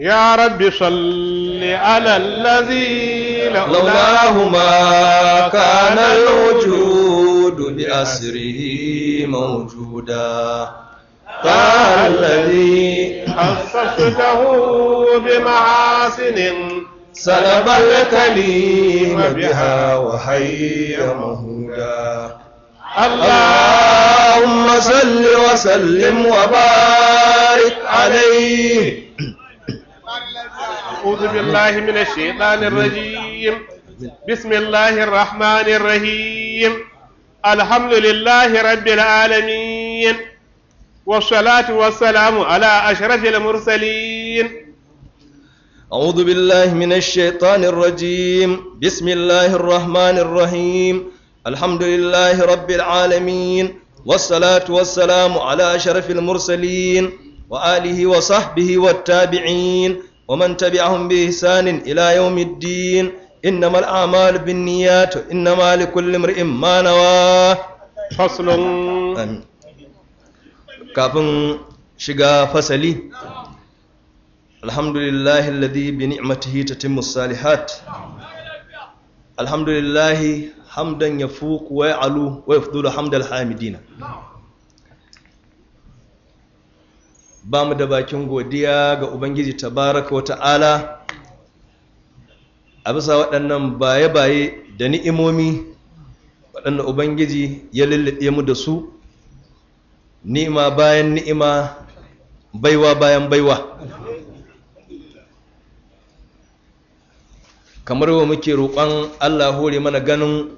يا رب صل على الذي لولاه ما كان الوجود بأسره موجودا قال الذي حصصته بمحاسن سلب الكليم بها وحي مهودا اللهم صل وسلم وبارك عليه أعوذ بالله من الشيطان الرجيم بسم الله الرحمن الرحيم الحمد لله رب العالمين والصلاة والسلام على أشرف المرسلين أعوذ بالله من الشيطان الرجيم بسم الله الرحمن الرحيم الحمد لله رب العالمين والصلاة والسلام على أشرف المرسلين وآله وصحبه والتابعين ومن تبعهم بإحسان إلى يوم الدين إنما الأعمال بالنيات إنما لكل امرئ ما نوى فصل كافن شقا فصلي الحمد لله الذي بنعمته تتم الصالحات الحمد لله حمدا يفوق ويعلو ويفضل حمد الحامدين ba mu da bakin godiya ga ubangiji ta tabaraka wata'ala a bisa waɗannan baye-baye da ni'imomi waɗanda ubangiji ya lullube mu da su ni'ima bayan ni'ima baiwa bayan baiwa kamar wa muke roƙon allah hore mana ganin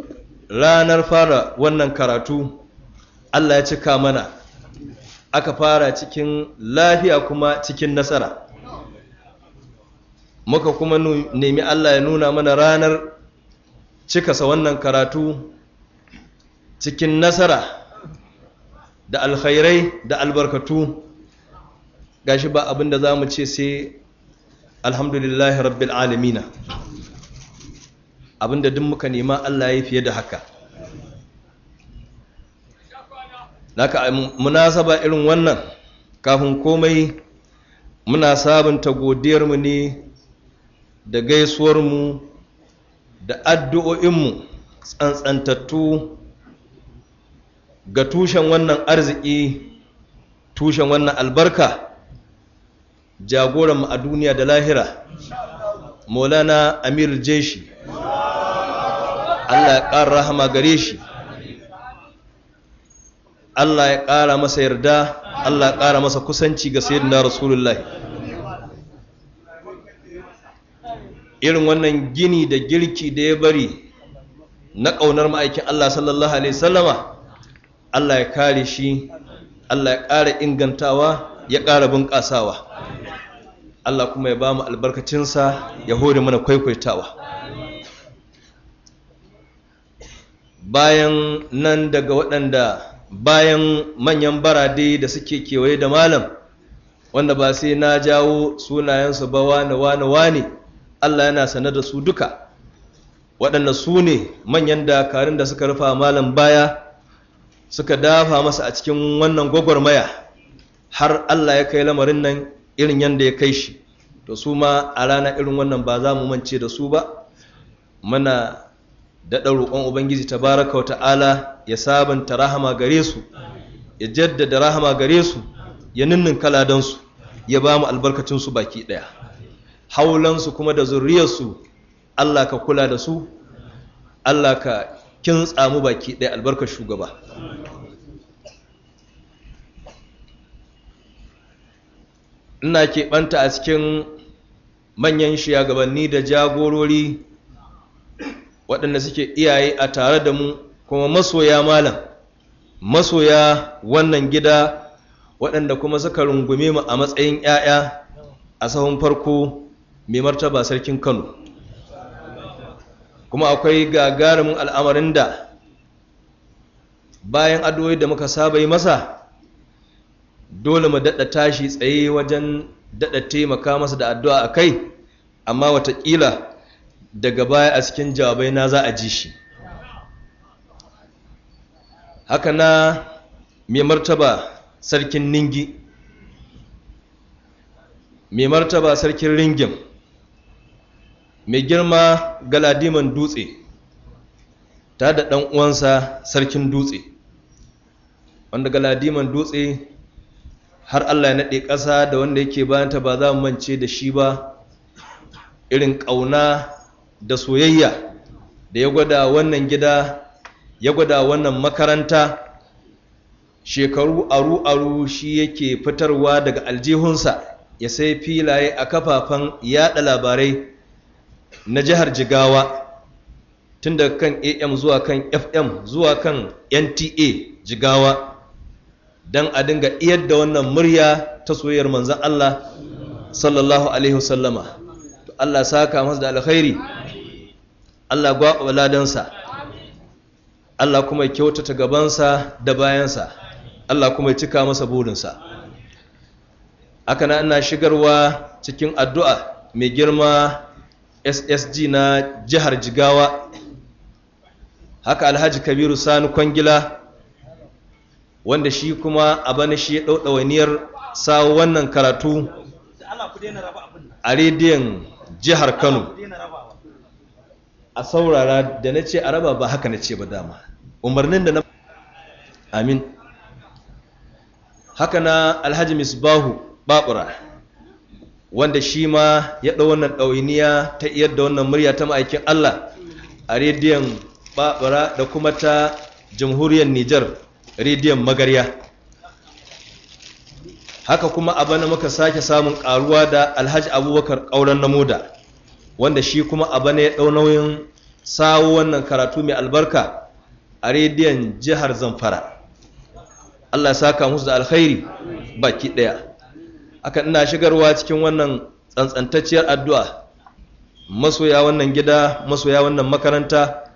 ranar fara wannan karatu allah ya cika mana aka fara cikin lafiya kuma cikin nasara muka kuma nemi Allah ya nuna mana ranar cikasa wannan karatu cikin nasara da alkhairai da albarkatu gashi ba abin da za mu ce sai alhamdulillahi rabbil alamina abin duk muka nema Allah ya fiye da haka naka munasaba irin wannan kafin komai muna sabunta godiyarmu ne da gaisuwarmu da addu'o'inmu tsantsantattu ga tushen wannan arziki tushen wannan albarka jagoranmu a duniya da lahira maulana amir jeshi allah ya ƙara rahama gare shi Allah ya ƙara masa yarda Allah ya ƙara masa kusanci ga na rasulullahi irin wannan gini da girki da ya bari na ƙaunar ma'aikin Allah sallallahu alaihi wasallama Allah ya kare shi Allah ya ƙara ingantawa ya ƙara bunƙasawa Allah kuma ya ba mu albarkacinsa ya hori mana kwaikwaitawa bayan nan daga waɗanda bayan manyan barade da suke kewaye da malam wanda ba sai na jawo sunayensu ba wane wane wane Allah yana sanar da su duka waɗanda su ne manyan dakarun da suka rufa malam baya suka dafa masa a cikin wannan gwagwarmaya har Allah ya kai lamarin nan irin yadda ya kai shi Da su ma a rana irin wannan ba za mu mance da su ba muna daɗa roƙon ubangiji ta baraka wata'ala ya sabanta rahama gare su ya jaddada rahama gare su ya ninnin kaladansu ya ba mu albarkacinsu baki ɗaya haulansu kuma da zurriyarsu allah ka kula da su allah ka kin tsamu baki ɗaya albarkar shugaba ina keɓanta a cikin manyan shugabanni da jagorori waɗanda suke iyaye a tare da mu kuma masoya malam masoya wannan gida waɗanda kuma suka rungume mu a matsayin 'ya'ya a sahun farko mai martaba sarkin kano kuma akwai gagarumin al'amarin da bayan addu'o'i da muka saba yi masa dole mu daɗa tashi tsaye wajen daɗa taimaka masa da addu'a a kai amma watakila daga baya a cikin jawabai na za a ji shi haka na mai martaba sarkin ningi mai martaba sarkin ringin mai girma galadiman dutse ta da ɗan uwansa sarkin dutse wanda galadiman dutse har allah ya naɗe ƙasa da wanda yake bayanta ba za mu mance da shi ba irin ƙauna da soyayya da ya gwada wannan gida ya gwada wannan makaranta shekaru aru-aru shi yake fitarwa daga aljihunsa ya sai filaye a kafafen yada labarai na jihar jigawa tun daga kan am zuwa kan fm zuwa kan nta jigawa don a dinga iyar da wannan murya ta soyayyar manzan allah sallallahu alaihi wasallama Allah saka masu da alkhairi Allah gwaɓa ladansa Allah kuma ya kyautata gabansa da bayansa Allah kuma ya cika masa burinsa haka na ina shigarwa cikin addu'a mai girma ssg na jihar jigawa haka alhaji kabiru sani kwangila wanda shi kuma a bana shi ya ɗauɗawainiyar sawo wannan karatu a rediyon jihar kano a saurara da na ce a raba ba haka na ce ba dama umarnin da na amin haka na alhaji misbahu babura wanda shi ma ya ɗau wannan ɗawainiya ta iyar wannan murya ta ma'aikin allah a rediyon babura da kuma ta jamhuriyar nijar rediyon magarya haka kuma a bana muka sake samun ƙaruwa da alhaji abubakar ƙauren namoda wanda shi kuma abu ne ɗau nauyin sawo wannan karatu mai albarka a rediyon jihar zamfara allah ya saka musu da alkhairi baki ɗaya aka ina shigarwa cikin wannan tsantsantacciyar addu'a masoya wannan gida masoya wannan makaranta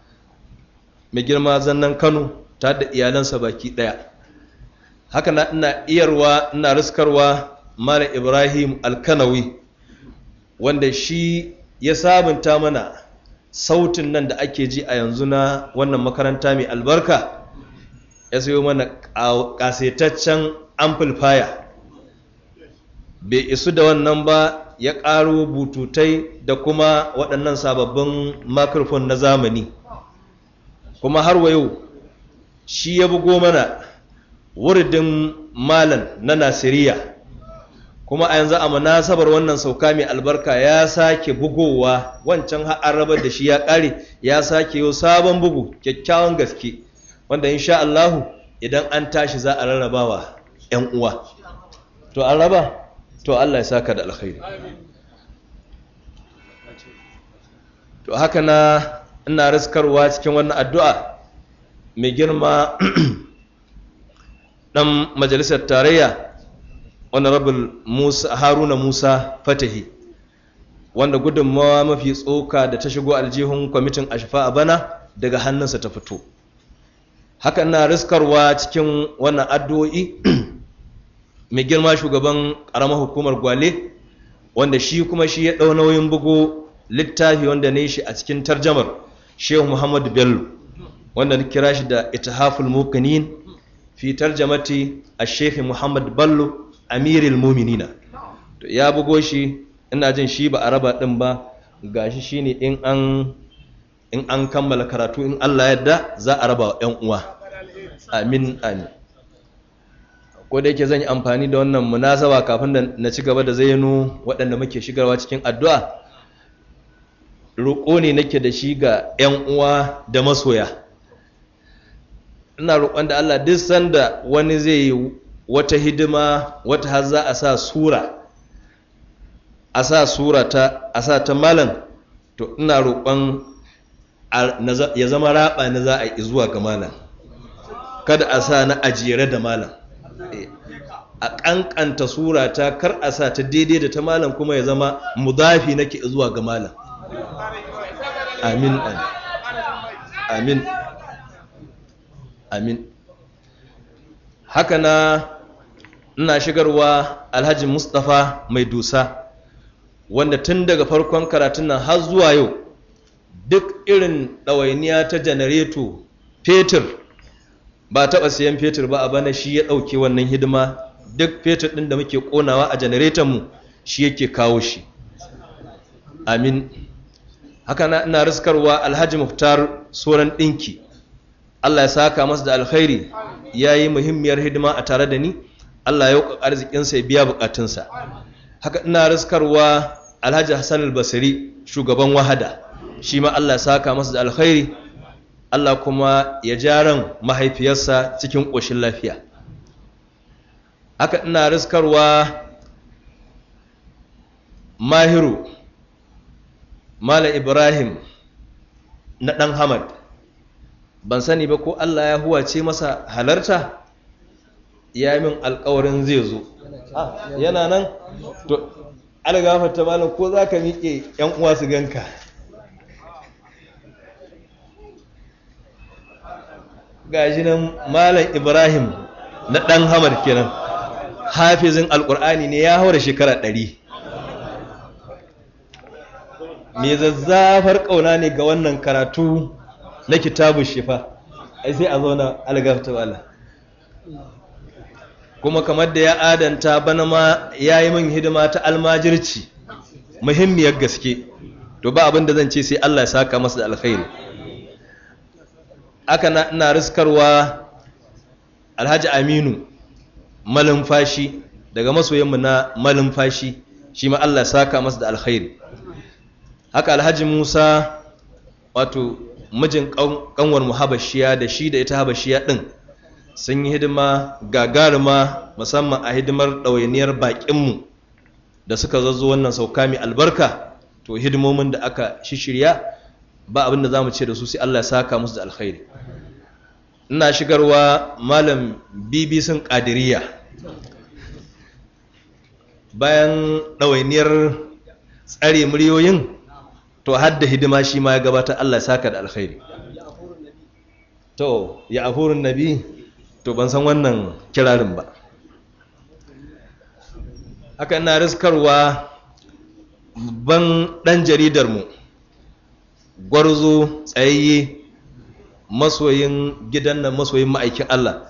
mai girma zannan kano ta da iyalansa baki ɗaya haka na ina iyarwa ina riskarwa malam ibrahim alkanawi wanda shi ya sabunta mana sautin nan da ake ji a yanzu na wannan makaranta mai albarka ya sayo mana ƙasaitaccen amplifier bai isu da wannan ba ya ƙaro bututai da kuma waɗannan sababbin makarfon na zamani kuma har wayo shi ya bugo mana wuridin malan na nasiriya kuma a yanzu a munasabar wannan sauka mai albarka ya sake bugowa wancan rabar da shi ya ƙare ya sake yau sabon bugu kyakkyawan gaske wanda in sha Allahu idan an tashi za a rarrabawa 'yan uwa to an raba to Allah ya saka da alkhairi to haka na ina riskarwa cikin wannan addu'a mai girma ɗan majalisar tarayya honorable musa haruna musa fatahi wanda gudunmawa mafi tsoka da ta shigo aljihun kwamitin ashfa a bana daga hannunsa ta fito hakan na riskarwa cikin wannan addu'o'i mai girma shugaban ƙaramar hukumar gwale wanda shi kuma shi ya ɗau nauyin bugu littafi wanda ne shi a cikin tarjamar shehu muhammadu bello wanda na kira shi da itihaful mukanin fi tarjamati a shehu muhammadu bello amiril muminina to ya bugo shi ina jin shi ba a raba din ba gashi shine in an in an kammala karatu in Allah yadda za a raba yan uwa amin amin ko da yake zan yi amfani da wannan munasaba kafin da na ci gaba da zayyano waɗanda muke shigarwa cikin addu'a roƙo ne nake da shi ga yan uwa da masoya ina roƙon da Allah duk sanda wani zai yi wata hidima wata har za a sa sura a sa sura ta a sa ta malam to ina roƙon ya zama raba na za a yi zuwa ga malam kada a sa na ajiyar da malam eh, a ƙanƙanta sura ta kar a sa ta daidai da ta malam kuma ya zama mudafi nake zuwa ga malam amin amin amin haka na ina shigarwa alhaji mustapha mai dusa wanda tun daga farkon karatun nan har zuwa yau duk irin ɗawainiya ta janareto fetur ba taɓa siyan fetur ba a bana shi ya ɗauke wannan hidima duk fetur ɗin da muke ƙonawa a janaretonmu shi yake kawo shi amin haka na ina riskarwa alhaji muftar soran ɗinki allah ya saka masa da alkhairi ya yi muhimmiyar hidima a tare da ni Allah ya wuka arzikinsa ya biya bukatunsa haka ina riskarwa alhaji hassan al-Basiri, shugaban wahada shi ma Allah ya saka masa da alkhairi Allah kuma ya jaran mahaifiyarsa cikin ƙoshin lafiya haka ina riskarwa mahiru mala ibrahim na ɗan hamad ban sani ba ko Allah ya huwace masa halarta ya min alkawarin zai zo ah, yana nan to algafar ta malam ko za ka miƙe yan uwa su ganka gashi nan malam ibrahim na ɗan hamar kenan hafizin alkur'ani ne ya haura shekara ɗari mai zazzafar ƙauna ne ga wannan karatu na kitabun shifa ai sai a zauna algafta wala kuma kamar da ya adanta bana ma ya yi min hidima ta almajirci muhimmiyar gaske to ba abin da zan ce sai Allah ya saka masa da alkhairi aka na ina riskarwa alhaji aminu malumfashi daga masoyinmu na malumfashi shi ma Allah ya saka masa da alkhairi haka alhaji musa wato mijin kanwar mu da shi da ita habashiya din sun yi hidima gagarima musamman a hidimar ɗawainiyar baƙinmu da suka zazzo wannan sauka mai albarka to hidimomin da aka shishirya ba abinda za mu ce da su sai Allah ya saka musu da alkhairi ina shigarwa malam bibi sun ƙadiriya bayan ɗawainiyar tsare muryoyin to hadda hidima shi ma ya gabata Allah ya saka da alkhairi to ya afurun nabi to ban san wannan kirarin ba haka ina riskarwa ban ɗan mu gwarzo tsayayye masoyin gidan nan masoyin ma'aikin Allah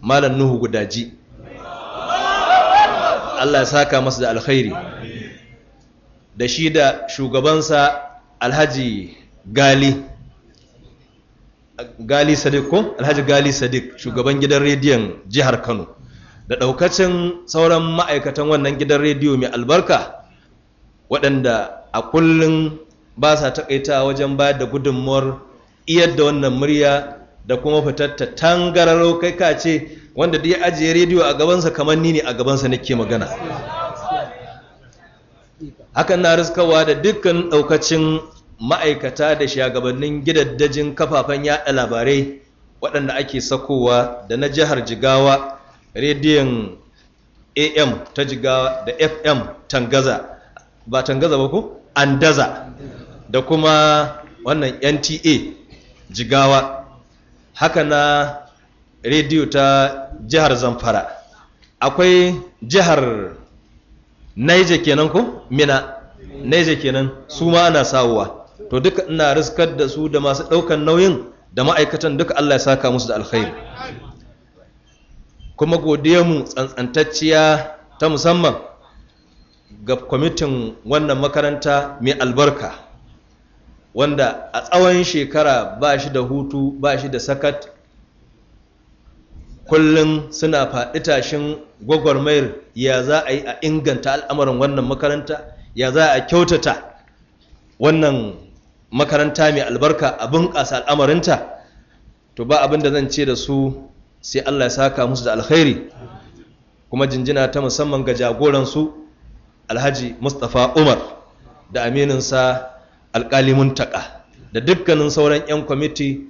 malam Nuhu gudaji Allah ya saka masa da alkhairi da shi da shugabansa alhaji gali gali sadiq ko alhaji gali sadiq shugaban gidan rediyon jihar kano da daukacin sauran ma'aikatan wannan gidan rediyo mai albarka waɗanda a kullum ba sa takaita wajen ba da gudunmuwar iyar da wannan murya da kuma fitar ta tangararo kai ka ce wanda ya ajiye rediyo a gabansa kamar ni ne a gabansa nake magana hakan na riskawa da dukkan daukacin ma'aikata da shagabannin gidaddajin kafafen yaɗa labarai waɗanda ake sakowa da na jihar jigawa rediyon am ta jigawa da fm tangaza ba tangaza ba an andaza da kuma wannan nta jigawa haka na rediyo ta jihar zamfara akwai jihar Naija kenan ku? mina Naija kenan su ma ana sawuwa. to duka ina riskar da su da masu ɗaukan nauyin da ma'aikatan duka Allah ya saka musu da alkhairi kuma mu tsantsantacciya ta musamman ga kwamitin wannan makaranta mai albarka wanda a tsawon shekara ba shi da hutu ba shi da sakat kullum suna faɗi tashin gwagwarmayar ya za a yi a inganta al'amarin wannan makaranta ya za a kyautata wannan makaranta mai albarka a bunƙasa al'amarinta to ba abin da zan ce da su sai Allah ya saka musu da alkhairi kuma jinjina ta musamman ga jagoransu alhaji mustapha umar da amininsa alƙali muntaka da dukkanin sauran 'yan kwamiti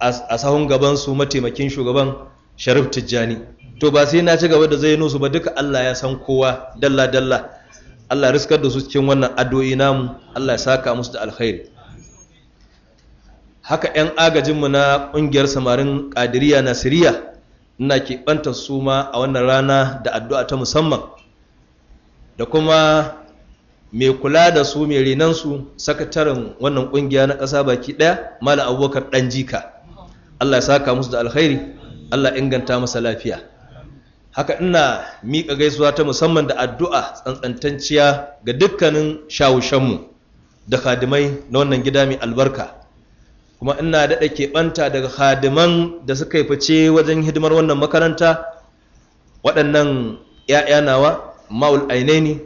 a sahun gabansu mataimakin shugaban sharif tijjani to ba sai na ci gaba da zai su ba duka Allah ya san kowa dalla-dalla Allah riskar da su cikin wannan addu'o'i namu Allah ya saka musu da alkhairi haka 'yan mu na ƙungiyar samarin ƙadiriya nasiriya ina keɓanta su ma a wannan rana da addu'a ta musamman da kuma mai kula da su mai su sakataren wannan ƙungiya na ƙasa baki ɗaya Malam abubakar ɗan jika Allah ya saka musu da alkhairi Allah inganta masa lafiya haka ina miƙa gaisuwa ta musamman da addu'a tsantsantanciya ga dukkanin shawushenmu da khadimai na wannan gida mai albarka kuma ina daɗa keɓanta daga khadiman da suka yi fice wajen hidimar wannan makaranta waɗannan ‘ya'ya nawa ma'ul ainaini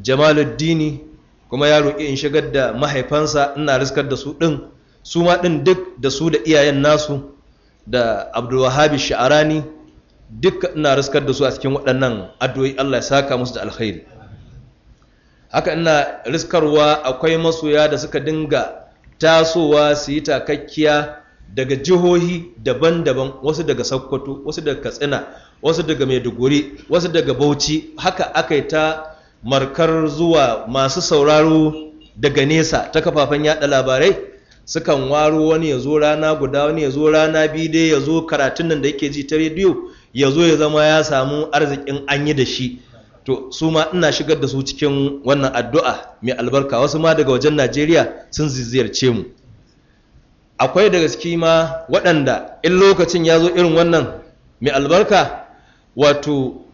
jamaluddini kuma ya roƙi in shigar da mahaifansa ina riskar da su ɗin su ma ɗin duk da su da iyayen nasu da abdulwahabi sha'arani duk ina riskar da su a cikin waɗannan addui Allah ya saka musu da alkhairi haka ina riskarwa akwai masoya da suka dinga tasowa su yi takakkiya daga jihohi daban-daban wasu daga Sokoto wasu daga Katsina wasu daga Maiduguri wasu daga Bauchi haka aka yi ta markar zuwa masu sauraro daga nesa ta kafafen yada labarai sukan waro wani ya zo rana guda wani ya zo rana biyu dai ya zo karatun nan da yake ji ta rediyo ya zo ya zama ya samu arzikin an yi da shi to su ma ina shigar da su cikin wannan addu'a mai albarka wasu ma daga wajen najeriya sun ziziyarce mu akwai daga ciki ma waɗanda in lokacin ya zo irin wannan mai albarka wato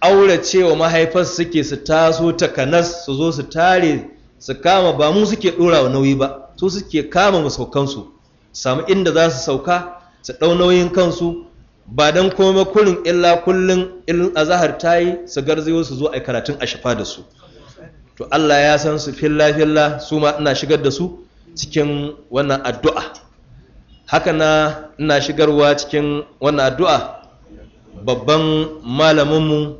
ƙauracewa mahaifarsu suke su taso takanas su zo su tare su kama ba mu suke ɗora wa nauyi ba su suke kama masaukansu samu inda za su sauka su ɗau nauyin kansu ba don koma kurin illa kullum, ilin azahar yi, su garzayo su zo a karatun shafa da su to Allah ya san su filla filla su ma ina shigar da su cikin wannan addu'a haka na ina shigarwa cikin wannan addu'a babban malaminmu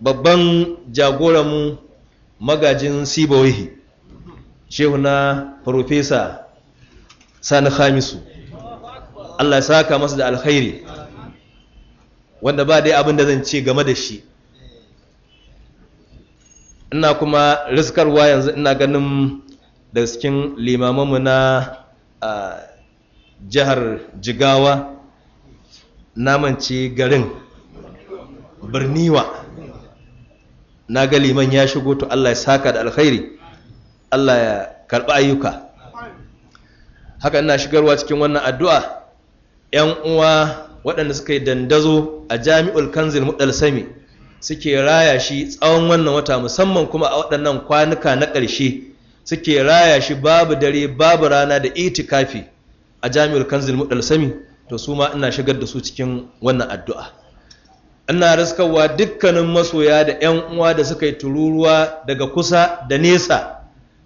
babban jagoranmu magajin Siboyi, shehu na farfesa sani hamisu Allah ya saka masa da alkhairi wanda ba dai abin da zan ce game da shi ina kuma riskarwa yanzu ina ganin da cikin limamanmu na jihar jigawa namance garin birniwa na ga liman ya shigo to Allah ya saka da alkhairi Allah ya karɓi ayyuka haka ina shigarwa cikin wannan addu'a 'yan uwa waɗanda suka yi dandazo a jami'ul kanzil Sami suke raya shi tsawon wannan wata musamman kuma a waɗannan kwanuka na ƙarshe suke raya shi babu dare babu rana da itikafi a jami'ul kanzil Sami, to su ma ina shigar da su cikin wannan addu'a ina raskawa dukkanin masoya da 'yan uwa da suka yi tururuwa daga kusa da nesa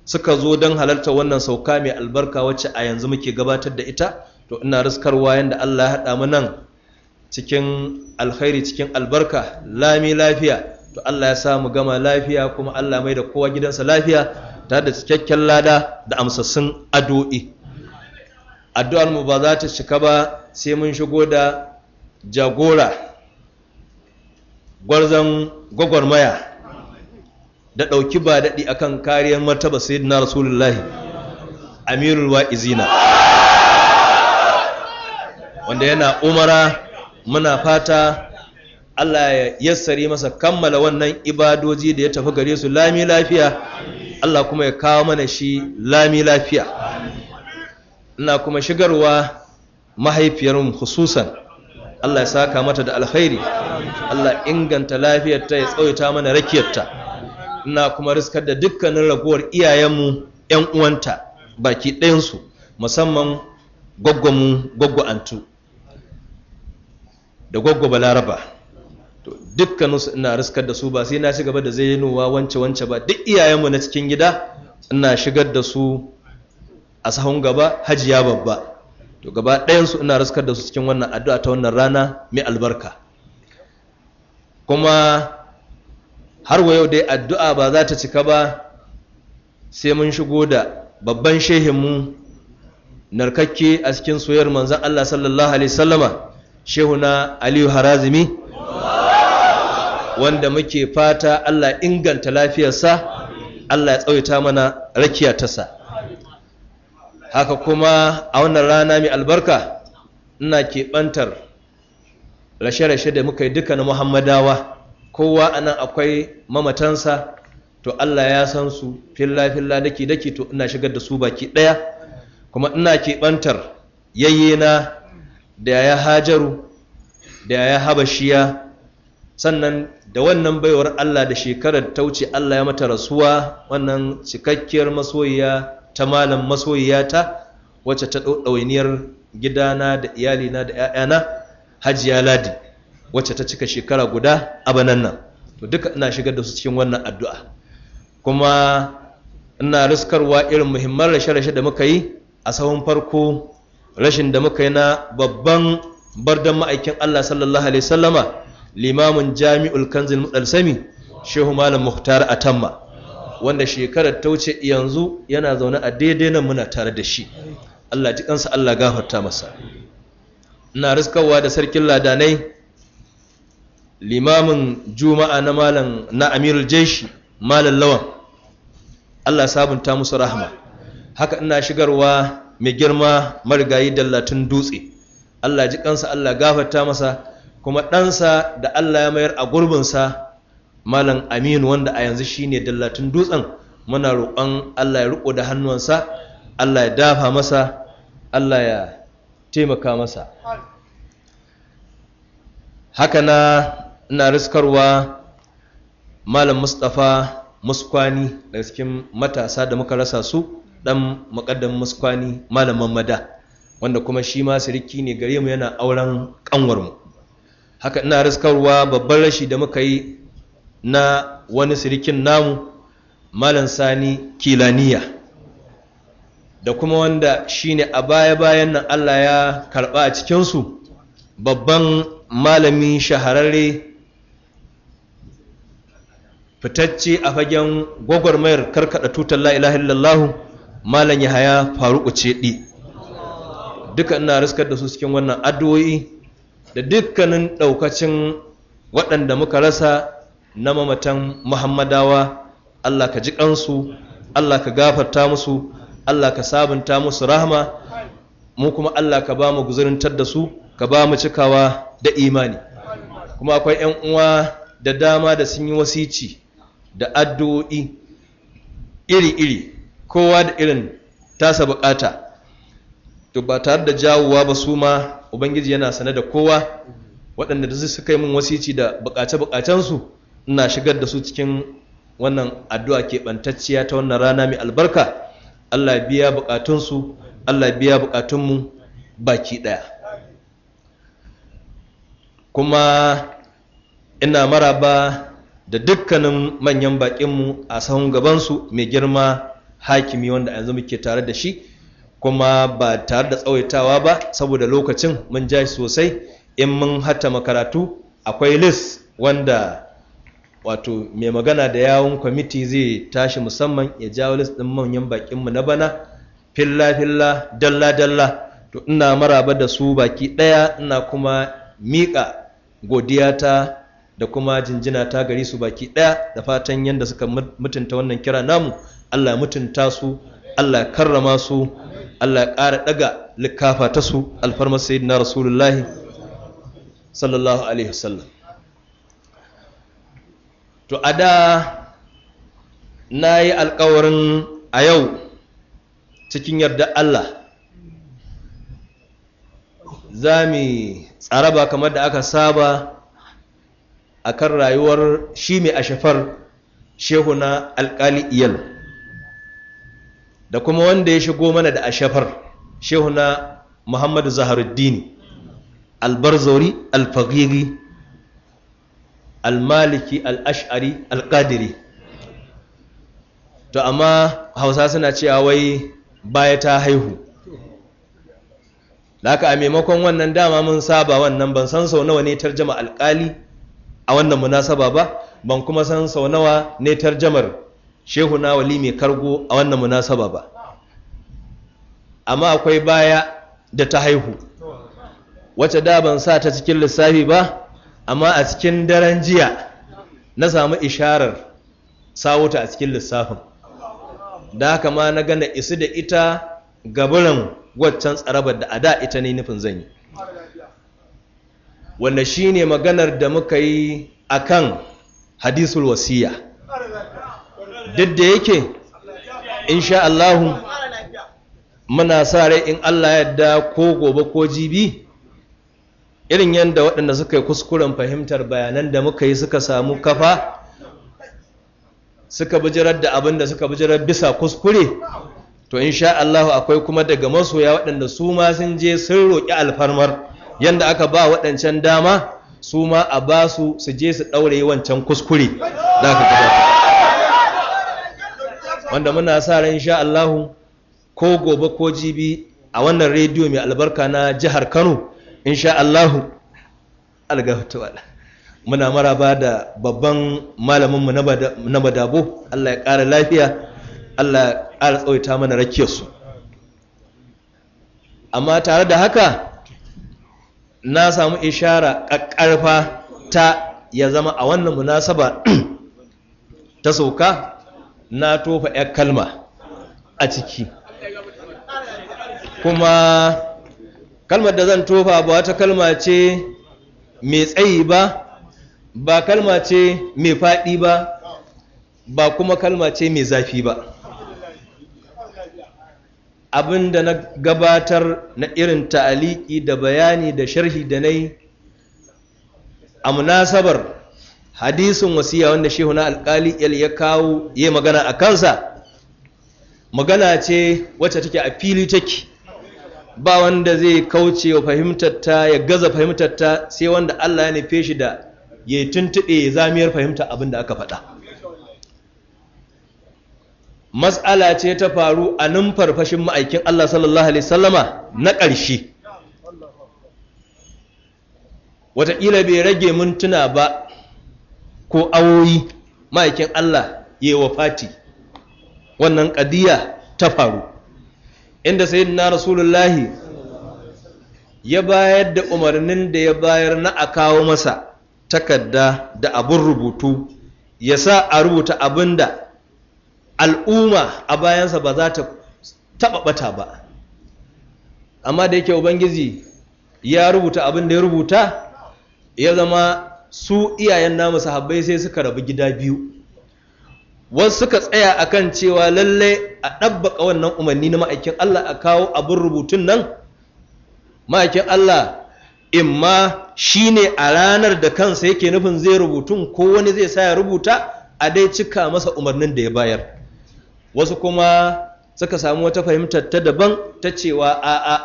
suka zo don halarta wannan sauka mai albarka wacce a yanzu muke gabatar da ita to ina riskarwa yadda Allah ya haɗa mu nan cikin alkhairi cikin albarka lami lafiya to Allah ya sa mu gama lafiya kuma Allah mai da kowa gidansa lafiya ta da cikakken lada da amsassun adoi addu'ar mu ba za ta cika ba sai mun shigo da jagora gwarzan gwagwarmaya da ɗauki ba daɗi akan kariyar martaba sayyidina rasulullahi amirul wa'izina wanda yana umara muna fata Allah ya yassari masa kammala wannan ibadoji da ya tafi gare su lami lafiya Allah kuma ya kawo mana shi lami lafiya ina kuma shigarwa mahaifiyarmu hususan Allah ya saka mata da alkhairi Allah inganta lafiyarta ya tsawaita mana rakiyarta ina kuma riskar da dukkanin ragowar iyayenmu ƴan uwanta baki ɗayansu musamman gwaggwamu gwaggwantu da gwaggo balaraba to dukkaninsu ina riskar da su ba sai na shiga da zai zainuwa wance wance ba duk iyayenmu na cikin gida ina shigar da su a sahun gaba hajiya babba to gaba ɗayansu ina riskar da su cikin wannan addu'a ta wannan rana mai albarka kuma har wa yau dai addu'a ba za ta cika ba sai mun shigo da babban shehinmu narkakke a cikin soyar manzan Allah sallallahu Alaihi sallama shehuna aliyu harazimi wanda muke fata allah inganta lafiyarsa allah ya tsawaita mana rakiya tasa haka kuma a wannan rana mai albarka ina keɓantar rashe-rashe da muka yi duka na muhammadawa kowa anan akwai mamatansa to allah ya san su filla-filla daki-daki to ina shigar da su baki ɗaya kuma ina keɓantar yayyena da ya hajaru da ya habashiya sannan da wannan baiwar Allah da shekarar ta wuce, Allah ya mata rasuwa wannan cikakkiyar masoyiya ta malam masoyiyata, ta wacce ta ɗawainiyar gidana da iyalina da 'ya'yana hajiya ladi wacce ta cika shekara guda a banan nan to duka ina shigar da su cikin wannan addu'a kuma ina riskarwa irin muhimman rashe-rashe da muka yi a sahun farko rashin da muka yi na babban bardan ma'aikin Allah sallallahu alaihi sallama limamin jami'ul kanzil mutsalsami shehu malam muhtar atamma wanda shekarar ta wuce yanzu yana zaune a daidai nan muna tare da shi Allah ji kansa Allah gafarta masa ina riskawa da sarkin ladanai limamin juma'a na malam na amirul jeshi malam lawan Allah sabunta musu rahama haka ina shigarwa mai girma marigayi dallatin dutse Allah ji kansa Allah gafarta masa kuma ɗansa da Allah ya mayar a gurbinsa malam aminu wanda a yanzu shine dallatin dutsen muna roƙon Allah ya riƙo da hannuwansa Allah ya dafa masa Allah ya taimaka masa haka na ina riskarwa malam mustafa muskwani daga cikin matasa da muka rasa su dan muqaddam muskwani malaman mada wanda kuma shi ma siriki ne gare mu yana auren ƙanwar mu haka ina riskarwa babban rashi da muka yi na wani sirikin namu malam sani kilaniya da kuma wanda shine a baya-bayan nan Allah ya karɓa a cikinsu babban malami shahararre fitacce a fagen gwagwarmayar karkada tutar la'ilaha illallahu malam yahaya kuce ɗi. duka ina riskar da su cikin wannan addu'o'i da dukkanin ɗaukacin waɗanda muka rasa na mamatan muhammadawa Allah ka ji ƙansu Allah ka gafarta musu Allah ka sabunta musu rahama mu kuma Allah ka ba mu guzurintar da su ka ba mu cikawa da imani kuma akwai 'yan uwa da dama da sun yi wasici da addu'o'i iri-iri kowa da irin tasa bukata to ba tare da jawowa ba su ma ubangiji yana sane da kowa waɗanda da suka yi min wasici da bukace-bukacensu ina shigar da su cikin wannan addu'a keɓantacciya ta wannan rana mai albarka allah biya bukatunsu allah biya bukatunmu baki ɗaya kuma ina maraba da dukkanin manyan baƙinmu a sahun gabansu mai girma hakimi wanda yanzu muke tare da shi kuma ba tare da tsawaitawa ba saboda lokacin mun ja sosai in mun hata makaratu akwai lis wanda wato mai magana da yawon kwamiti zai tashi musamman ya jawo lis ɗin manyan bakinmu na bana filla-filla dalla-dalla to ina maraba da su baki ɗaya ina kuma miƙa godiyata da kuma jinjina ta gari su baki ɗaya da fatan yadda suka mutunta wannan kira namu Allah mutunta su Allah karrama su Allah ƙara ɗaga likafa ta su alfarmar na rasulullahi sallallahu alaihi wasallam to a da na yi alkawarin a yau cikin yarda Allah za mu tsaraba kamar da aka saba a kan rayuwar shi mai shehu na alkali iyal da kuma wanda ya shigo mana da ashafar shehu na muhammadu zaharuddini albarzori alfagiri almaliki al'ashari alƙadiri to amma hausa suna cewa wai baya ta haihu da haka a maimakon wannan dama mun saba wannan ban san sau nawa ne tarjama alƙali a wannan munasaba ba ban kuma san sau nawa ne tarjamar shehu na wali mai kargo a wannan munasaba ba amma akwai baya da ta haihu wacce da ban sa ta cikin lissafi ba amma a cikin daren jiya na samu isharar sawuta a cikin lissafin da haka ma na gana isu da ita gaburan waccan tsarabar da a da ita ne nufin zan yi wanda shi ne maganar da muka yi a kan hadisul wasiya duk da yake insha Allah muna sa rai in Allah ya yadda ko gobe ko jibi irin yadda waɗanda suka yi kuskuren fahimtar bayanan da muka yi suka samu kafa suka bijirar da abin da suka bijirar bisa kuskure to insha Allah akwai kuma daga masoya waɗanda su ma sun je sun roƙi alfarmar yadda aka ba waɗancan dama su ma a ba su su je su ɗaure wancan kuskure za ka gabata wanda muna sa ran insha Allah ko gobe ko jibi a wannan rediyo mai albarka na jihar Kano insha Allah algahtuwala muna maraba da babban malamin mu na madabo Allah ya ƙara lafiya Allah ya ƙara tsawaita mana rakiyar su amma tare da haka na samu ishara ƙaƙƙarfa ta ya zama a wannan munasaba ta sauka na tofa 'yar kalma a ciki kuma kalmar da zan tofa ba wata kalma ce mai tsayi ba ba kalma ce mai faɗi ba ba kuma kalma ce mai zafi ba abin da na gabatar na irin ta'aliki da bayani da sharhi da na a munasabar hadisin wasiya wanda shehu na alkali ya kawo ya magana a kansa magana ce wacce take a fili take ba wanda zai kauce wa fahimtarta ya gaza fahimtarta sai wanda Allah ya nufe shi da ya tuntuɓe zamiyar fahimta abin da aka faɗa matsala ce ta faru a farfashin ma'aikin Allah sallallahu alaihi sallama na ƙarshe wataƙila bai rage mintuna ba ko awoyi ma'aikin Allah ya yi wa fati wannan ƙadiyya ta faru inda sai na rasulullahi ya bayar da umarnin da ya bayar na a kawo masa takarda da abin rubutu ya sa a rubuta abin da al'umma a bayansa ba za ta taɓa ɓata ba amma da yake ubangiji ya rubuta abin da ya rubuta ya zama su iyayen namu sahabbai sai suka rabu gida biyu wasu suka tsaya akan cewa lalle a ɗabbaka wannan umarni na ma'aikin Allah a kawo abin rubutun nan ma'aikin Allah imma shi ne a ranar da kansa yake nufin zai rubutun ko wani zai sa ya rubuta a dai cika masa umarnin da ya bayar wasu kuma suka samu wata fahimtar ta daban ta cewa a'a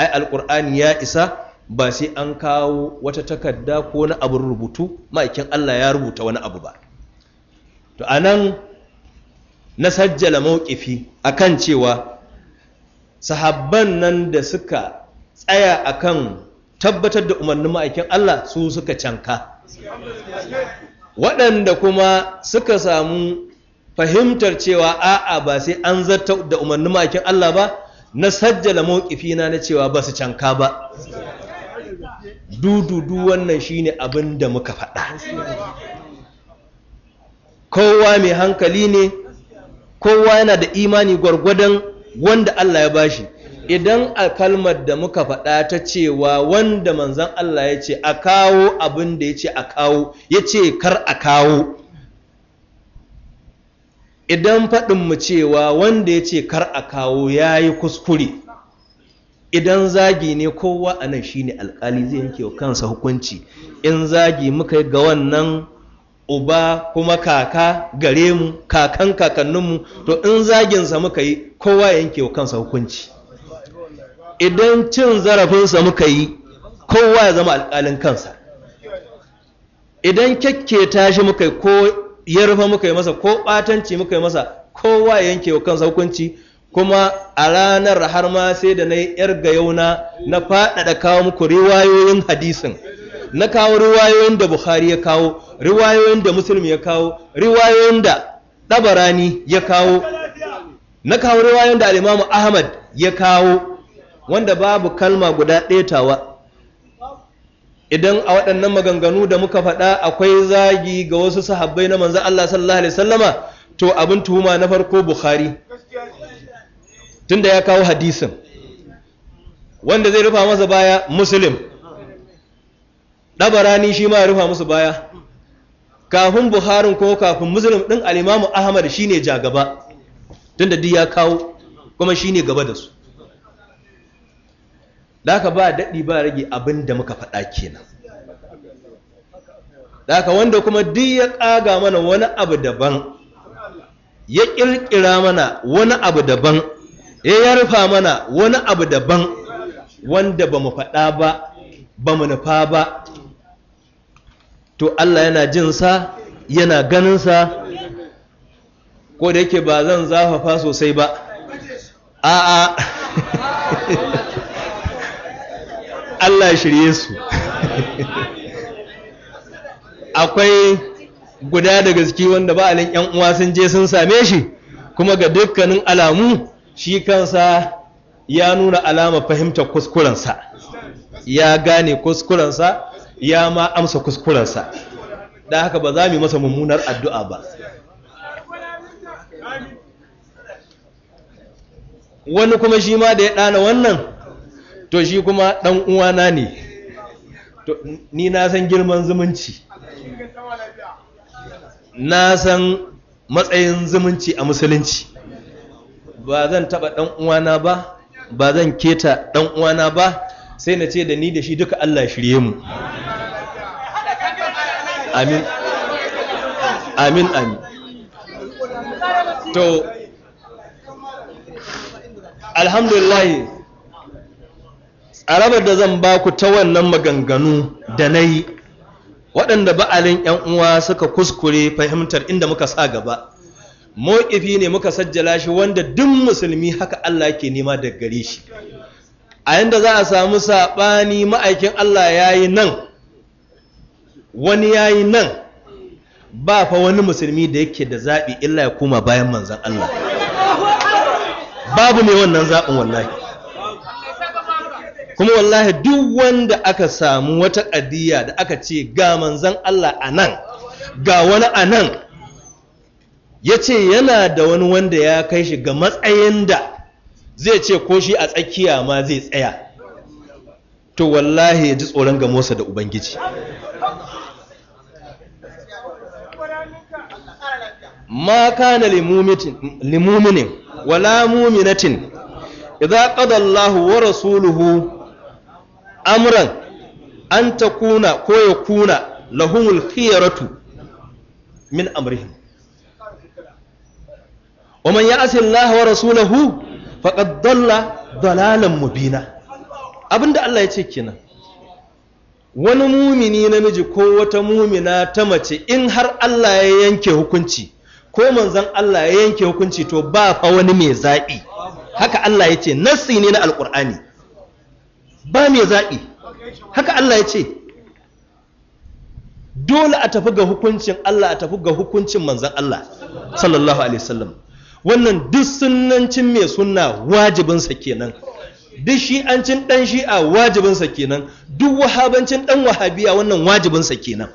ai alƙur'ani ya isa ba sai an kawo wata takarda ko wani abin rubutu ma'aikin Allah ya rubuta wani abu ba to anan na sajjala mawqifi akan cewa sahabban nan da suka tsaya akan tabbatar da umarnin ma'aikin Allah su suka canka waɗanda kuma suka samu fahimtar cewa a'a ba sai an zarta da umarnin ma'aikin Allah ba na sajjala mawqifi na na cewa ba su canka ba dududu wannan shine abin da muka faɗa kowa mai hankali ne kowa yana da imani gwargwadon wanda Allah ya bashi idan a kalmar da muka faɗa ta cewa wanda manzan Allah ya ce a kawo abin da ya ce a kawo ya ce kar a kawo idan faɗinmu cewa wanda ya ce kar a kawo ya yi kuskure idan zagi ne kowa a nan ne alkali zai yanke wa kansa hukunci in zagi muka yi ga wannan uba kuma kaka gare mu kakan kakanninmu to in zaginsa muka yi kowa yanke wa kansa hukunci idan cin zarafinsa muka yi kowa ya zama alkalin kansa idan kyakketa shi muka yi ko yarfa muka yi masa ko ɓatanci muka yi masa kowa yanke wa kansa hukunci kuma a ranar har ma sai da na yi ‘yar gayauna na faɗaɗa kawo muku riwayoyin hadisin na kawo riwayoyin da Bukhari ya kawo riwayoyin da Musulmi ya kawo riwayoyin da ɗabarani ya kawo na kawo riwayoyin da alimamu Ahmad ya kawo wanda babu kalma guda ɗetawa idan a waɗannan maganganu da muka faɗa akwai zagi ga wasu sahabbai na manzan Allah sallallahu Alaihi wasallama to abin tuhuma na farko Bukhari Tun da ya kawo hadisin wanda zai rufa masa baya muslim ɗabarani shi ma ya rufa musu baya kafin buharin ko kafin Musulun, ɗin alimamu ahmad shi ne ja gaba da duk ya kawo kuma shi ne gaba da su da ba daɗi ba rage abin da muka faɗa kenan da wanda kuma duk ya ƙaga mana wani abu daban ya ƙirƙira mana wani abu daban eh ya rufa mana wani abu daban wanda ba mu faɗa ba ba mu nufa ba to Allah yana jinsa yana ganinsa ko da yake ba zan zafafa sosai ba a'a Allah shirye su akwai guda daga ciki wanda ba alin 'yan uwa sun je sun same shi kuma ga dukkanin alamu shi kansa ya nuna alama fahimtar kuskurensa ya gane kuskurensa ya ma amsa kuskurensa da haka ba za mu masa mummunar addu'a ba wani kuma shi ma da ya ɗana wannan to shi kuma ɗan uwana ne ni na san girman zumunci na san matsayin zumunci a musulunci ba zan taɓa ɗan'uwana ba ba zan keta ɗan'uwana ba sai na ce da ni da shi duka Allah shirye mu amin amin amin to alhamdulillah tsarabar da zan ba ku ta wannan maganganu da na yi waɗanda ba'alin 'yan uwa suka kuskure fahimtar inda muka sa gaba moƙifi ne muka sajjala shi wanda duk musulmi haka Allah ke nema da gare shi a yanda za a samu saɓani ma'aikin Allah ya yi nan wani ya yi nan ba fa wani musulmi da yake da zaɓi illa ya kuma bayan manzan Allah babu ne wannan zaɓin wallahi kuma wallahi duk wanda aka samu wata ƙadiyya da aka ce ga manzan Allah a nan ga wani a nan ya ce yana da wani wanda ya kai shi ga matsayin da zai ce ko shi a tsakiya ma zai tsaya to wallahi ya ji tsoron ga Motsa da ubangiji ma kana limuminin wala muminatin idza qada Allahu wa rasuluhu amran an ta-kuna ko ya kuna, lahumul khiyaratu min amrihim wa يعص الله ورسوله فقد ضل ضلالا مبينا abinda Allah yace kenan wani mumini namiji ko wata mumina ta mace in har Allah ya yanke hukunci ko manzon Allah ya yanke hukunci to ba fa wani mai zaɓi haka Allah ya ce nassi ne na alƙur'ani ba mai zaɓi haka Allah ya dole a tafi ga hukuncin Allah a tafi ga hukuncin manzon Allah sallallahu alaihi wasallam wannan duk sunancin mai suna wajibinsa kenan duk shi'ancin ɗan shi'a wajibinsa kenan duk wahabancin ɗan wahabiya wannan wajibinsa kenan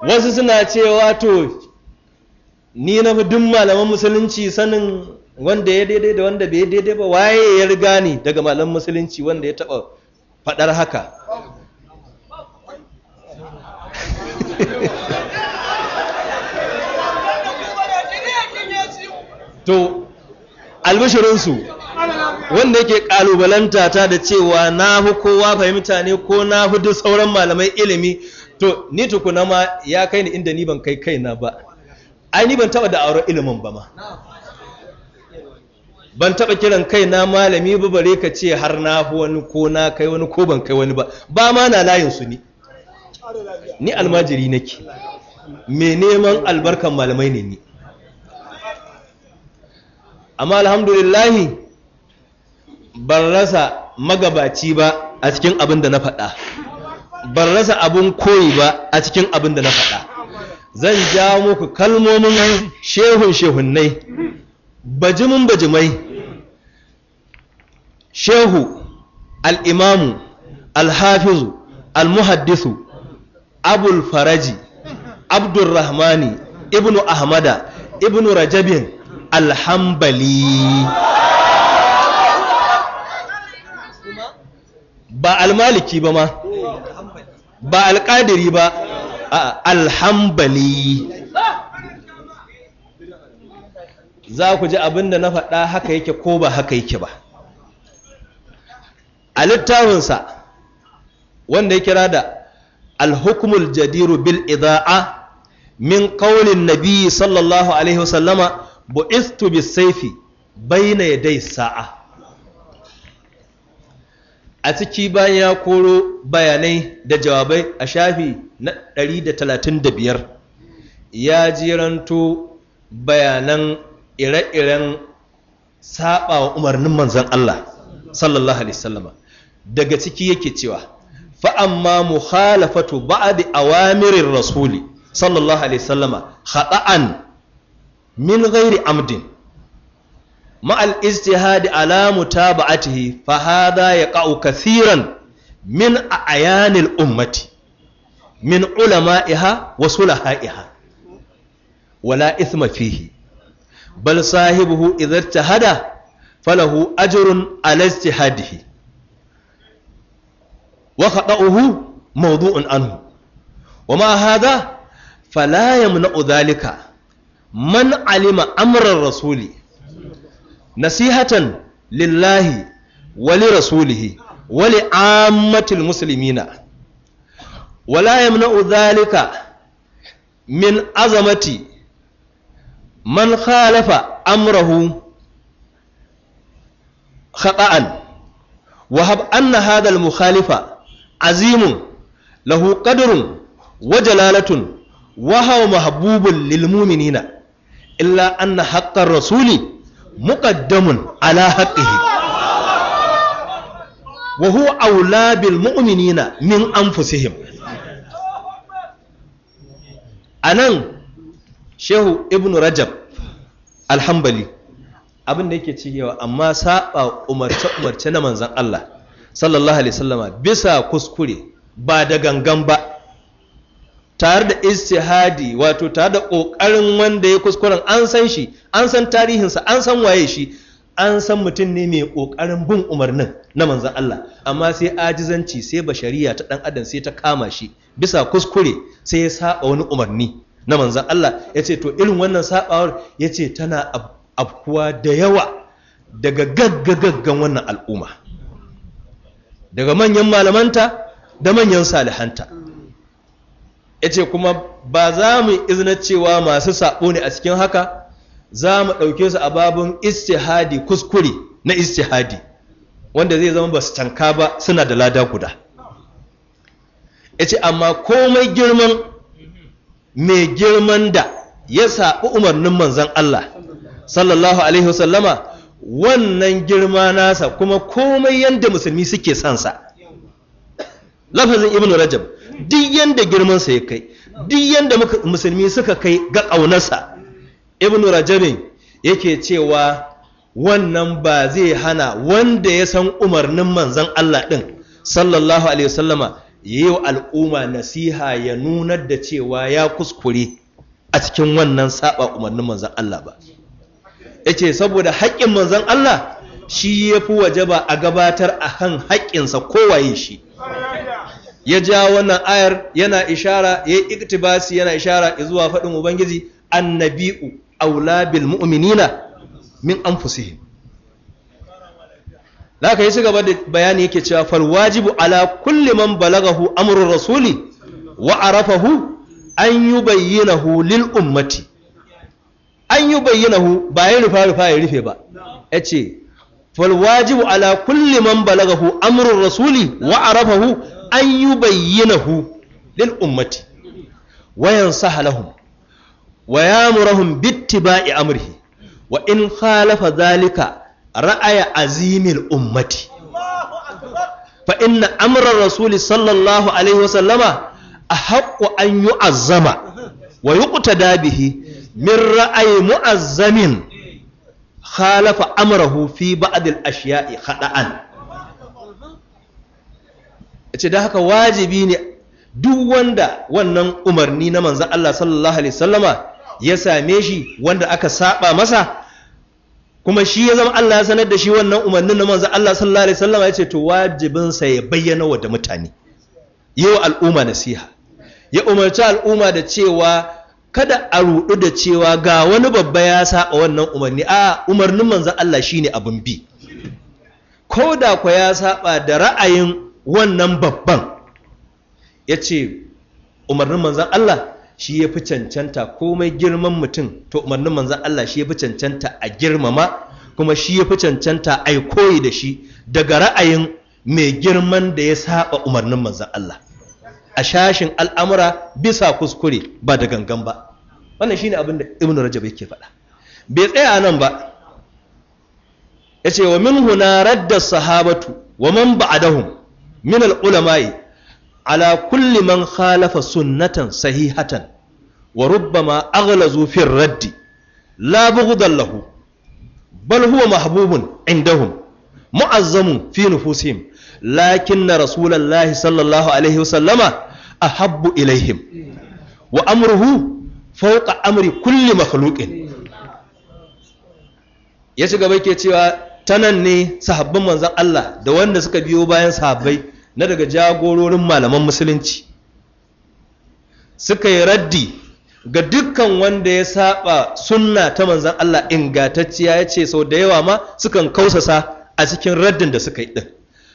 wasu suna cewa to ni na duk malaman musulunci sanin wanda ya daidai da wanda bai daidai ba waye ya riga ni daga malaman musulunci wanda ya taba faɗar haka to albishirinsu wanda yake kalubalanta ta da cewa na fi kowa fahimta ne ko na fi duk sauran malamai ilimi to ni tukuna ma ya kai ni inda ni ban kai kaina ba ai ni ban taba da auren ilimin ba ma ban taba kiran kaina malami ba bare ka ce har na fi wani ko na kai wani ko ban kai wani ba ba ma na layin su ni ni almajiri nake me neman albarkan malamai ne ni amma alhamdulillahi ban rasa magabaci ba a cikin abin da na faɗa ban rasa abun koyi ba a cikin abin da na faɗa zan ja muku kalmomin shehun shehunnai bajimin bajimai shehu al'imamu alhafizu almuhaddisu abul faraji abdurrahmani ibnu ahmada ibnu rajabin alhambali ba almaliki ba ma ba alƙadiri ba alhambali za ku ji abin da na faɗa haka yake ko ba haka yake ba a littafinsa wanda ya kira da alhukumul jadiru bil ida'a min ƙaunin nabi sallallahu alaihi wasallama bu'istu bisaifi baina dai sa'a a ciki bayan ya koro bayanai da jawabai a shafi na 135 ya jiranto bayanan ire-iren saba wa umarnin manzan Allah sallallahu alaihi sallama daga ciki yake cewa fa'amma muhalafatu ba'adi awamirin rasuli sallallahu alaihi sallama haɗa'an min ghairi amdin ma'al istihadi ala mutaba'atihi fa hadha yaqa'u kathiran min ayanil ummati min ulama'iha wa sulaha'iha wala ithma fihi bal sahibuhu idza tahada falahu ajrun ala istihadihi wa khata'uhu mawdu'un anhu wa ma hadha fala yamna'u dhalika man alima amran rasuli nasihatan lillahi wali rasulihi wali li musulmina, wala wala yamna'u uzalika min azamati man khalafa amrahu kaɗa'an, wahab hab anna hadha mukhalifa azimun lahu ƙadurun, wa jalalatun wahau huwa mahbubun lil mu'minina illa anna haƙƙar rasuli muƙaddamun ala haƙƙihi wa huwa aula bil mu'minina min anfusihim anan shehu ibnu rajab alhambali abin da yake cigewa amma saɓa umarce umarce na manzon Allah sallallahu alaihi wasallama bisa kuskure ba da gangan ba tare da istihadi wato tare da ƙoƙarin wanda ya kuskuren an san shi an san tarihinsa an san waye shi an san mutum ne mai ƙoƙarin bin umarnin na manzan Allah amma sai ajizanci sai bashariya ta ɗan adam sai ta kama shi bisa kuskure sai ya saba wani umarni na manzan Allah ya ce to irin wannan sabawar ya ce tana afkuwa da yawa daga gaggagaggan wannan al'umma daga manyan malamanta da manyan salihanta yace kuma ba za mu izina cewa masu saɓo ne a cikin haka za mu ɗauke su a babun istihadi kuskure na istihadi wanda zai zama ba su canka ba suna da lada guda yace amma komai girman mai girman da ya saɓi umarnin manzan Allah sallallahu alaihi wasallama wannan girma nasa kuma komai yadda musulmi suke sansa lafazin ibn rajab duk yanda girmansa sa ya kai duk yanda musulmi suka kai ga ƙaunarsa ibn rajabin yake cewa wannan ba zai hana wanda ya san umarnin manzan Allah ɗin sallallahu alaihi wasallama yi wa al'umma nasiha ya nunar da cewa ya kuskure a cikin wannan saba umarnin manzan Allah ba yace saboda haƙƙin manzan Allah shi ya fi waje ba a gabatar a kan haƙƙinsa kowaye shi ya ja wannan ayar yana ishara ya yi iktibasi yana ishara zuwa faɗin ubangiji annabi'u aula bil mu'minina min anfusihim laka yi cigaba da bayani yake cewa fal wajibu ala kulli man balagahu amrur rasuli wa arafahu an yubayyinahu lil ummati an yubayyinahu ba ya rufa rufa ya rufe ba yace fal wajibu ala kulli man balagahu amrur rasuli wa arafahu an yi bayyanahu lil ummati wayan sahalahum wa yamurahum bittiba'i amrihi wa in khalafa zalika ra'aya azimil ummati fa inna amra rasuli sallallahu alaihi wasallama ahaqqu an yu'azzama wa yuqtada bihi min ra'ayi mu'azzamin khalafa amrahu fi ba'd al-ashiya'i khada'an yace da haka wajibi ne duk wanda wannan umarni na manzan Allah sallallahu alaihi sallama ya same shi wanda aka saba masa kuma shi ya zama Allah ya sanar da shi wannan umarnin na manzan Allah sallallahu alaihi sallama ya ce to wajibinsa ya bayyana wa da mutane yi wa al'umma nasiha ya umarci al'umma da cewa kada a rudu da cewa ga wani babba ya saba wannan umarni a umarnin manzan Allah shine abin bi ko da kwa ya saba da ra'ayin wannan babban ya ce umarnin manzan Allah shi ya fi cancanta komai girman mutum to umarnin manzan Allah shi ya fi cancanta a girmama kuma shi ya fi cancanta a yi koyi da shi daga ra'ayin mai girman da ya saba umarnin manzan Allah a shashin al'amura bisa kuskure ba da gangan ba wannan shi ne abin da ibn rajab yake faɗa bai tsaya nan ba ya ce wa min hunarar da sahabatu wa man ba'adahum min al ala kulli man khalafa sunnatan sahihatan wa rubbama aghlazu zufin raddi la bughdan lahu bal huwa mahabubun indahun. mu'azzamun fi nufusihim lakinna rasulallahi sallallahu alaihi wasallama ahabbu ilaihim wa amruhu fawqa amri kulli makhluqin ya ci gaba ke cewa tanan ne sahabban manzan Allah da wanda suka biyo bayan sahabbai na daga jagororin malaman musulunci suka yi raddi ga dukkan wanda ya saba sunna ta manzan Allah ingantacciya ya ce sau da yawa ma sukan kausasa a cikin raddin da suka yi ɗin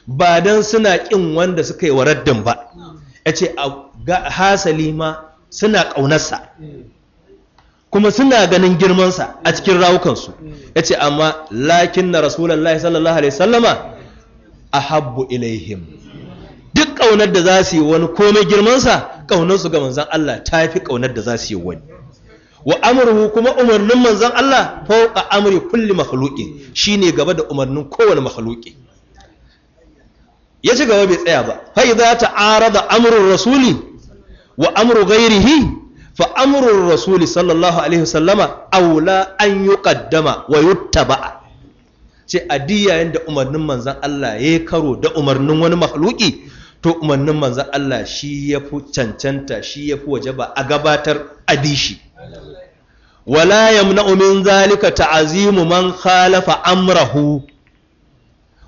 ba don suna ƙin wanda suka yi wa raddin ba ya ce a hasali ma suna ƙaunarsa kuma suna ganin girmansa a cikin rawukansu ya ce amma lakin na rasulallah sallallahu alaihi sallama a habbu ilaihim ƙaunar da za su yi wani komai girmansa ƙaunarsu ga manzan Allah ta fi ƙaunar da za su yi wani wa amurhu kuma umarnin manzan Allah fauka amuri kulli shi ne gaba da umarnin kowane makhluqi ya ci gaba bai tsaya ba fa idza ta'arada amrur rasuli wa amru ghairihi fa amrur rasuli sallallahu alaihi wasallama aula an yuqaddama wa yuttaba ce a diyayen da umarnin manzan Allah ya karo da umarnin wani makhluqi to umarnin manzan Allah shi ya fi cancanta shi ya fi waje ba a gabatar adishi wala muna zalika ta'azimu man khalafa amrahu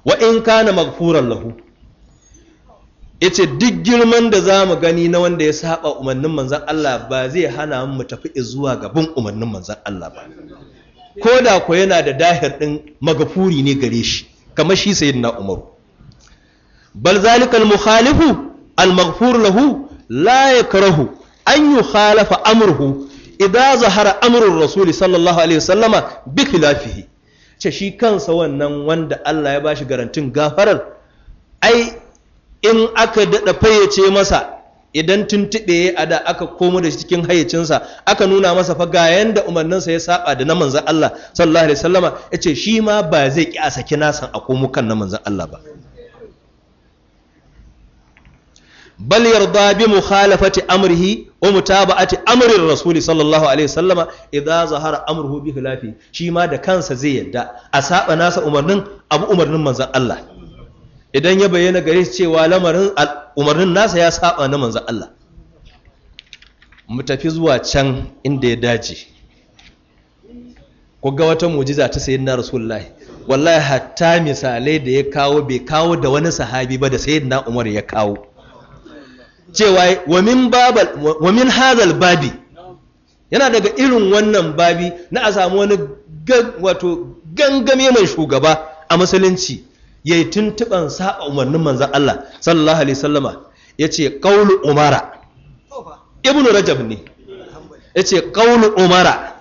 wa in kana magfuran lahu yace duk girman da zamu gani na wanda ya saba umarnin manzan Allah ba zai hana mu tafi zuwa gaban umarnin manzan Allah ba ko da ko yana da dahir ɗin magafuri ne gare shi kamar shi na Umaru bal zalikal mukhalifu al maghfur lahu la yakrahu an yukhalafa amruhu idza zahara amru rasul sallallahu alaihi wasallama bi khilafihi ce shi kansa wannan wanda Allah ya bashi garantin gafarar ai in aka dada fayyace masa idan tuntube a da aka komo da shi cikin hayyacinsa aka nuna masa fa ga yanda umarninsa ya saba da na manzon Allah sallallahu alaihi wasallama yace shi ma ba zai ki a saki nasan a komo kan na manzon Allah ba bal yarda bi mukhalafati amrihi wa mutaba'ati amrir rasuli sallallahu alaihi wasallama idza zahara amruhu bi khilafi shi ma da kansa zai yadda a saba nasa umarnin abu umarnin manzon Allah idan ya bayyana gare shi cewa lamarin umarnin nasa ya saba na manzon Allah mu tafi zuwa can inda ya dace ku ga wata mujiza ta sayyidina rasulullahi wallahi hatta misalai da ya kawo bai kawo da wani sahabi ba da sayyidina Umar ya kawo cewa wa min hazal babi yana daga irin wannan babi na a samu wani wato gangame mai shugaba a musulunci ya yi tuntuɓan sa'a umarnin manzan Allah sallallahu alaihi sallama ya ce ƙaunin umara ibn rajab ne ya ce ƙaunin umara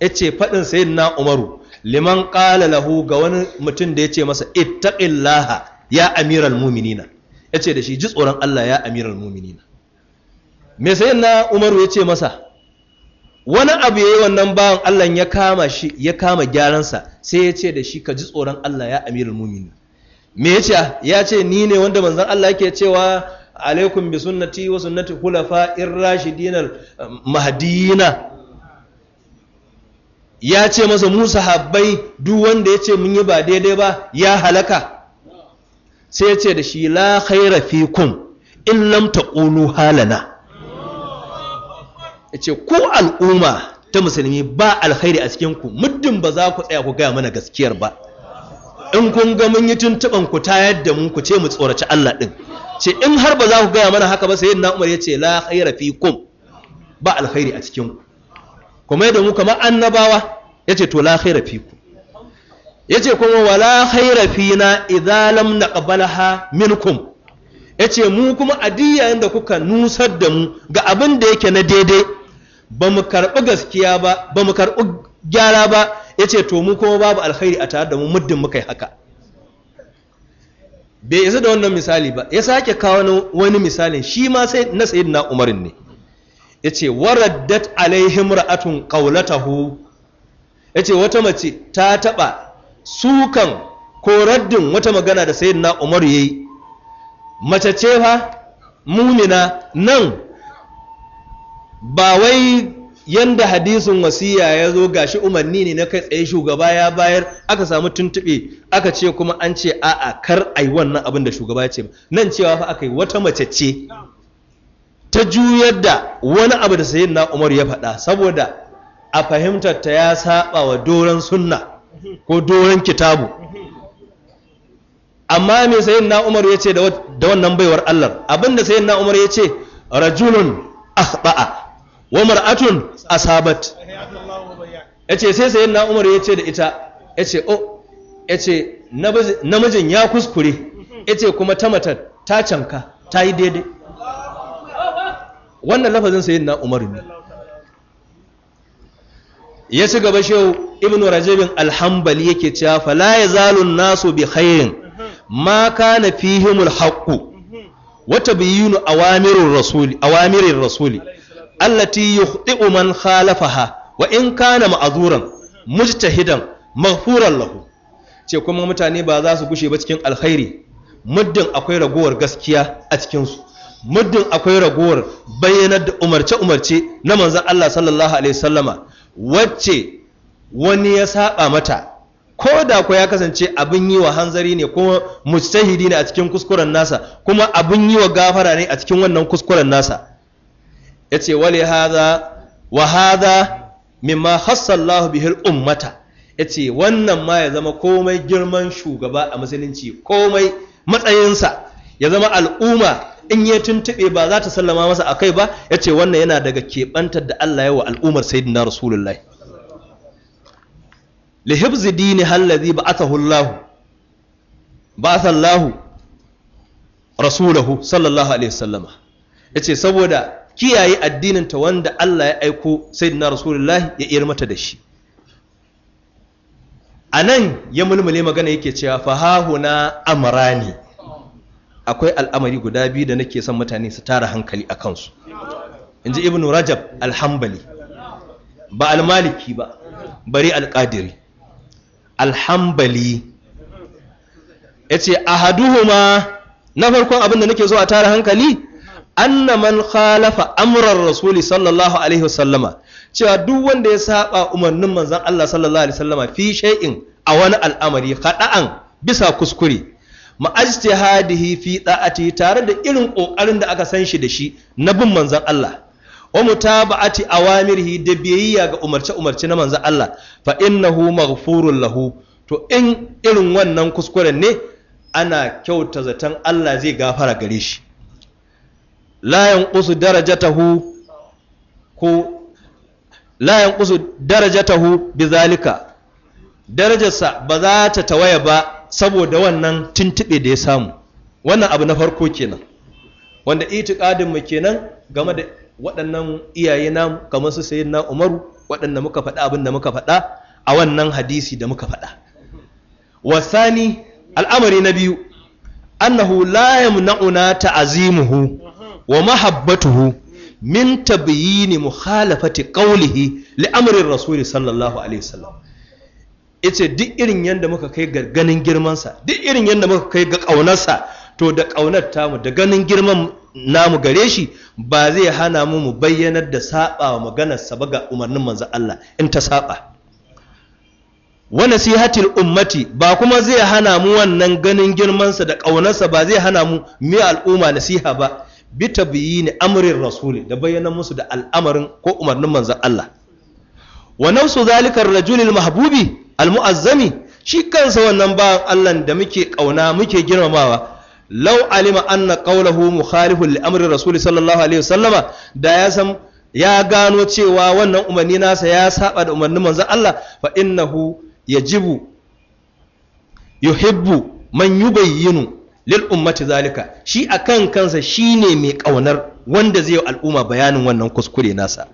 ya ce faɗin sayin na umaru liman ƙalalahu ga wani mutum da ya ce masa laha ya amiral muminina ya ce da shi ji tsoron Allah ya amiral muminina mai sai na umaru ya ce masa wani abu ya yi wannan bawan Allah ya kama shi ya kama gyaransa sai ya ce da shi ka ji tsoron Allah ya amiral muminina me ya ce ya ce ni ne wanda manzan Allah yake cewa alaikum bi sunnati wa sunnati khulafa'ir rashidin al mahadina ya ce masa Musa sahabbai duk wanda ya ce mun yi ba daidai ba ya halaka sai ya ce da shi la khaira kun in lam taqulu halana yace ku al'umma ta musulmi ba alkhairi a cikin ku muddin ba za ku tsaya ku gaya mana gaskiyar ba in kun ga mun yi tuntuban ku ta yadda mu ku ce mu tsoraci Allah ɗin. ce in har ba za ku gaya mana haka ba sai yin na Umar yace la khaira kun ba alkhairi a cikin kuma yadda mu kamar annabawa yace to la khaira fikum yace kuma wala khaira fina idza lam naqbalha minkum yace mu kuma adiyayen da kuka nusar da mu ga abin da yake na daidai ba mu karɓi gaskiya ba ba mu karɓi gyara ba yace to mu kuma babu alkhairi a tare da mu muddin muka yi haka bai isa da wannan misali ba ya sake kawo wani misalin shi ma sai na na umarin ne yace waraddat alaihim ra'atun qawlatahu yace wata mace ta taɓa. sukan ko raddin wata magana da sayyidina Umar yayi mace ce fa mumina nan ba wai yadda hadisin wasiya ya zo ga shi umarni ne na kai tsaye shugaba ya bayar aka samu tuntuɓe aka ce kuma an ce a'a kar a yi wannan abin da shugaba ya ce nan cewa fa aka yi wata mace ce ta juyar da wani abu da sayin na umar ya faɗa saboda a fahimtar ta ya saba wa doron sunna ko doron kitabu amma me sayin na umar ya ce da wannan baiwar Allah abinda sayin na umar ya ce rajulun akhba'a wa mar'atun asabat ya ce sai sayin na umar ya ce da ita ya ce o oh, ya ce namijin ya kuskure ya ce kuma ta mata ta canka ta yi daidai wannan lafazin sayin na umar ne ya ci gaba shehu ibnu rajabin alhambali yake cewa fala yazalu nasu bi khairin ma kana fihimul haqqu wa tabyinu awamirir rasuli awamirir rasuli allati yukhti'u man khalafaha wa in kana ma'zuran mujtahidan maghfuran lahu ce kuma mutane ba za su gushe ba cikin alkhairi muddin akwai ragowar gaskiya a cikin su muddin akwai ragowar bayyana da umarce-umarce na manzon Allah sallallahu Alaihi wasallama wacce wani ya saba mata ko da ku ya kasance abin yi wa hanzari ne kuma mujtahidi ne a cikin kuskuren nasa kuma abin yi wa gafara ne a cikin wannan kuskuren nasa yace wali hadha wa hadha mimma khassallahu bihil ummata yace wannan ma ya zama komai girman shugaba a musulunci komai matsayinsa ya zama al'umma in ya tuntube ba za ta sallama masa akai ba ya ce wannan yana daga keɓantar da Allah ya wa al'ummar sayyidina rasulullahi lihibzi dini hallazi ba'athahu Allah ba'atha Allah rasulahu sallallahu alaihi wasallama yace saboda kiyaye addinin ta wanda Allah ya aiko sayyidina rasulullahi ya iya mata da shi anan ya mulmule magana yake cewa fa hahuna amrani akwai al'amari guda biyu da nake son mutane su tara hankali a kansu in ji ibn rajab alhambali ba almaliki ba bari alƙadiri alhambali ya ce a haduhuma na farkon abin da nake zuwa tara hankali anna man khalafa amran rasuli sallallahu alaihi wasallama cewa duk wanda ya saba umarnin manzan Allah sallallahu alaihi wasallama fi shaiin a wani al'amari kaɗa'an bisa kuskure ma'ajtihadihi fi ɗa'ati tare da irin ƙoƙarin da aka san shi da shi na bin manzan Allah wa a awamirhi da biyayya ga umarce umarce na manzan Allah fa innahu maghfurun lahu to in irin wannan kuskuren ne ana kyauta zaton Allah zai gafara gare shi la yanqusu darajatahu ko la darajatahu bizalika darajarsa ba za ta tawaya ba saboda wannan tuntuɓe da ya samu wannan abu na farko kenan wanda itikadin mu kenan game da waɗannan iyaye namu kamar su sayin na umaru waɗanda muka faɗa abin da muka faɗa a wannan hadisi da muka faɗa wasani al'amari na biyu annahu la yamna'una ta'zimuhu wa mahabbatuhu min tabyin mukhalafati qawlihi li amri rasul sallallahu alaihi wasallam yace duk irin yadda muka kai ga ganin girmansa duk irin yadda muka kai ga ƙaunarsa to da ƙaunar tamu da ganin girman namu gare shi ba zai hana mu mu bayyanar da saba wa maganarsa ba ga umarnin manzo Allah in ta saba wa nasihatil ummati ba kuma zai hana mu wannan ganin girmansa da ƙaunarsa ba zai hana mu mi al'umma nasiha ba bi ni amrin rasuli da bayyana musu da al'amarin ko umarnin manzo Allah wa nausu zalikar rajulil mahbubi almu'azzami, shi kansa wannan bayan Allah da muke kauna muke girmamawa law alima anna qawluhu mukhalifun li amri rasul sallallahu alaihi wasallama da ya san ya gano cewa wannan umarni nasa ya saba da umarnin manzon Allah fa innahu yajibu yuhibbu man yubayyinu lil ummati zalika shi akan kansa shine mai kaunar wanda zai yi al'umma bayanin wannan kuskure nasa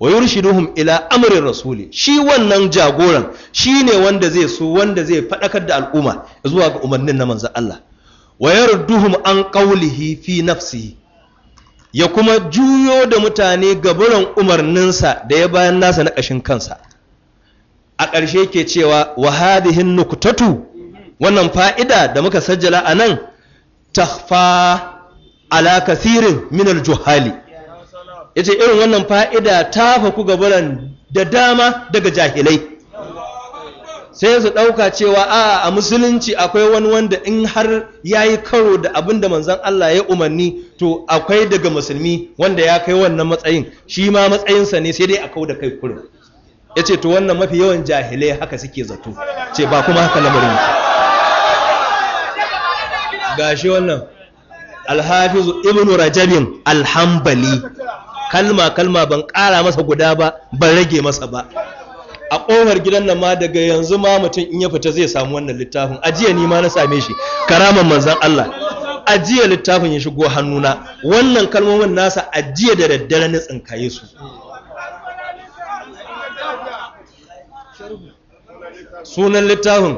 wa yurshiduhum ila amrin rasuli shi wannan jagoran shine wanda zai so wanda zai faɗakar da al'umma zuwa ga umarnin na manzon Allah wa yarduhum an qawlihi fi nafsihi ya kuma juyo da mutane ga gaburan umarninsa da ya bayan nasa na ƙashin kansa a ƙarshe ke cewa wa hadhihi nuktatu wannan fa'ida da muka sajjala anan nan tahfa ala kathirin minal juhali ya ce irin wannan fa'ida ta faku gabaran da dama daga jahilai sai su ɗauka cewa a a musulunci akwai wani wanda in har ya yi karo da abin da manzan Allah ya umarni to akwai daga musulmi wanda ya kai wannan matsayin shi ma matsayinsa ne sai dai a kau da kai kurin ya ce to wannan mafi yawan jahilai haka suke zato ce ba kuma haka lamarin gashi wannan alhafizu ibnu rajabin alhambali kalma kalma ban ƙara masa guda ba ban rage masa ba a ƙofar gidan nan ma daga yanzu ma mutum in ya fita zai samu wannan littafin ajiya ni ma na same shi karaman manzan Allah ajiya littafin ya shigo hannuna wannan kalmomin nasa ajiya da daddare na tsinkaye su sunan littafin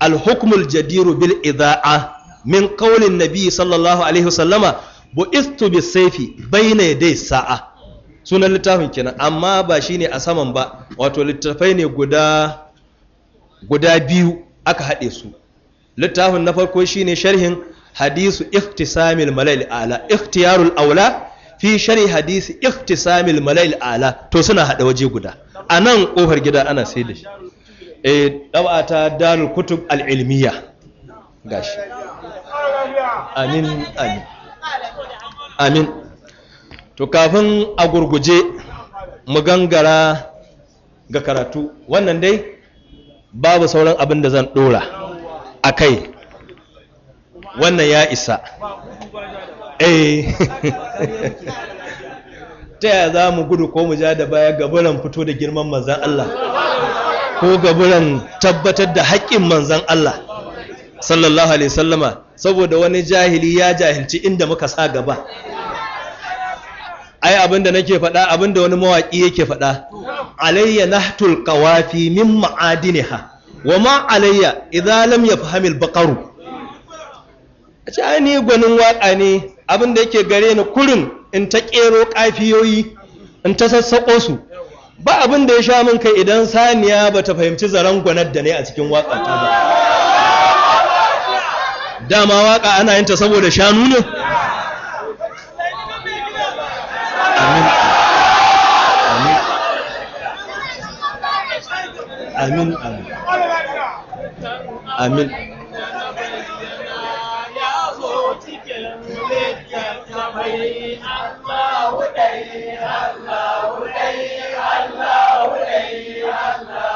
alhukmul jadiru bil ida'a min kaulin nabi sallallahu alaihi wasallama bu istu bi saifi bayna dai sa'a sunan littafin kenan amma ba shine a saman ba wato littafai ne guda guda biyu aka haɗe su littafin na farko shine sharhin hadisu iftisamil malal ala ikhtiyarul aula fi sharhi hadisi iftisamil malal ala to suna haɗa waje guda a nan ƙofar gida ana sai da shi eh ta kutub al gashi amin amin amin to kafin a gurguje mu gangara ga karatu wannan dai babu sauran abin da zan dora a kai wannan ya isa eh ta yaya za mu gudu ko mu ja da baya gaburan fito da girman manzan Allah ko gaburan tabbatar da haƙƙin manzan Allah sallallahu alaihi sallama saboda wani jahili ya jahilci inda muka sa gaba ai abinda nake faɗa abinda wani mawaƙi yake faɗa alayya nahtul qawafi min ma'adinha wa ma alayya idza lam yafham al-baqaru ace gwanin waka ne abinda yake gare ni kurin in ta kero kafiyoyi in ta sassako su ba abinda ya sha min kai idan saniya bata fahimci zaran gwanar da ne a cikin waka ta ba dama waka ana yin ta saboda shanu ne amin amin amin Allah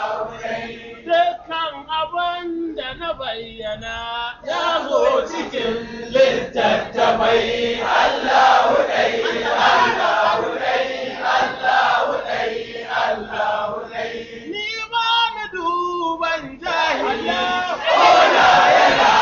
na bayyana ya zo cikin littattafai Allah hudai Allah hudai Allah hudai Allah hudai ni ma na duban jahiliya yana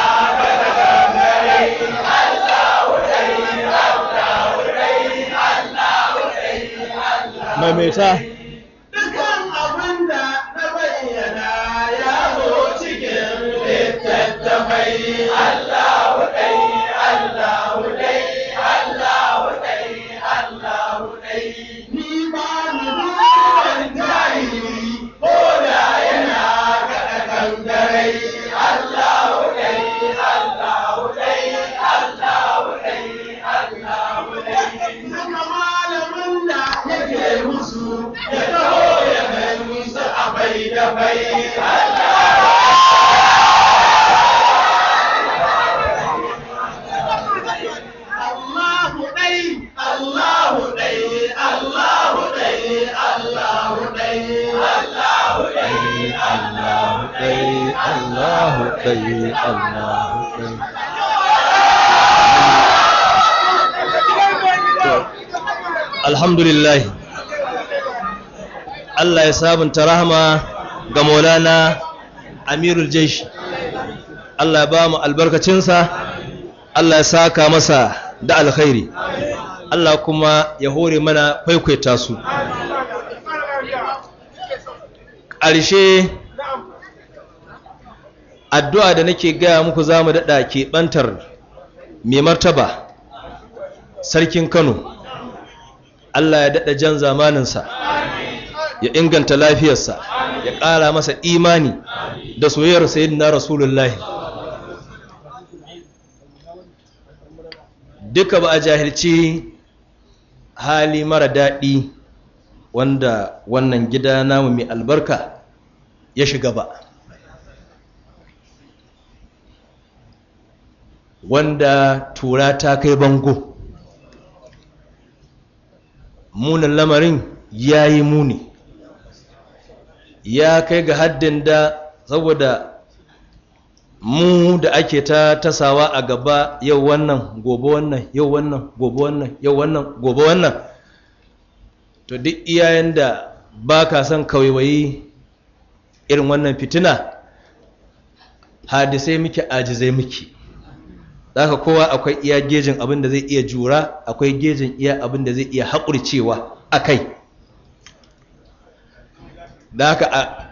Alhamdu Allahu alhamdulillah Allah ya sabunta rahama ga Maulana Amirul Jaish Allah ya ba mu albarkacinsa Allah ya saka masa da alkhairi Allah kuma ya hore mana kwaikwaita su ƙarshe addu'a da nake gaya muku za mu daɗa keɓantar mai martaba sarkin kano allah ya daɗa jan zamaninsa ya inganta lafiyarsa ya ƙara masa imani da soyayyar na rasulullahi duka ba a jahilci hali mara daɗi wanda wannan gida namu mai albarka ya shiga ba wanda tura ta kai bango munan lamarin ya yi muni ya kai ga haddin da saboda mu da ake ta tasawa a gaba yau wannan gobe wannan yau wannan gobe wannan yau wannan gobe wannan to duk iyayen da ba ka son kawaiwayi irin wannan fitina hadisai muke ajizai muke zaka kowa akwai iya gejin abin da zai iya jura akwai gejin iya abin da zai iya haƙurcewa a kai da haka a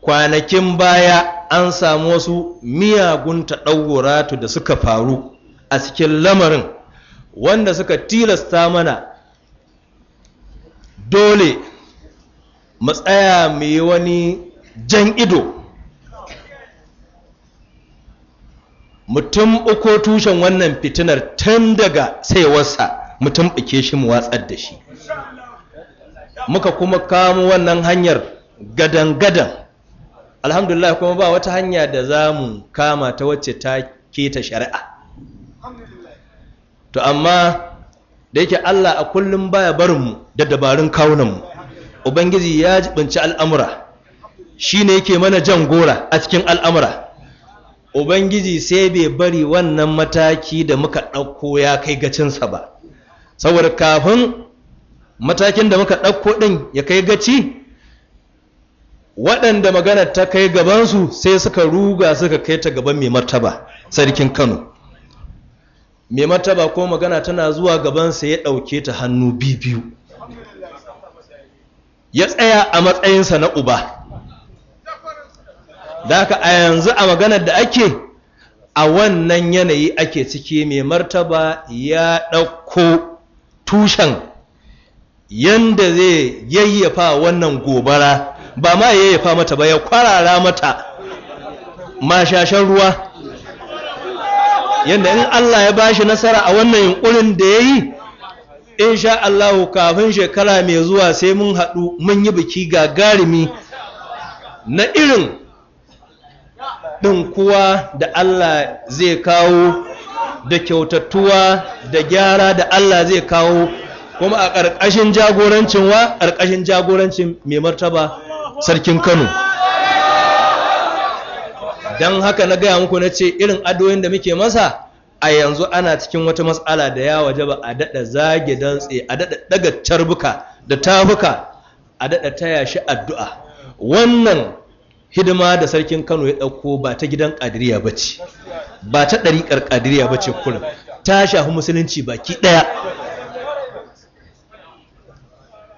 kwanakin baya an samu wasu miyagun taɗauratu da suka faru a cikin lamarin wanda suka tilasta mana dole mu tsaya wani jan ido mutum uku tushen wannan fitinar tun daga saiwarsa mutum ɓike shi mu watsar da shi muka kuma kamo wannan hanyar gadan-gadan alhamdulillah kuma ba wata hanya da za mu kama ta wacce ta keta shari'a to amma da yake Allah a kullum baya barinmu da dabarun kawunanmu ubangiji ya jibinci al'amura shi ne yake mana jan gora a cikin al'amura ubangiji sai bai bari wannan mataki da muka ɗauko ya kai gacinsa ba saboda kafin matakin da muka ɗauko ɗin ya kai gaci waɗanda magana ta kai gabansu sai suka ruga suka kai ta gaban mai martaba sarkin kano mai martaba ko magana tana zuwa gabansa ya ɗauke ta hannu biyu ya tsaya a matsayinsa na uba da haka a yanzu a maganar da ake a wannan yanayi ake ciki mai martaba ya ɗauko tushen yanda zai yayyafa wannan gobara ba ma yayyafa mata ba ya kwarara mata mashashen ruwa yanda in Allah ya bashi nasara a wannan yunkurin da ya yi insha Allah kafin shekara mai zuwa sai mun haɗu mun yi biki gagarumi na irin kuwa da Allah zai kawo da kyautattuwa da gyara da Allah zai kawo kuma a ƙarƙashin jagorancin wa ƙarƙashin jagorancin mai martaba sarkin Kano don haka na gaya muku na ce irin adoyin da muke masa a yanzu ana cikin wata matsala da ya waje ba a daɗa zage dantse a daɗa daga carbuka da tafuka a daɗa taya shi addu'a wannan hidima da sarkin kano ya ɗauko ba ta gidan ƙadiriya ba ce ba ta ɗariƙar ƙadiriya ba ce kullum ta shafi musulunci baki ɗaya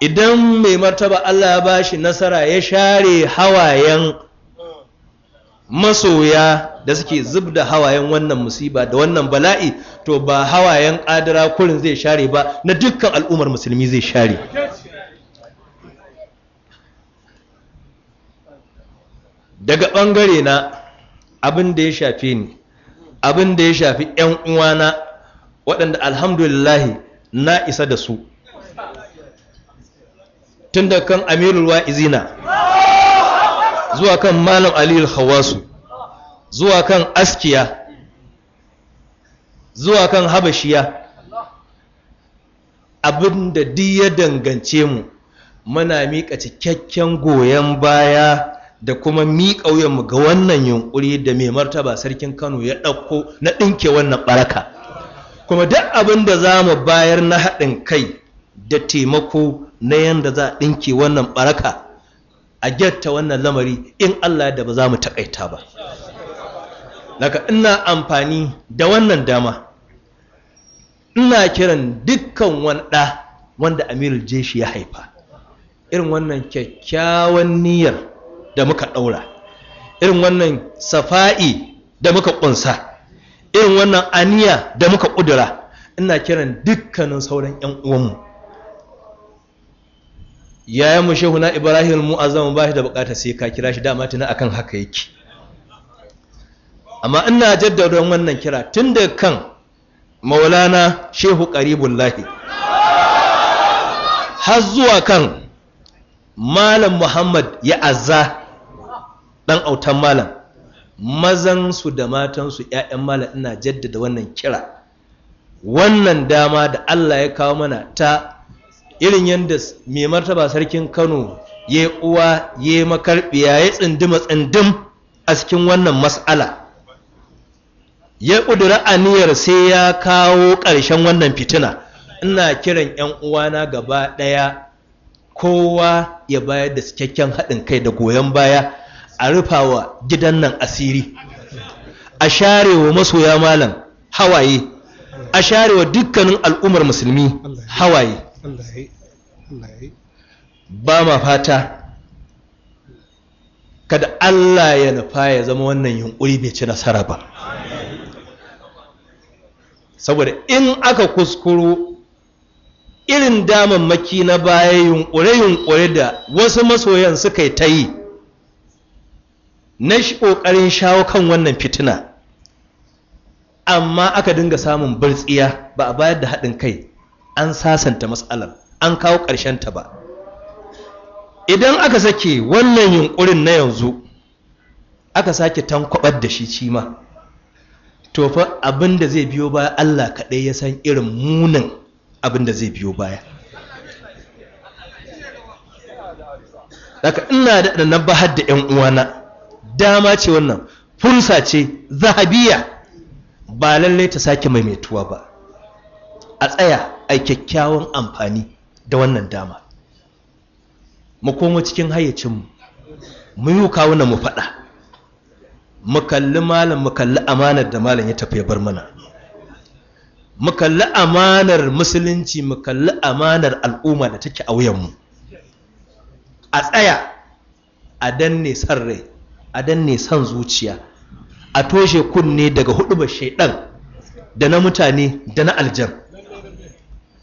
idan mai martaba allah ya bashi nasara ya share hawayen masoya da suke zub da hawayen wannan musiba da wannan bala'i to ba hawayen ƙadira kurin zai share ba na dukkan al'ummar musulmi zai share daga ɓangare na abin da ya shafe ni abin da ya shafi 'yan uwana waɗanda alhamdulillahi na isa da su tun da kan amirul na, zuwa kan malam aliyu hawasu zuwa kan askiya zuwa kan habashiya abin da ya dangance mu muna miƙa cikakken goyon baya da kuma mi mu ga wannan yunkuri da mai martaba sarkin Kano ya ɗauko na ɗinke wannan ɓaraka. Kuma duk abin da za mu bayar na haɗin kai da taimako na yadda za a ɗinke wannan ɓaraka a gyatta wannan lamari in Allah da ba za mu taƙaita ba. Laka ina amfani da wannan dama, ina kiran dukkan wanda wanda Amirul Jeshi ya haifa. Irin wannan kyakkyawan niyyar da muka ɗaura irin wannan safa'i da muka ƙunsa irin wannan aniya da muka ƙudura ina kiran dukkanin sauran 'yan uwanmu yayan mu shehu na ibrahim mu'azzam ba shi da bukata sai ka kira shi dama tuna akan haka yake amma ina jaddada wannan kira tun da kan maulana shehu Lahi. har zuwa kan malam muhammad ya azza dan autan malam mazan su da matan su ƴaƴan malam ina jaddada wannan kira wannan dama da Allah ya kawo mana ta irin yadda mai martaba sarkin Kano ya uwa ya makarbiya ya tsindima tsindim a cikin wannan mas'ala ya ƙudura aniyar sai ya kawo ƙarshen wannan fitina ina kiran 'yan uwana gaba ɗaya kowa ya bayar da cikakken haɗin kai da goyon baya a wa gidan nan asiri a sharewa masoya malam hawaye a sharewa dukkanin al'ummar musulmi hawaye ba ma fata kada Allah ya nufa ya zama wannan yunkuri bai ci nasara ba saboda in aka kuskuru, irin damammaki na baya yunkure-yunkure da wasu masoyan suka yi ta yi na shi ƙoƙarin shawo kan wannan fitina amma aka dinga samun birtsiya ba a bayar da haɗin kai an sasanta matsalar an kawo ƙarshen ta ba idan aka sake wannan yunƙurin na yanzu aka sake tankwabar da shi cima to fa abin da zai biyo baya Allah kaɗai ya san irin munin abin da zai biyo baya daga ina da na bahar da 'yan uwana dama ce wannan fursa ce zahabiya ba lalle ta sake maimaituwa ba a tsaya a kyakkyawan amfani da wannan dama mu komo cikin hayyacinmu mu yi kawuna mu faɗa mu kalli malam mu kalli amanar da malam ya tafi ya bar mana mu kalli amanar musulunci mu kalli amanar al'umma da take a wuyanmu a tsaya a danne san rai a danne son zuciya a toshe kunne daga hudubar shaidan da na mutane da na aljan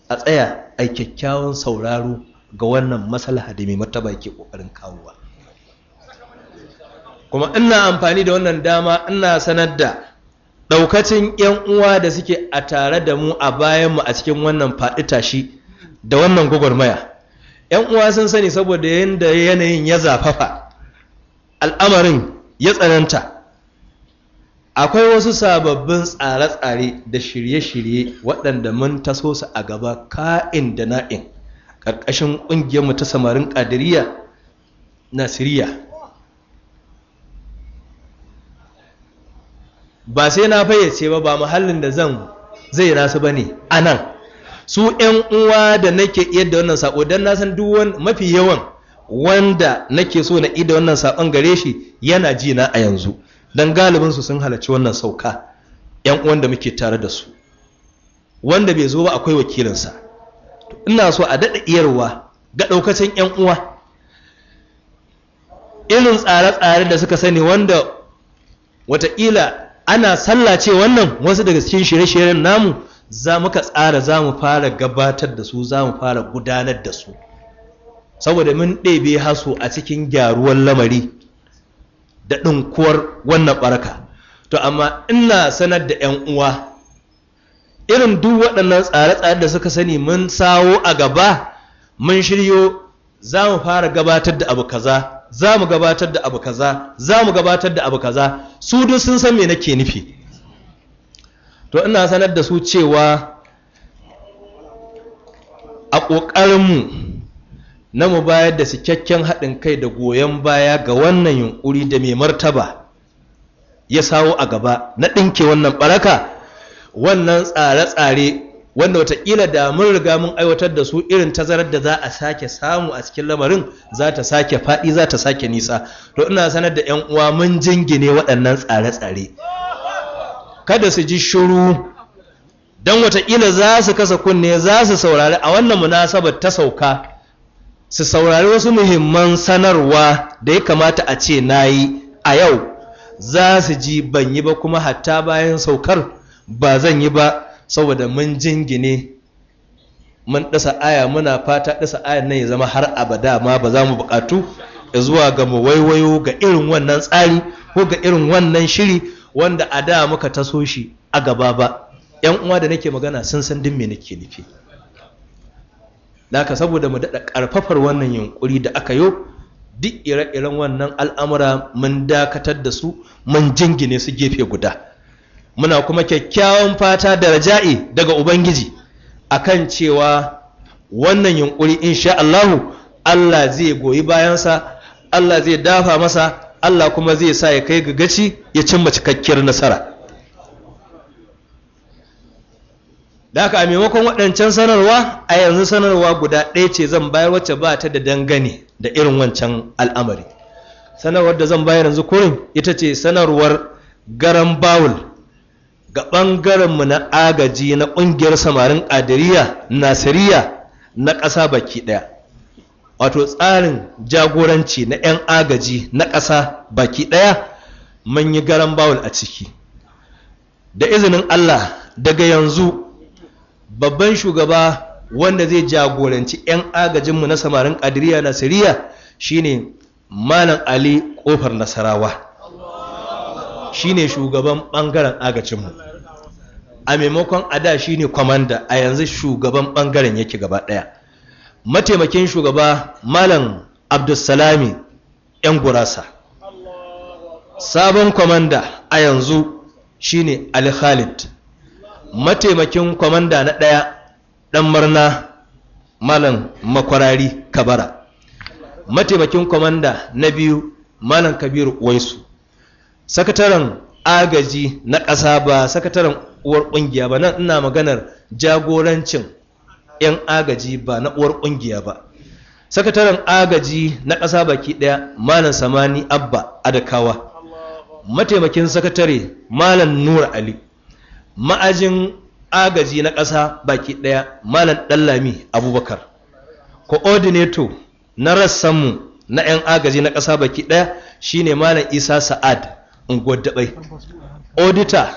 a tsaya a kyakkyawan sauraro ga wannan maslaha da mai martaba ke kokarin kawowa kuma ina amfani da wannan dama ina sanar da daukacin yan uwa da suke a tare da mu a bayan a cikin wannan faɗi tashi da wannan gwagwarmaya yan uwa sun sani saboda yanda yanayin ya zafafa al'amarin ya tsananta akwai wasu sababbin tsare-tsare da shirye-shirye waɗanda mun taso su a gaba ka'in da na'in ƙarƙashin ƙungiyarmu ta samarin ƙadiriya na siriya ba sai na fayyace ba ba mahallin da zan zai rasu ba ne a nan su 'yan uwa da nake yadda wannan saƙo don na san duwan mafi yawan wanda nake so na ida wannan saƙon gare shi yana ji na a yanzu don galibinsu sun halarci wannan sauka yan uwan muke tare da su wanda bai zo ba akwai wakilinsa ina so a daɗa iyarwa ga ɗaukacin yan uwa irin tsare-tsare da suka sani wanda watakila ana sallace wannan wasu daga cikin shirye-shiryen namu za muka tsara za mu fara gabatar da su za mu fara gudanar da su saboda mun ɗebe hasu a cikin gyaruwar lamari da ɗinkuwar wannan ɓarka to amma ina sanar da 'yan uwa irin duk waɗannan tsare-tsare da suka sani mun sawo a gaba mun shiryo za mu fara gabatar da abu kaza za mu gabatar da abu kaza za mu gabatar da abu kaza su duk sun san me nake nufi to ina sanar da su cewa a ƙoƙarinmu na mu bayar da cikakken haɗin kai da goyon baya ga wannan yunƙuri da mai martaba ya sawo a gaba na ɗinke wannan ɓaraka wannan tsare-tsare wanda watakila da mun riga mun aiwatar da su irin tazarar da za a sake samu a cikin lamarin za ta sake faɗi za ta sake nisa to ina sanar da 'yan uwa mun jingine waɗannan tsare-tsare kada su ji shuru don watakila za su kasa kunne za su saurari a wannan munasabar ta sauka su saurari wasu muhimman sanarwa da ya kamata a ce na yi a yau za su ji ban yi ba kuma hatta bayan saukar ba zan yi ba saboda mun jingine mun ɗasa aya muna fata ɗasa aya nan ya zama har abada ma ba za mu buƙatu zuwa ga mu waiwayo ga irin wannan tsari ko ga irin wannan shiri wanda a da muka taso shi a gaba ba 'yan uwa da nake magana sun san din me nake nufi Daka saboda mu daɗa ƙarfafar wannan yunƙuri da aka yi duk ire-iren wannan al'amura mun dakatar da su mun jingine su gefe guda muna kuma kyakkyawan fata da raja'i daga ubangiji akan cewa wannan yunƙuri insha Allahu Allah zai goyi bayansa Allah zai dafa masa Allah kuma zai sa ya kai ga gaci ya cimma cikakkiyar nasara da haka a maimakon waɗancan sanarwa a yanzu sanarwa guda ɗaya ce zan bayar wacce ba ta da dangane da irin wancan al'amari sanarwar da zan bayar yanzu kurin ita ce sanarwar garan bawul ga mu na agaji na ƙungiyar samarin ƙadiriya nasiriya na ƙasa baki ɗaya wato tsarin jagoranci na 'yan agaji na ƙasa baki ɗaya mun yi garan bawul a ciki da izinin allah daga yanzu babban shugaba wanda zai jagoranci 'yan agajinmu na samarin ƙadiriya na siriya shine malam ali ƙofar nasarawa shine shugaban ɓangaren agajinmu a maimakon ada shine kwamanda a yanzu shugaban ɓangaren yake gaba ɗaya mataimakin shugaba malam abdulsalami 'yan gurasa sabon kwamanda a yanzu shine ali khalid mataimakin kwamanda na ɗaya ɗan marna malam makwarari kabara mataimakin kwamanda na biyu malam kabiru waisu sakataren agaji na ƙasa ba sakataren uwar ƙungiya ba nan ina maganar jagorancin 'yan agaji ba na uwar ƙungiya ba sakataren agaji na ƙasa baki ɗaya malam samani abba adakawa mataimakin sakatare malam nura ali ma'ajin agaji na ƙasa baki ɗaya malam ɗallami abubakar coordinator na rassanmu na 'yan agaji na ƙasa baki ɗaya shine malam isa sa'ad unguwar daɓai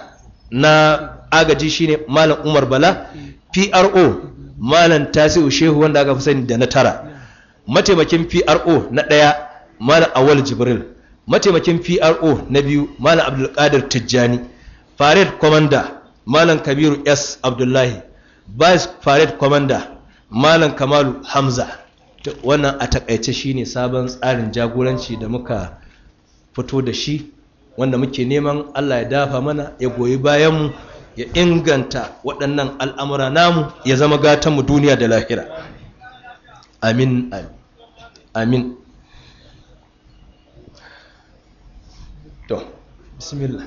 na agaji shine malam umar bala pro malam tasiru shehu wanda aka fi sani da na tara mataimakin pro na ɗaya malam awal jibril mataimakin pro na biyu malam abdulkadir tijjani farid commander malam kabiru s abdullahi vice parade commander malam kamalu hamza wannan a takaice shine sabon tsarin jagoranci da muka fito da shi wanda muke neman allah ya dafa mana ya goyi bayanmu ya inganta waɗannan al'amura namu ya zama gatanmu duniya da lahira amin amin to bismillah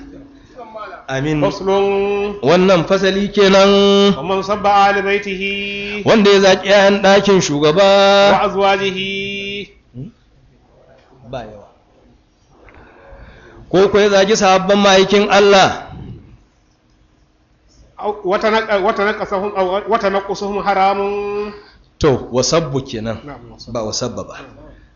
amin faslun wannan fasali kenan man sabba ali baitihi wanda ya zaki yayan ɗakin shugaba wa azwajihi hmm? ba yawa ko ko ya zaki sabban ma'aikin Allah wata na kusuhun haramun to wasabbu kenan ba wasabba ba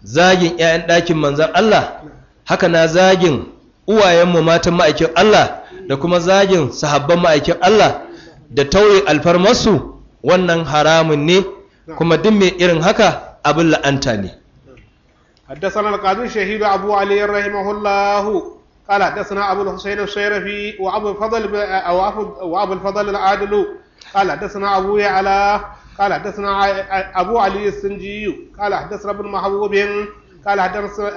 zagin 'ya'yan ɗakin manzan Allah haka na zagin uwayenmu matan ma'aikin Allah da kuma zagin sahabban ma'aikin Allah da tauye alfarmarsu wannan haramun ne kuma duk mai irin haka abin la'anta ne حدثنا القاضي شهيد أبو علي رحمه الله قال حدثنا أبو الحسين الشيرفي وأبو الفضل وأبو الفضل العادل قال حدثنا أبو يعلى قال حدثنا أبو علي السنجي قال حدثنا ابن محبوب قال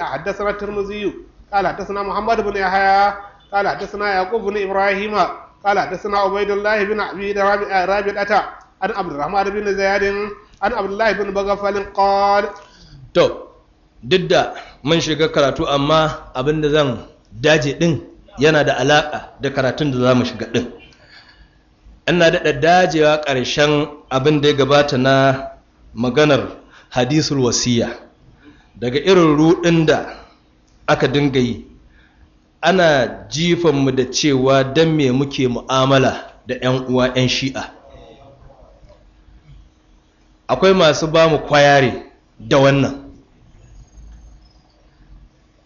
حدثنا الترمذي قال حدثنا محمد بن يحيى قال حدثنا يعقوب بن إبراهيم قال حدثنا عبيد الله بن أبي رابعة عن عبد الرحمن بن زياد عن عبد الله بن بغفل قال تو duk da mun shiga karatu amma abin da zan daje din yana da alaƙa da karatun da zamu mu shiga din ina daɗa dajewa ƙarshen abin da ya gabata na maganar hadisul wasiya daga irin ruɗin da aka dinga yi ana jifanmu da cewa don me muke mu'amala da 'yan uwa 'yan shi'a akwai masu ba mu kwayare da wannan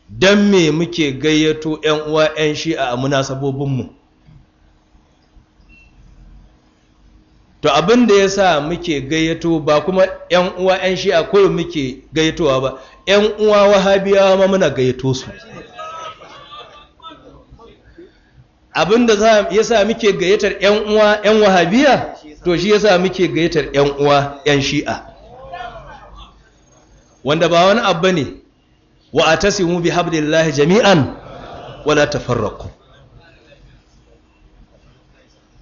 don me muke gayyato 'yan uwa 'yan shi'a a munasabobinmu to abin da ya sa muke gayyato ba kuma 'yan uwa 'yan shi'a ko muke gayyatowa ba 'yan uwa wahabiyawa ma muna gayyato su abinda sa muke gayyatar yan uwa yan wahabiya to shi ya sa muke gayyatar yan uwa yan shi'a wanda ba wani abu ne wa atasimu bi lalahi jami'an wala tafarraqu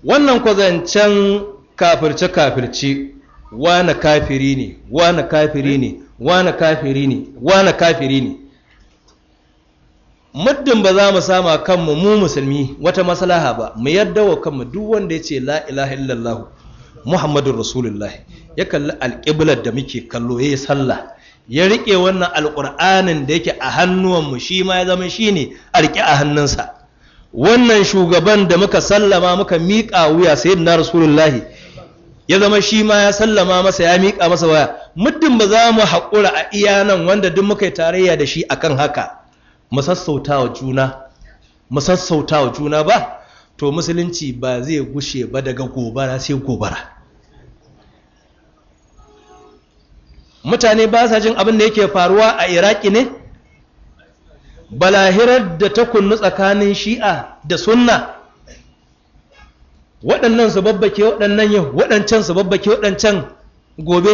wannan kwazancen kafirce kafirce wana kafiri ne wana kafiri ne wana kafiri ne wana kafiri ne muddin ba za mu sama kanmu mu musulmi wata maslaha ba mu yarda wa kanmu duk wanda ya ce la'ilaha ilaha illallah muhammadun rasulullah ya kalli alƙiblar da muke kallo ya sallah ya riƙe wannan alƙur'anin da yake a hannuwanmu shi ma ya zama shi ne a riƙe a hannunsa wannan shugaban da muka sallama muka miƙa wuya sai na rasulullahi ya zama shi ma ya sallama masa ya miƙa masa waya muddin ba za mu haƙura a iya nan wanda duk muka yi tarayya da shi akan haka mu wa juna juna ba to musulunci ba zai gushe ba daga gobara sai gobara mutane ba sa jin abin da yake faruwa a iraki ne balahirar da ta kunnu tsakanin shi'a da sunna waɗannan su babbake waɗannan yau waɗancan su babbake waɗancan gobe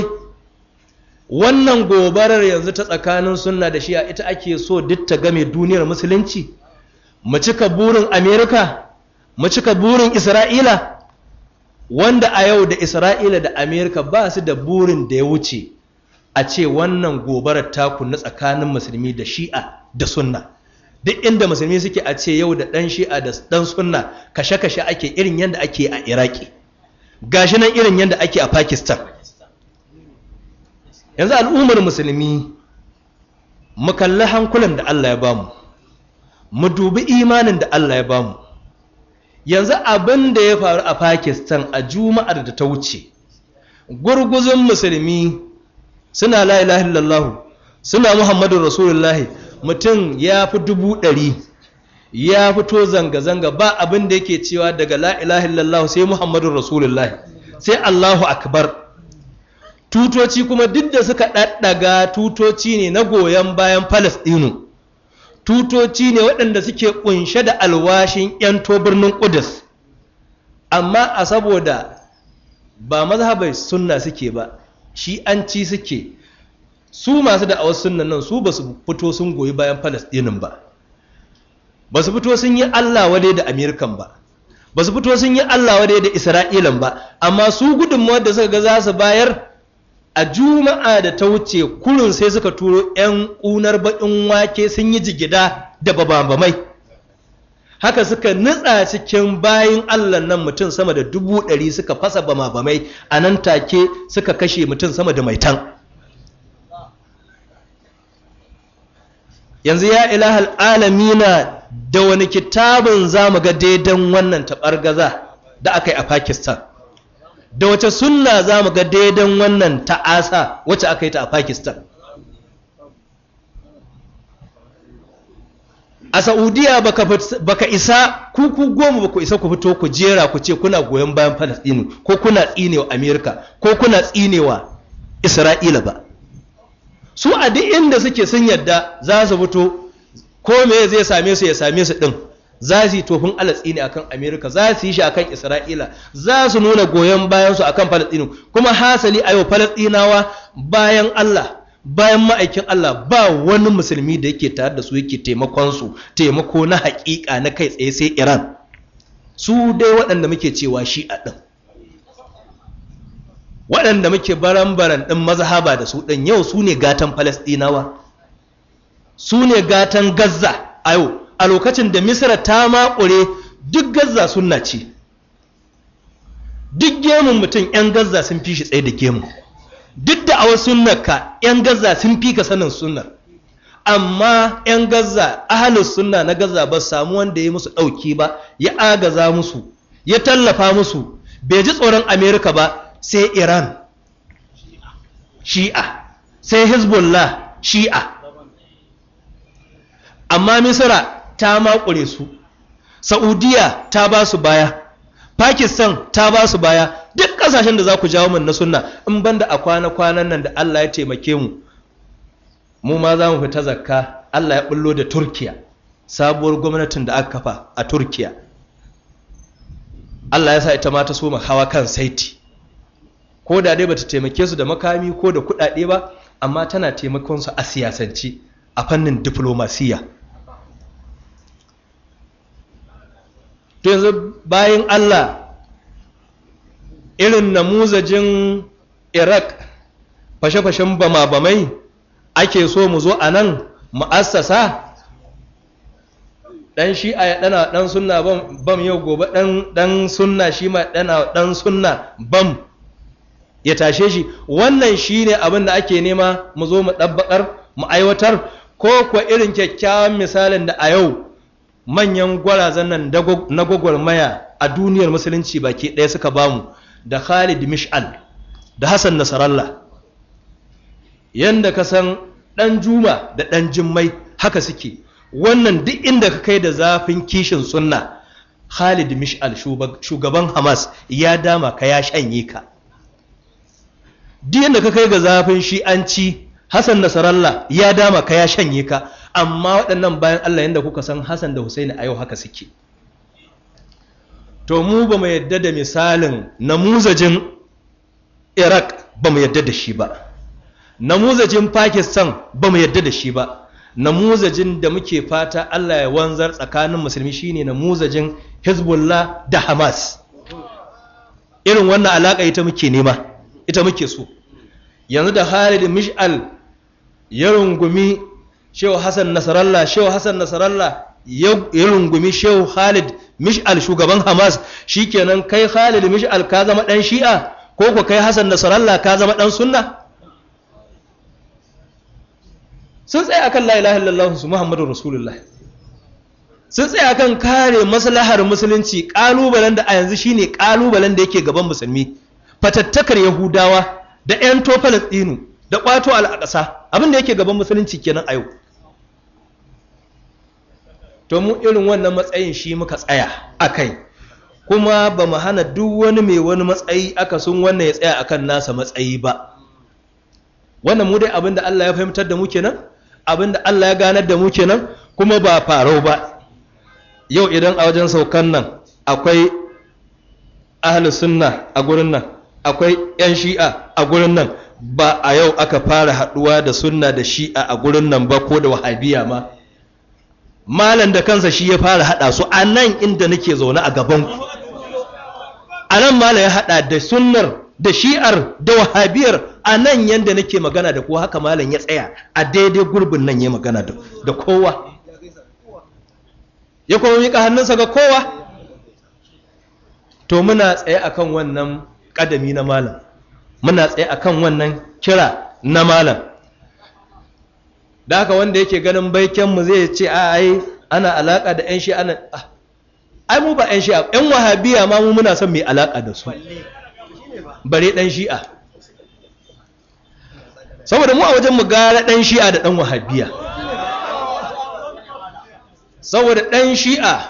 wannan gobarar yanzu ta tsakanin sunna da shi'a ita ake so duk ta game duniyar musulunci mu cika burin amerika mu cika burin isra'ila wanda a yau da isra'ila da amerika ba su da burin da ya wuce a ce wannan gobarar taku na tsakanin musulmi da shi'a da sunna duk inda musulmi suke a ce yau da ɗan shi'a da ɗan sunna kashe-kashe ake irin yadda ake a iraki gashi nan irin yadda ake a pakistan yanzu al'ummar musulmi mu kalli hankulan da Allah ya bamu mu dubi imanin da Allah ya bamu yanzu abin da ya faru a Pakistan a juma'ar da ta wuce gurguzun musulmi suna la ilaha suna Muhammadu rasulullahi mutum ya fi dubu ɗari ya fito zanga-zanga ba abin da yake cewa daga la lallahu sai Muhammadu rasulullahi sai allahu akbar tutoci kuma duk da suka ɗaɗɗaga tutoci ne na goyon bayan palestino tutoci ne waɗanda suke ƙunshe da alwashin 'yanto birnin ƙudus amma a saboda ba mazhabai sunna suke ba shi an ci suke su masu da awar sunnan nan su ba su fito sun goyi bayan palestinin ba ba su fito sun yi allah wadai da amerikan ba ba su fito sun yi allah wadai da isra'ilan ba amma su gudunmawar da suka ga za su bayar a juma'a da ta wuce kurin sai suka turo 'yan unar baƙin wake sun yi jigida da bababamai haka suka nutsa cikin bayan allah nan mutum sama da dubu ɗari suka fasa bamabamai a nan take suka kashe mutum sama da maitan yanzu ya ilahal alamina da wani kitabin zamu ga daidan wannan tabar-gaza da aka yi a pakistan da wace sunna za mu ga daidan wannan ta'asa wacce aka yi ta a pakistan a saudiya baka isa kuku goma baka isa ku fito ku jera ku ce kuna goyon bayan palestini ko kuna tsinewa amerika ko kuna tsinewa isra'ila ba su a duk inda suke sun yadda za su fito ko me zai same su ya same su ɗin? za su yi tofin alatsi ne akan amerika za su yi shi akan isra'ila za su nuna goyon bayansu akan falatsinu kuma hasali a yau falatsinawa bayan allah bayan ma'aikin allah ba wani musulmi da yake tare da su yake taimakonsu taimako na haƙiƙa na kai tsaye sai iran su dai waɗanda muke cewa shi a ɗin waɗanda muke baran-baran ɗin mazhaba da su ɗin yau su ne gatan falastinawa su ne gatan gaza a yau a lokacin da Misira ta makure duk gazza sunna ce duk gemun mutum 'yan gazza sun fi shi tsaye da gemun duk da awar sunnar ka 'yan gazza sun fi ka sanin sunnar amma 'yan gazza ahalin sunna na gazza ba samu wanda ya musu ɗauki ba ya agaza musu ya tallafa musu bai ji tsoron amerika ba sai iran shi'a sai hezbollah shi'a amma misira ta makure su saudiya ta ba su baya pakistan ta ba su baya duk kasashen da za ku jawo min na sunna in banda a kwana-kwanan nan da allah ya taimake mu mu ma za mu fita zakka allah ya bullo da turkiya sabuwar gwamnatin da aka kafa a turkiya allah ya sa ita ma ta so hawa kan saiti ko da dai bata taimake su da makami ko da kuɗaɗe ba amma tana taimakon su a siyasance a fannin diplomasiya to yanzu bayan Allah irin namuzajin Iraq fashe-fashen bama-bamai ake so mu zo a nan ma'assasa ɗan shi a dana dan sunna bam bam yau gobe ɗan suna shi ma dana ɗan sunna bam ya tashe shi wannan shine abin da ake nema mu zo mu ɗabbaƙar, mu aiwatar ko kuwa irin kyakkyawan misalin da a yau manyan gwarazan nan na gwagwarmaya a duniyar musulunci baki ɗaya suka bamu da khalid mish'al da hassan nasarallah Yadda ka san ɗan juma da ɗan jimmai haka suke wannan duk inda ka kai da zafin kishin sunna khalid mish'al shugaban hamas ya dama ka ya shanye ka duk inda ka kai ga zafin shi'anci hassan nasarallah ya dama ka ya shanye ka amma waɗannan bayan Allah yadda kuka san Hassan da Hussein a yau haka suke to mu ba mu yadda da misalin namuzajin Iraq ba mu yadda da shi ba namuzajin Pakistan ba mu yadda da shi ba namuzajin da muke fata Allah ya wanzar tsakanin musulmi shine namuzajin Hezbollah da Hamas irin wannan alaƙa ita muke nema ita muke so yanzu da Khalid Mish'al ya rungumi shehu hassan nasarallah shehu hassan nasarallah ya rungumi shehu khalid mish'al shugaban hamas shikenan kai khalid mish'al ka zama dan shi'a ko ku kai hassan nasarallah ka zama dan sunna sun tsaye akan la ilaha illallah su muhammadu rasulullah sun tsaye akan kare maslahar musulunci kalubalen da a yanzu shine kalubalen da yake gaban musulmi fatattakar yahudawa da 'yan to falastinu da kwato alaƙasa, abin da yake gaban musulunci kenan a yau to mu irin wannan matsayin shi muka tsaya a kai kuma ba mu hana duk wani mai wani matsayi aka sun wannan ya tsaya akan nasa matsayi ba wannan mu dai abinda Allah ya fahimtar da mu kenan abinda Allah ya ganar da mu kenan kuma ba farau ba yau idan a wajen saukan nan akwai ahlus sunna a gurin nan akwai yan shi'a a gurin nan ba a yau aka fara haduwa da sunna da shi'a a gurin nan ba ko da wahabiya ma malam da kansa shi ya fara hada su a nan inda nake zaune a gaban ku a nan malam ya hada da sunnar da shi'ar da wahabiyar a nan yanda nake magana da kowa haka malam ya tsaya a daidai gurbin nan ya magana da kowa ya kuma miƙa hannunsa ga kowa to muna tsaye akan wannan ƙadami na malam muna tsaye akan wannan kira na malam da haka wanda yake ganin baiken mu zai ce a ai ana alaka da yan shi ana ah, ai mu ba yan shi'a yan wahabiya ma mu muna son mai alaka da su bare dan shi'a saboda mu a wajen mu gara dan shi'a da dan wahabiya saboda dan shi'a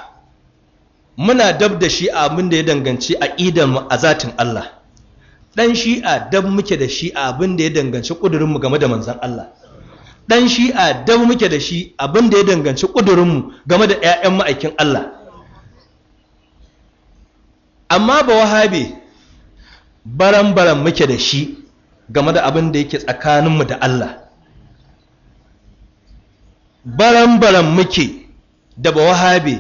muna dab da shi'a abin da ya danganci a mu a zatin Allah dan shi'a dab muke da shi'a abin da ya danganci kudurinmu game da manzon Allah dan a dabu muke da shi abin da ya danganci ƙudurinmu game da 'ya'yan ma'aikin Allah amma ba wahabe baran-baran muke da shi game da abin da yake tsakaninmu da Allah baran-baran muke da ba wahabe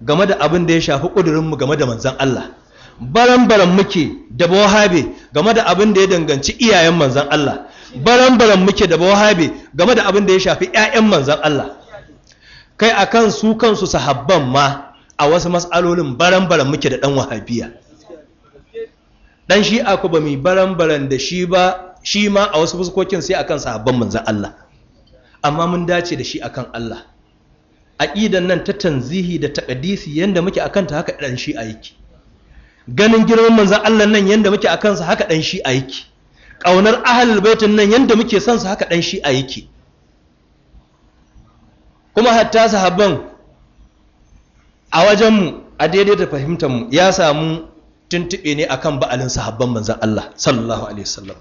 game da abin da ya shafi ƙudurinmu game da manzan Allah baran-baran muke da ba wahabe game da abin da ya danganci iyayen manzan Allah baran-baran muke da wahabe game da abin da ya shafi 'ya'yan manzan Allah kai kan su kansu sahabban ma a wasu matsalolin baran-baran muke da ɗan wahabiya ɗan shi aku ba mai baran-baran da shi ba shi ma a wasu fuskokin sai akan sahabban manzan Allah amma mun dace da shi akan Allah aƙidan nan ta tanzihi da taƙadisi yadda muke a kanta haka ɗan shi a yake ganin girman manzan Allah nan yadda muke a kansa haka ɗan shi a yake ƙaunar ahal baitin nan yadda muke son su haka ɗan a yake kuma hatta sahabban a wajenmu a daidai da fahimtarmu ya samu tuntuɓe ne akan ba'alin sahabban manzan Allah sallallahu alaihi wasallam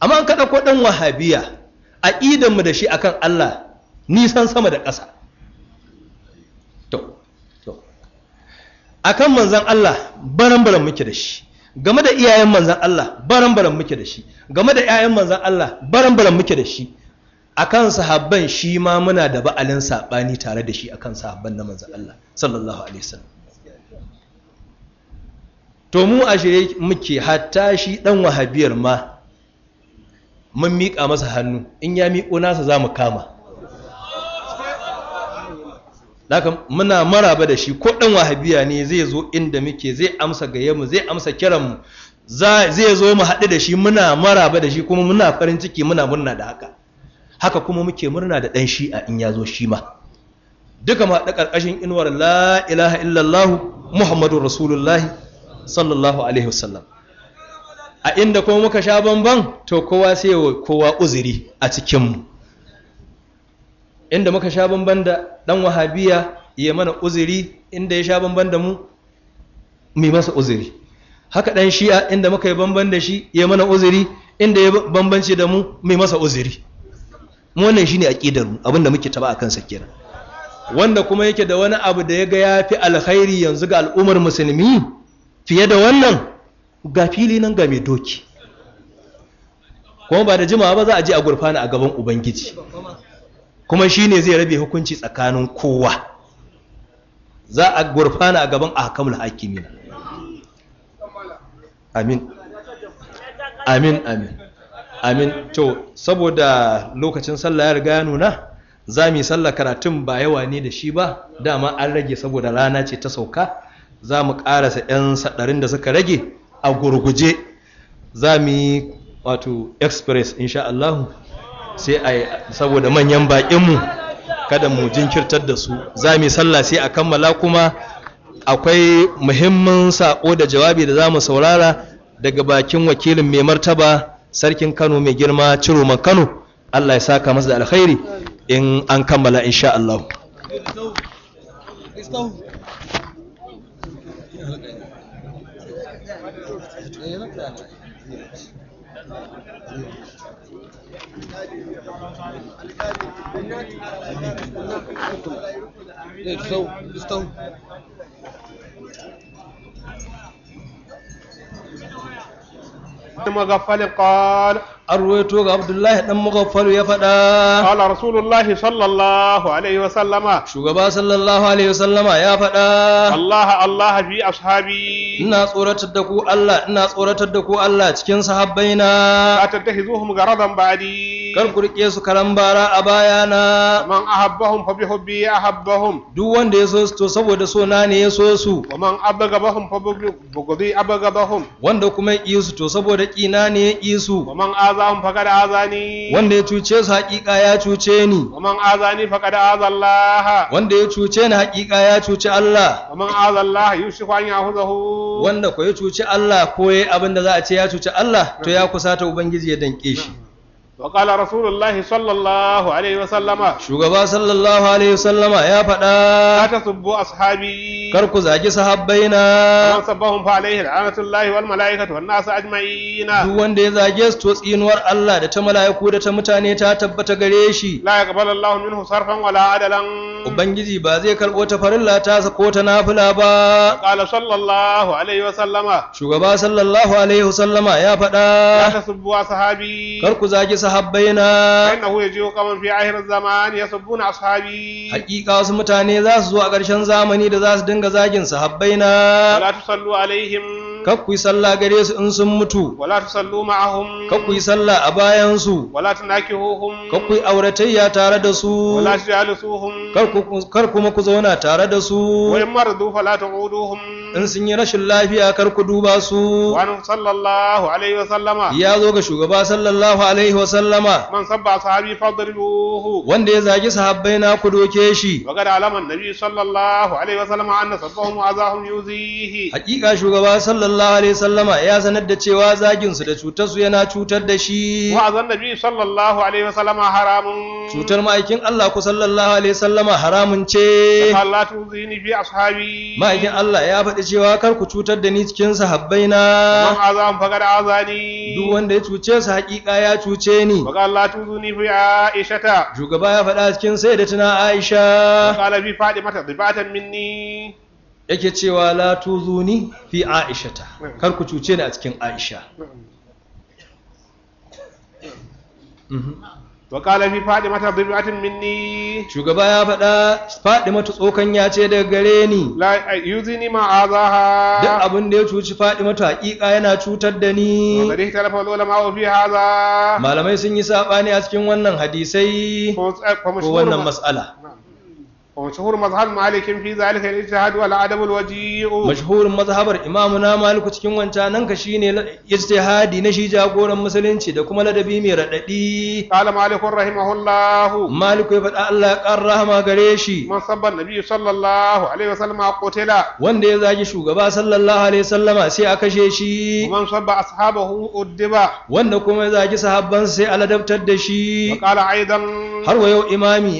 amma an kaɗa ko wahabiya a idanmu da shi akan Allah nisan sama da ƙasa to to akan manzan Allah baran-baran muke da shi game da iyayen manzan Allah baran baran muke da shi game da iyayen manzan Allah baran baran muke da shi A kan sahabban shi ma muna da ba'alin saɓani tare da shi akan sahabban na manzan Allah sallallahu alaihi wasallam to mu a shirye muke hatta shi dan wahabiyar ma mun miƙa masa hannu in ya miƙo nasa za mu kama Laka muna maraba da shi ko ɗan wahabiya ne zai zo inda muke zai amsa mu zai amsa kiranmu zai zo mu haɗu da shi muna maraba da shi kuma muna farin ciki muna murna da haka haka kuma muke murna da ɗan shi'a in ya zo shi ma duka ma da ƙarƙashin inuwar La'ilaha ilaha illallah muhammadun rasulullah sallallahu alaihi wasallam a inda kuma muka sha bamban to kowa sai kowa uzuri a cikinmu inda muka sha bamban da ɗan wahabiya ya mana uzuri inda ya sha bamban da mu mai masa uzuri haka ɗan shi'a inda muka yi bamban da shi ya mana uzuri inda ya bambanci da mu mai masa uzuri wannan shi ne a aƙidarmu abinda muke taba a kan kenan wanda kuma yake da wani abu da ya ga ya fi alkhairi yanzu ga al'ummar musulmi fiye da wannan ga fili nan ga mai doki kuma ba da jimawa ba za a je a gurfana a gaban ubangiji kuma shi ne zai rabe hukunci tsakanin kowa za a gurfana a gaban akamul hakimi amin amin amin amin to saboda lokacin sallah ya riga ya nuna za mu yi sallah karatun ba yawa ne da shi ba dama an rage saboda rana ce ta sauka za mu karasa 'yan sadarin da suka rage a gurguje za mu yi wato express inshaAllahu. sai a saboda manyan baƙinmu kada mu jinkirtar da su za mu sallah sai a kammala kuma akwai muhimmin saƙo da jawabi da za mu saurara daga bakin wakilin mai martaba sarkin kano mai girma ciroman kano allah ya saka masa da alkhairi in an kammala insha Allah. Thank Estão, estão. ثم غفل قال arwaito ga abdullahi dan mugaffalu ya faɗa qala rasulullahi sallallahu alaihi wa sallama shugaba sallallahu alaihi wa sallama ya faɗa Allah Allah fi ashabi ina tsoratar da ku Allah ina tsoratar da ku Allah cikin sahabbaina atatahizuhum garadan ba'di kar ku rike su karan bara a bayana man ahabbahum fa bihubbi ahabbahum duk wanda ya so su to saboda so na ne ya so su man abagabahum fa bughdi abagabahum wanda kuma ya su to saboda kina ne ya su man azahum faqad azani wanda ya cuce su haƙiƙa ya cuce ni wa man azani faqad azallaha wanda ya cuce ni haƙiƙa ya cuce Allah wa man azallaha yushiku an yahuzahu wanda ko ya cuce Allah ko yayi abin da za a ce ya cuce Allah to ya kusata ubangiji ya danke shi وقال رسول الله صلى الله عليه وسلم شغبا صلى الله عليه وسلم يا فدا لا تسبوا اصحابي كركو زاجي صحابينا من سبهم فعليه لعنه الله والملائكه والناس اجمعين duk wanda ya zagi su to tsinuwar Allah da ta mala'iku da ta mutane ta tabbata gare shi la yaqbalu sarfan wala adalan ubangiji ba zai karbo ta farilla ko ta nafila ba qala sallallahu alaihi wasallama shugaba sallallahu alaihi wasallama ya fada la tasubbu ashabi karku zagi sahabbaina innahu yaji'u qawman fi akhir az-zaman yasubbuna ashabi haqiqa wasu mutane za su zo a ƙarshen zamani da za su dinga zagin sahabbaina wala tusallu alaihim kar ku yi sallah gare su in sun mutu wala tusallu ma'ahum kar ku yi sallah a bayan su wala tunakihuhum kar ku yi auratayya tare da su wala tujalisuhum kar ku kar kuma ku zauna tare da su wa in maradu fala tu'uduhum in sun yi rashin lafiya kar ku duba su wa sallallahu alaihi wa sallama ya zo ga shugaba sallallahu alaihi wa sallama man sabba sahabi fadribuhu wanda ya zagi sahabbai na ku doke shi wa gada alaman nabi sallallahu alaihi wa sallama anna sabbahum azahum yuzihi hakika shugaba sallallahu sallallahu alaihi sallama, ya sanar da cewa zagin su da cutar su yana cutar da shi azan nabi sallallahu alaihi sallama, haramun cutar ma'aikin Allah ku sallallahu alaihi sallama haramun ce Allah zini fi ashabi ma'aikin Allah ya faɗi cewa kar ku cutar da ni cikin sahabbaina man azam faqad azani duk wanda ya cuce su haƙiƙa ya cuce ni wa Allah zini fi aishata shugaba ya faɗa cikin sai da tuna aisha qala bi mata dibatan minni yake cewa la tuzuni fi aishata kar ku cuce ni a cikin aisha mhm. wa qala fi ta dhib'atin minni shugaba ya faɗa ta tsokan ya ce daga gare ni la yuzini ma azaha duk abin da ya cuci ta hakika yana cutar da ni wa qad lola ulama fi hadha malamai sun yi sabani a cikin wannan hadisai ko eh, wannan mas'ala ومشهور مذهب مالك في ذلك الاجتهاد والعدم الوجيء مشهور مذهب امامنا مالك cikin nan ka shine ijtihadi na shi jagoran musulunci da kuma ladabi mai radadi qala malik rahimahullah malik ya fada Allah ya kar rahama gare shi man sabban nabi sallallahu alaihi wasallam qutila wanda ya zagi shugaba sallallahu alaihi wasallama sai a kashe shi man sabba ashabahu uddiba wanda kuma ya zagi sahabban sai aladabtar da shi qala aidan har wa yau imami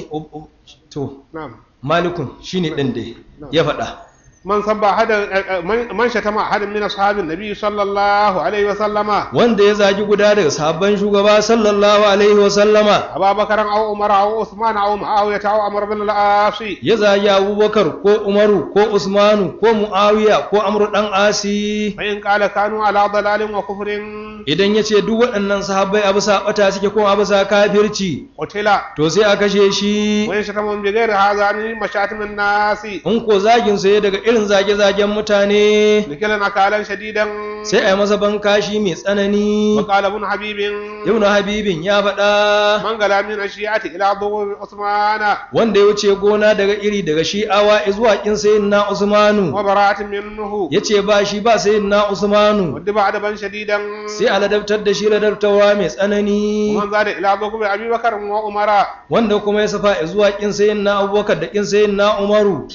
to na'am malikun shine din da ya faɗa man ba hadan eh, eh, man ma hadan min ashabin nabi sallallahu alaihi wa sallama wanda ya zagi guda daga sahabban shugaba sallallahu alaihi wa sallama abubakar aw umar aw usman aw muawiya aw amr bin al-as ya zagi abubakar ko umaru ko usmanu ko muawiya ko amr dan asi fa in qala kanu ala dalalin wa kufrin idan yace duk waɗannan sahabbai abu sabata suke ko abu sa kafirci qutila to sai a kashe shi shata mun bi ghairi hazani mashatimin nasi in ko zagin sai daga irin zage-zagen mutane nikilan akalan shadidan sai a yi masa bankashi mai tsanani wakala Habibin. Yau na habibin ya faɗa Mangala gala min ashiyati ila dhuhur usmana wanda ya wuce gona daga iri daga shi shi'awa zuwa kin sayin na usmanu wa bara'atin minhu yace ba shi ba sayin na usmanu wadda ba adaban shadidan sai a ladabtar da shi ladabtawa mai tsanani man zada ila dhuhur abubakar wa umara wanda kuma ya safa zuwa kin sayin na abubakar da kin sayin na umaru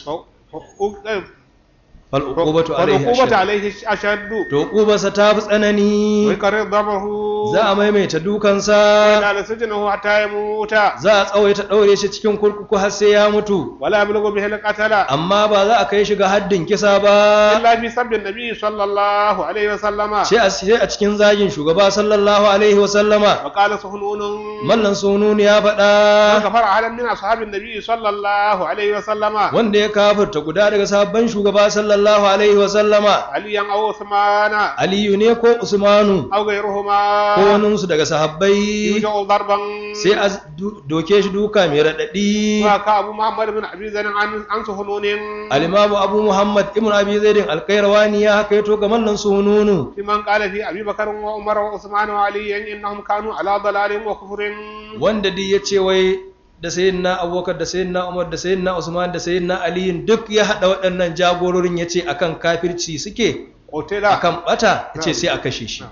fal uqubatu ta fi tsanani za a maimaita dukansa za a tsawaita ɗaure shi cikin kurkuku har sai ya mutu wala amma ba za a kai shi ga haddin kisa ba sabbin nabi sai a cikin zagin shugaba sallallahu alaihi wa mallan ya faɗa a sallallahu wanda ya kafirta guda daga sabon shugaba sallallahu sallallahu alaihi wa sallama aliyan aw usmana aliyu ne ko usmanu aw gairuhuma ko wannan su daga sahabbai sai a doke shi duka mai radadi wa ka abu muhammad ibn abi zaid an an suhununin alimamu abu muhammad ibn abi zaid alkairawani ya haka yato ga mallan su suhununu man qala fi abi bakar wa umar wa usman wa ali innahum kanu ala dalalin wa kufrin wanda dai yace wai da sayyidina abubakar da sayyidina umar da sayyidina usman da sayyidina aliyin duk ya haɗa waɗannan jagororin ya ce akan kafirci suke kan ɓata, ya ce sai a kashe shi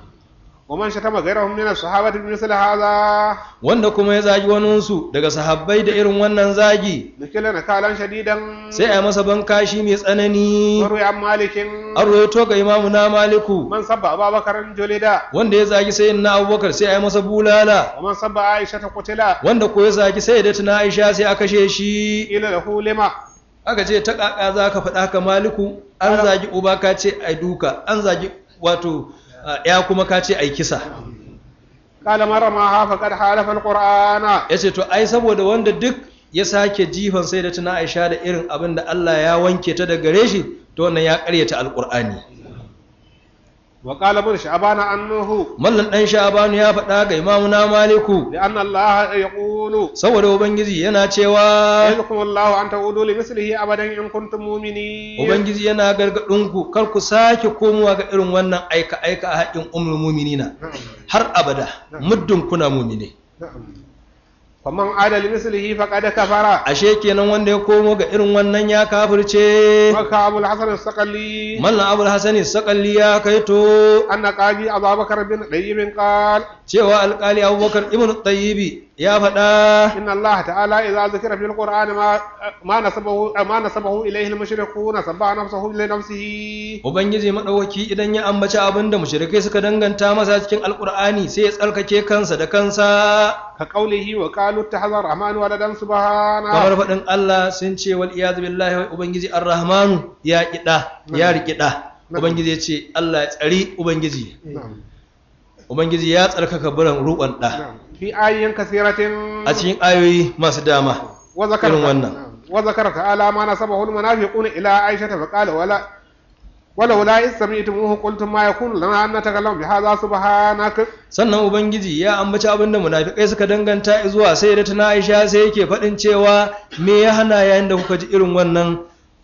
wa man shatama ghayrahum min as-sahabati bi misli hadha wanda kuma ya zagi waninsu daga sahabbai da irin wannan zagi dukkan kalan shadidan sai a masa bankashi mai tsanani warwi an malikin arwayo ga imamu na maliku man sabba abubakar jolida wanda ya zagi sai na abubakar sai a masa bulala man sabba aisha ta kutila wanda ko ya zagi sai da tuna aisha sai a kashe shi ila lahu hulima. aka ce ta kaka za ka faɗa ka maliku an zagi uba ka ce ai duka an zagi wato Ah, ya kuma ka ce ai kisa kala marama kad halafa alqur'ana yace to ai saboda wanda duk ya sake jifan sai da tuna Aisha da irin abin da Allah ya wanke ta daga gare shi to wannan ya karyata alqur'ani wa qala man sha'bana annahu mallan dan sha'banu ya faɗa ga na maliku da anna ya yaqulu saboda ubangiji yana cewa yakum allah an ta'udu li mislihi abadan in kuntum mu'minin ubangiji yana gargadin ku kar ku sake komawa ga irin wannan aika aika a haƙin ummul mu'minina har abada muddin kuna mu'mine faman adal mislihi faqad kafara ashe kenan wanda ya komo ga irin wannan ya kafirce maka abul hasan saqali mallan abul hasan saqali ya kaito anna qadi abubakar bin qayyim qala cewa alƙali abubakar ibn tayyibi ya faɗa inna allah ta'ala idza zikira fil qur'ani ma ma nasabahu ma nasabahu ilayhi al-mushrikun nafsa nafsuhu li nafsihi ubangiji madawaki idan ya ambaci abinda mushrikai suka danganta masa cikin alqur'ani sai ya tsarkake kansa da kansa ka qaulihi wa qalu tahzar rahman waladan subhana kamar faɗin allah sun ce wal ubangiji ya kida ya rikida ubangiji ya ce allah ya tsari ubangiji ubangiji ya tsarkaka buran ruban da fi ayyin kasiratin a cikin ayoyi masu dama irin wannan wa zakara ala ma nasabahu almunafiquna ila aisha fa qala wala wala wala in sami'tumuhu qultum ma yakunu lana an ba bi hadha subhanak sannan ubangiji ya ambaci abinda munafikai suka danganta zuwa sai da tana aisha sai yake fadin cewa me ya hana yayin da kuka ji irin wannan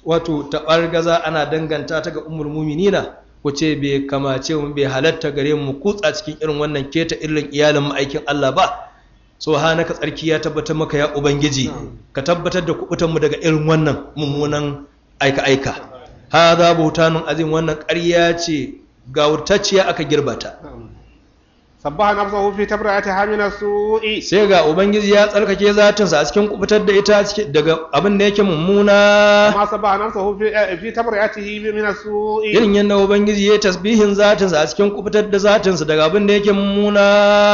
wato tabargaza ana danganta ta ga ummul mu'minina ce bai kamace mu bai halatta gare mu kutsa cikin irin wannan keta irin iyalin mu aikin Allah ba so hanaka tsarki ya tabbatar maka ya ubangiji ka tabbatar da kubutan mu daga irin wannan mummunan aika aika hadha butanun azim wannan ƙarya ce ga wurtacciya aka girbata sabbaha nafsahu fi tabra'atiha min as-su'i sai ga ubangiji ya tsarkake zatin sa a cikin kubutar da ita daga abin da yake mummuna amma sabbaha nafsahu fi eh, fi tabra'atihi min as-su'i irin yanda ubangiji ya tasbihin zatin sa a cikin kubutar da zatin sa daga abin da yake mummuna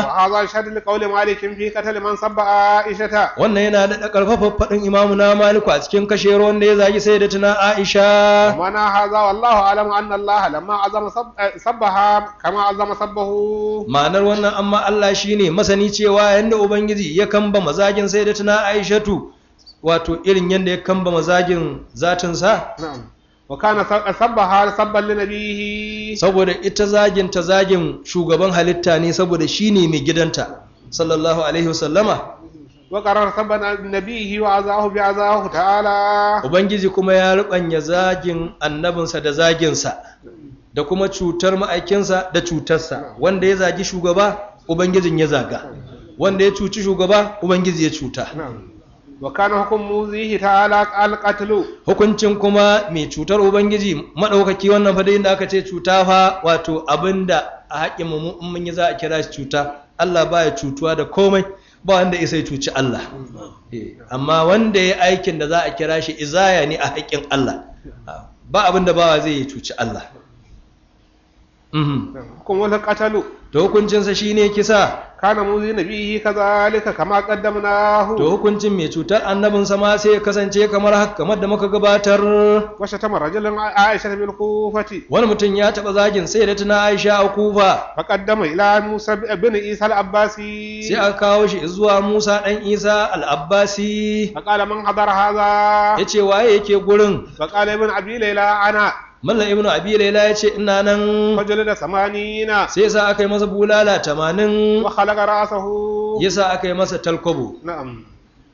hadha shahadu li qawli malik fi qatl man sabba aisha wannan yana da karfafa fadin imamu na maliku a cikin kashe ruwan da ya zagi sai da tuna aisha mana hadha wallahu alamu anna allaha lamma azama eh, sabbaha kama azama sabbahu ma'anar ma'anar wannan amma Allah shi ne masani cewa yadda ubangiji ya kamba mazajin sai da tuna aishatu wato irin yadda ya kamba mazajin zatinsa na'am wa kana har sabban linabihi saboda ita zagin ta zagin shugaban halitta ne saboda shi ne mai gidanta sallallahu alaihi wasallama wa qarar sabban annabihi wa azahu bi azahu ta'ala ubangiji kuma ya rubanya zagin annabinsa da zaginsa da kuma cutar ma'aikinsa da cutarsa wanda ya zagi shugaba ubangijin ya zaga wanda ya cuci shugaba ubangiji ya cuta wa kana hukumu zihi ta'ala alqatlu hukuncin kuma mai cutar ubangiji madaukaki wannan fa da aka ce cuta fa wato abinda a haƙin mu mun yi za a kira shi cuta Allah baya cutuwa da komai ba wanda isa ya cuci Allah eh, amma wanda ya aikin da za a kira shi izaya ne a haƙin Allah ah, ba abinda bawa zai yi cuci Allah hukum mhm. wala qatalu to hukuncin sa shine kisa kana mu nabihi kazalika kama qaddamnahu to hukuncin mai cutar annabin sama sai ya kasance kamar haka kamar da muka gabatar washa ta marajalin aisha bil kufati wani mutum ya taba zagin sai da tana aisha a kufa fa kaddama ila musa bin isa al abbasi sai aka kawo shi zuwa musa dan isa al abbasi fa qala man hadara hadha yace waye yake gurin fa qala ibn abi layla ana mallam ibnu abi laila ya ce ina nan fajala da samanina sai sa aka masa bulala 80 wa khalaqa ra'sahu yasa aka masa talkobo na'am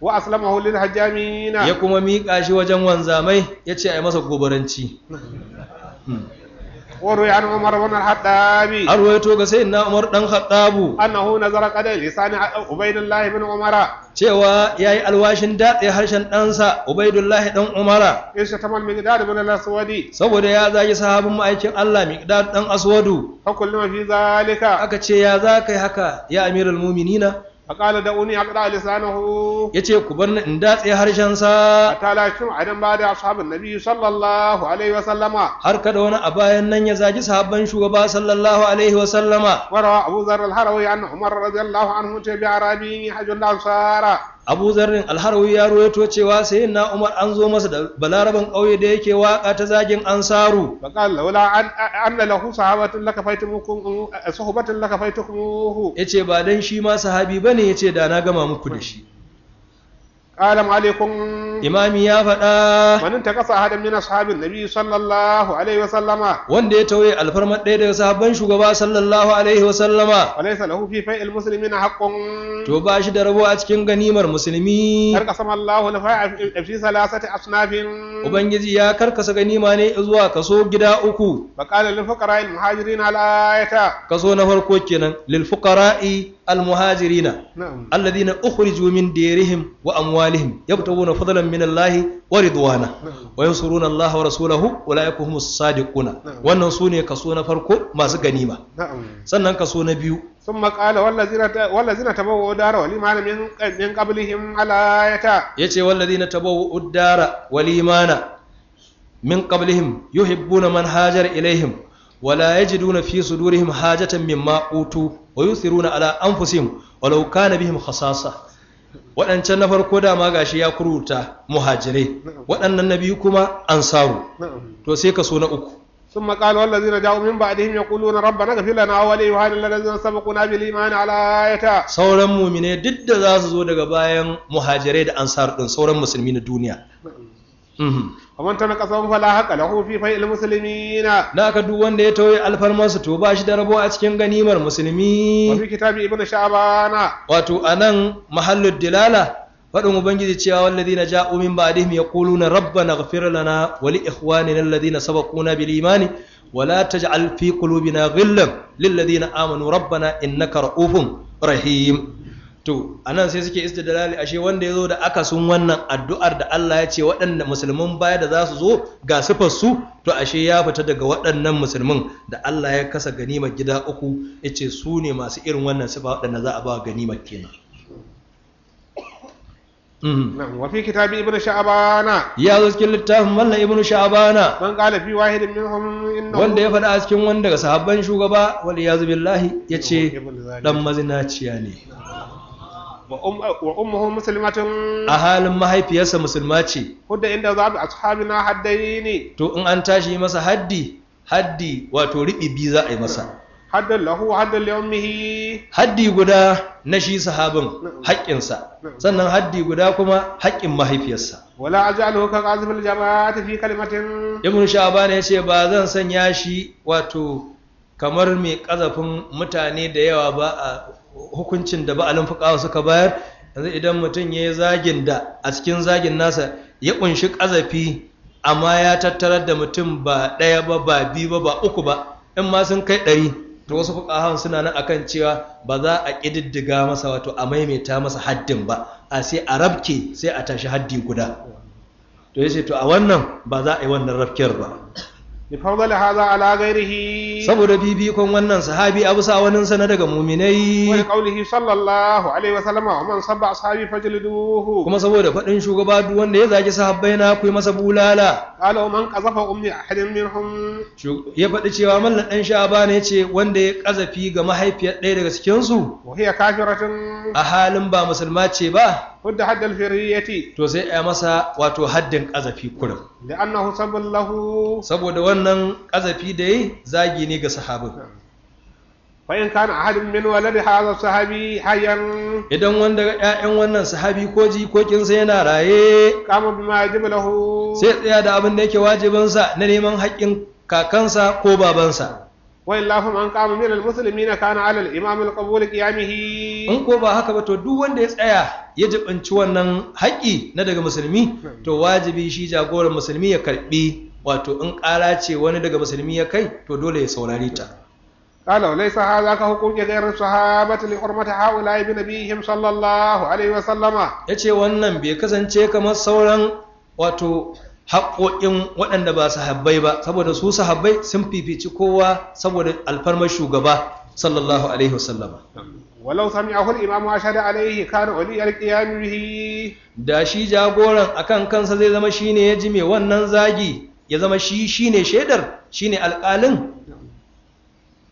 wa aslamahu lil hajjamina ya kuma miƙa shi wajen wanzamai yace ai masa gobaranci وروي عن عمر بن الخطاب أرويتو كسيدنا عمر بن الخطاب أنه نظر قد لسان عبيد الله بن عمر cewa ya yi alwashin datse harshen ɗansa Ubaidullahi ɗan Umara. In shataman Miqdad ibn al-Aswadi. Saboda ya zagi sahabin ma'aikin Allah Miqdad ɗan Aswadu. Fa kullum fi zalika. Aka ce ya za haka ya Amirul Mu'minina. faƙala da uni a lisanahu ce ku bar ni in datse harshen sa talashin adan ba da ashabin nabi sallallahu alaihi wa sallama har kada wani a bayan nan ya zagi sahabban shugaba sallallahu alaihi wa sallama warawa abu zar al-harawi an umar radiyallahu anhu tabi'a rabi hajjul ansara abu zarrin alharawi ya ruwaito cewa sai na umar an zo masa da balaraban ƙauye da yake waka ta zagin ansaru faqal laula anna lahu sahabatan laka faytumukum suhbatun laka yace ba dan shi ma sahabi bane yace da na gama muku da shi Alam alikum! Imami ya faɗa. Wanene ta kasa a hadannin sahabin suhamin na Sallallahu alaihi wa Wanda ya tawaye alfarmaɗaida gasa, ban shugaban Sallallahu alaihi wa sallama. Wale-salehu, fifan ilmumasulmi na haƙƙo. To ba shi da rabo a cikin ganimar musulmi. Kar ka samar Allahu a sinafin. Ubangiji ya karkasa ganima ne zuwa kaso gida uku. Baƙar da lifuka ra'ayin muhajirina Kaso na farko kenan, fukara'i!" المهاجرين نعم. الذين أخرجوا من ديرهم وأموالهم يبتغون فضلا من الله ورضوانه نعم. وينصرون الله ورسوله أولئك هم الصادقون نعم. wannan su ne kaso na farko masu ganima sannan kaso na biyu sun makala wallazina tabawo dara wal imana min qablihim alayata yace wallazina tabawo dara wal imana min qablihim yuhibbuna man hajar ilaihim ولا يجدون في صدورهم حاجة مما أوتوا ويؤثرون على أنفسهم ولو كان بهم خصاصة waɗancan na farko da ma gashi ya kuruta muhajirai waɗannan na biyu kuma ansaru to sai so na uku sun maƙalu wallazi na jawo min ba'dihim yaquluna rabbana kulu na gafi lana wa li lalazin alladhina sabaquna bil iman ala sauran mumine duk da za su zo daga bayan muhajirai da ansar din sauran musulmi na duniya ومن تنقصهم فلا حق له في فيء Na ka duk wanda ya tauye su, to ba shi da rabo a cikin ganimar musulmi wa fi kitabi ibnu sha'bana wato anan mahallud dilala faɗin ubangiji cewa walladina ja'u min ba'dihim yaquluna rabbana ighfir lana wa li ikhwanina alladhina sabaquna bil imani wa la taj'al fi qulubina ghillan lil ladina amanu rabbana innaka ra'ufun rahim to anan sai suke istidlali ashe wanda ya zo da akasun wannan addu'ar da Allah ya ce waɗanda musulmin baya da za su zo ga sifar su to ashe ya fita daga waɗannan musulmin da Allah ya kasa ganimar gida uku yace su ne masu irin wannan sifa waɗanda za a ba ganimar kenan mm. fi kitabi Ibn شعبان Ya zo cikin littafin mallan Ibn sha'bana man qala fi wahidin minhum innahu wanda ya faɗa a cikin wanda ga sahabban shugaba wal yaz billahi yace dan mazinaciya ne Um, wa ummuhu muslimatun a halin mahaifiyarsa musulma ce hudda inda za bi ashabina haddaini to in an tashi masa haddi haddi wato ribi bi za a yi masa haddan lahu haddan li haddi guda na shi sahabin haƙƙinsa sannan haddi guda kuma haƙƙin mahaifiyarsa wala ajalu ka qazibul jama'ati fi kalimatin ibn sha'ban yace ba zan sanya shi wato kamar mai ƙazafin mutane da yawa ba a hukuncin da ba'alin fuqaha suka bayar yanzu idan mutum ya yi zagin da a cikin zagin nasa ya ƙunshi ƙazafi amma ya tattarar da mutum ba ɗaya ba ba biyu ba ba uku ba in ma sun kai ɗari to wasu fuqahan suna nan akan cewa ba za a ƙididdiga masa wato a maimaita masa haddin ba a sai a rabke sai a tashi haddi guda to yace to a wannan ba za a yi wannan rabkiyar ba لفضل هذا ala غيره saboda bibikon wannan sahabi abu sa wani sana daga muminai wani qaulihi sallallahu alaihi wa sallama wa man sabba ashabi fajliduhu kuma saboda fadin shugaba duk wanda ya zagi sahabbai na kai masa bulala qala man qazafa ummi ahadin minhum ya fadi cewa mallan dan sha'aba ne ce wanda ya kazafi ga mahaifiyar ɗaya daga cikin su wa hiya kafiratun a halin ba musulma ce ba hudda haddal firiyyati to sai a masa wato haddin kazafi kurin. da annahu sabullahu saboda wannan kazafi da yi zagi ne ga sahabin fa in kana hadin min waladi hadha sahabi hayyan idan wanda ƴaƴan wannan sahabi ko kin sai yana raye kama bima lahu. sai tsaya da abin da yake wajibin sa na neman haƙƙin kakansa ko babansa wai lafin an kama min almusulmi na kane alal imanin qaburin iyamihi. In ko ba haka ba, to duk wanda ya tsaya ya jiɓanci wannan haƙƙi na daga musulmi, to wajibi shi jagoran musulmi ya karbi wato in ƙara ce wani daga musulmi ya kai, to dole ya saurari ta. Ka laule Saha za ka hukunke ɗayar su Habata, Likur, Mata'a, Ulaya, Bina, Bihi, Himsa, lallahu alayhi wa Ya ce wannan bai kasance kamar sauran wato. haƙoƙin waɗanda ba sahabbai ba saboda su sahabbai sun fifici kowa saboda alfarmar shugaba sallallahu alaihi wasallam walau sami al-imam ashhadu alaihi kana wali qiyam bihi da shi jagoran akan kansa zai zama shine ya ji me wannan zagi ya zama shi shine shaidar shine alƙalin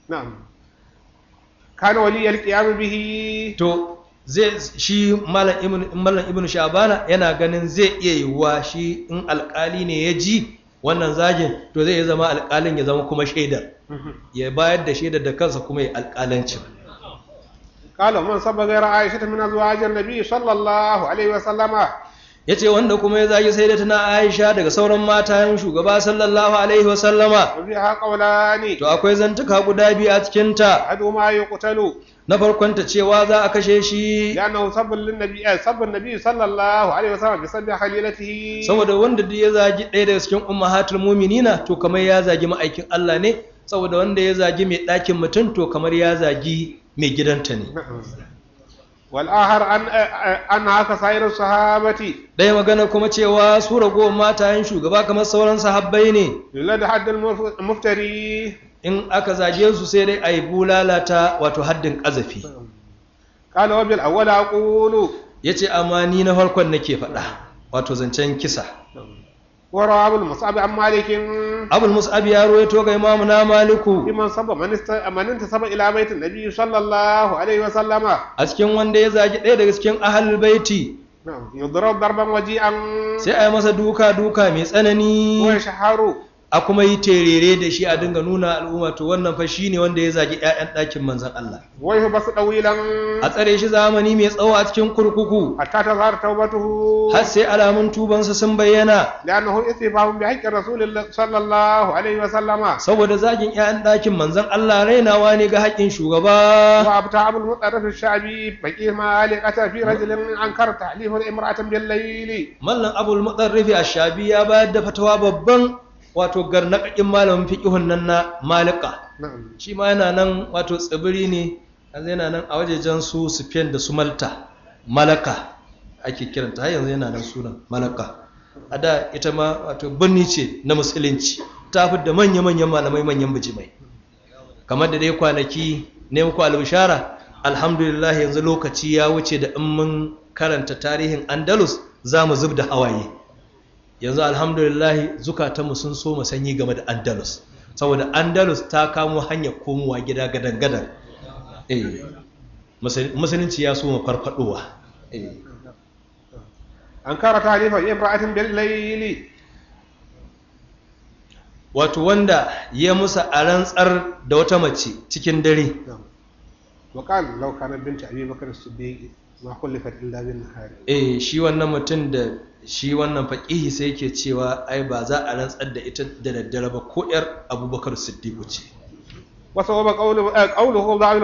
na'am kana wali qiyam bihi to zai shi malam ibn shabana yana ganin zai iya yiwuwa shi in alkali ne ya ji wannan zagin to zai zama alkalin ya zama kuma shaidar mhm. ya bayar da shaidar da kansa kuma ya alkalancin قال من سب غير عائشة من أزواج sallallahu alaihi wa sallama. Ya yace wanda kuma ya zagi sai da tana Aisha daga sauran matan shugaba sallallahu alaihi wa sallama to akwai zantuka guda biyu a cikin ta hadu ma yuqtalu na farkon ta cewa za a kashe shi yana sabbin nabi sabbin nabi sallallahu alaihi wasallam bi sabbi halilatihi saboda wanda duk ya zagi ɗaya daga cikin ummahatul mu'minina to kamar ya zagi ma'aikin Allah ne saboda wanda ya zagi mai ɗakin mutum to kamar ya zagi mai gidanta ne wal'ahar an haka su sahabati ɗaya magana kuma cewa su ragowar matayen shugaba kamar sauran sahabbai ne lalla da haddal muftari in aka zage su sai dai a yi bulalata wato haddin ƙazafi ƙala wabil awwala qulu yace amma ni na farkon nake faɗa wato zancen kisa wara abul musabi an malikin abul musabi ya ruwaito ga imamu na maliku iman sabba maninta ta saba ila baitin nabi sallallahu alaihi wa sallama a cikin wanda ya zagi ɗaya daga cikin ahlul baiti yudrab darban waji'an sai a yi masa duka duka mai tsanani wa shaharu a kuma yi terere da shi a dinga nuna al'umma to wannan fa ne wanda ya zagi ƴaƴan ɗakin manzon Allah wai ba su dawilan a tsare shi zamani mai tsawo a cikin kurkuku hatta ta zahar taubatuhu har sai alamun tuban sa sun bayyana lanahu istifahum bi haqqi rasulillahi sallallahu alaihi wa sallama saboda zagin ƴaƴan ɗakin manzon Allah rainawa ne ga haƙƙin shugaba wa abta abul mutarraf ash-sha'bi baqi ma ali qata fi rajulin ankara tahlifun imra'atan bil layli mallan abul mutarraf ash-sha'bi ya bayar da fatawa babban wato garnakakin malamin fiƙihun nan na malika shi ma yana nan wato tsibiri ne yanzu yana nan a wajejen su spain da su malta malaka ake kiranta har yanzu yana nan sunan malaka a da ita ma wato birni ce na musulunci ta fi da manya-manyan malamai manyan bijimai kamar da dai kwanaki ne muku albushara alhamdulillah yanzu lokaci ya wuce da in mun karanta tarihin andalus za mu zub da hawaye yanzu alhamdulillahi zukatanmu sun so sanyi game da andalus saboda andalus ta kamo hanyar komowa gida gadan-gadan eh, musulunci ya so farfadowa eh. an kara ta halifa ibrahim billaili wato wanda ya musa a rantsar da wata mace cikin dare wakal laukanar binta bakar su Eh, shi wannan mutum da shi wannan faƙihi sai yake cewa ai ba za a rantsar da ita da daddare ba ko yar Abubakar siddiqu ce وصوب قوله قوله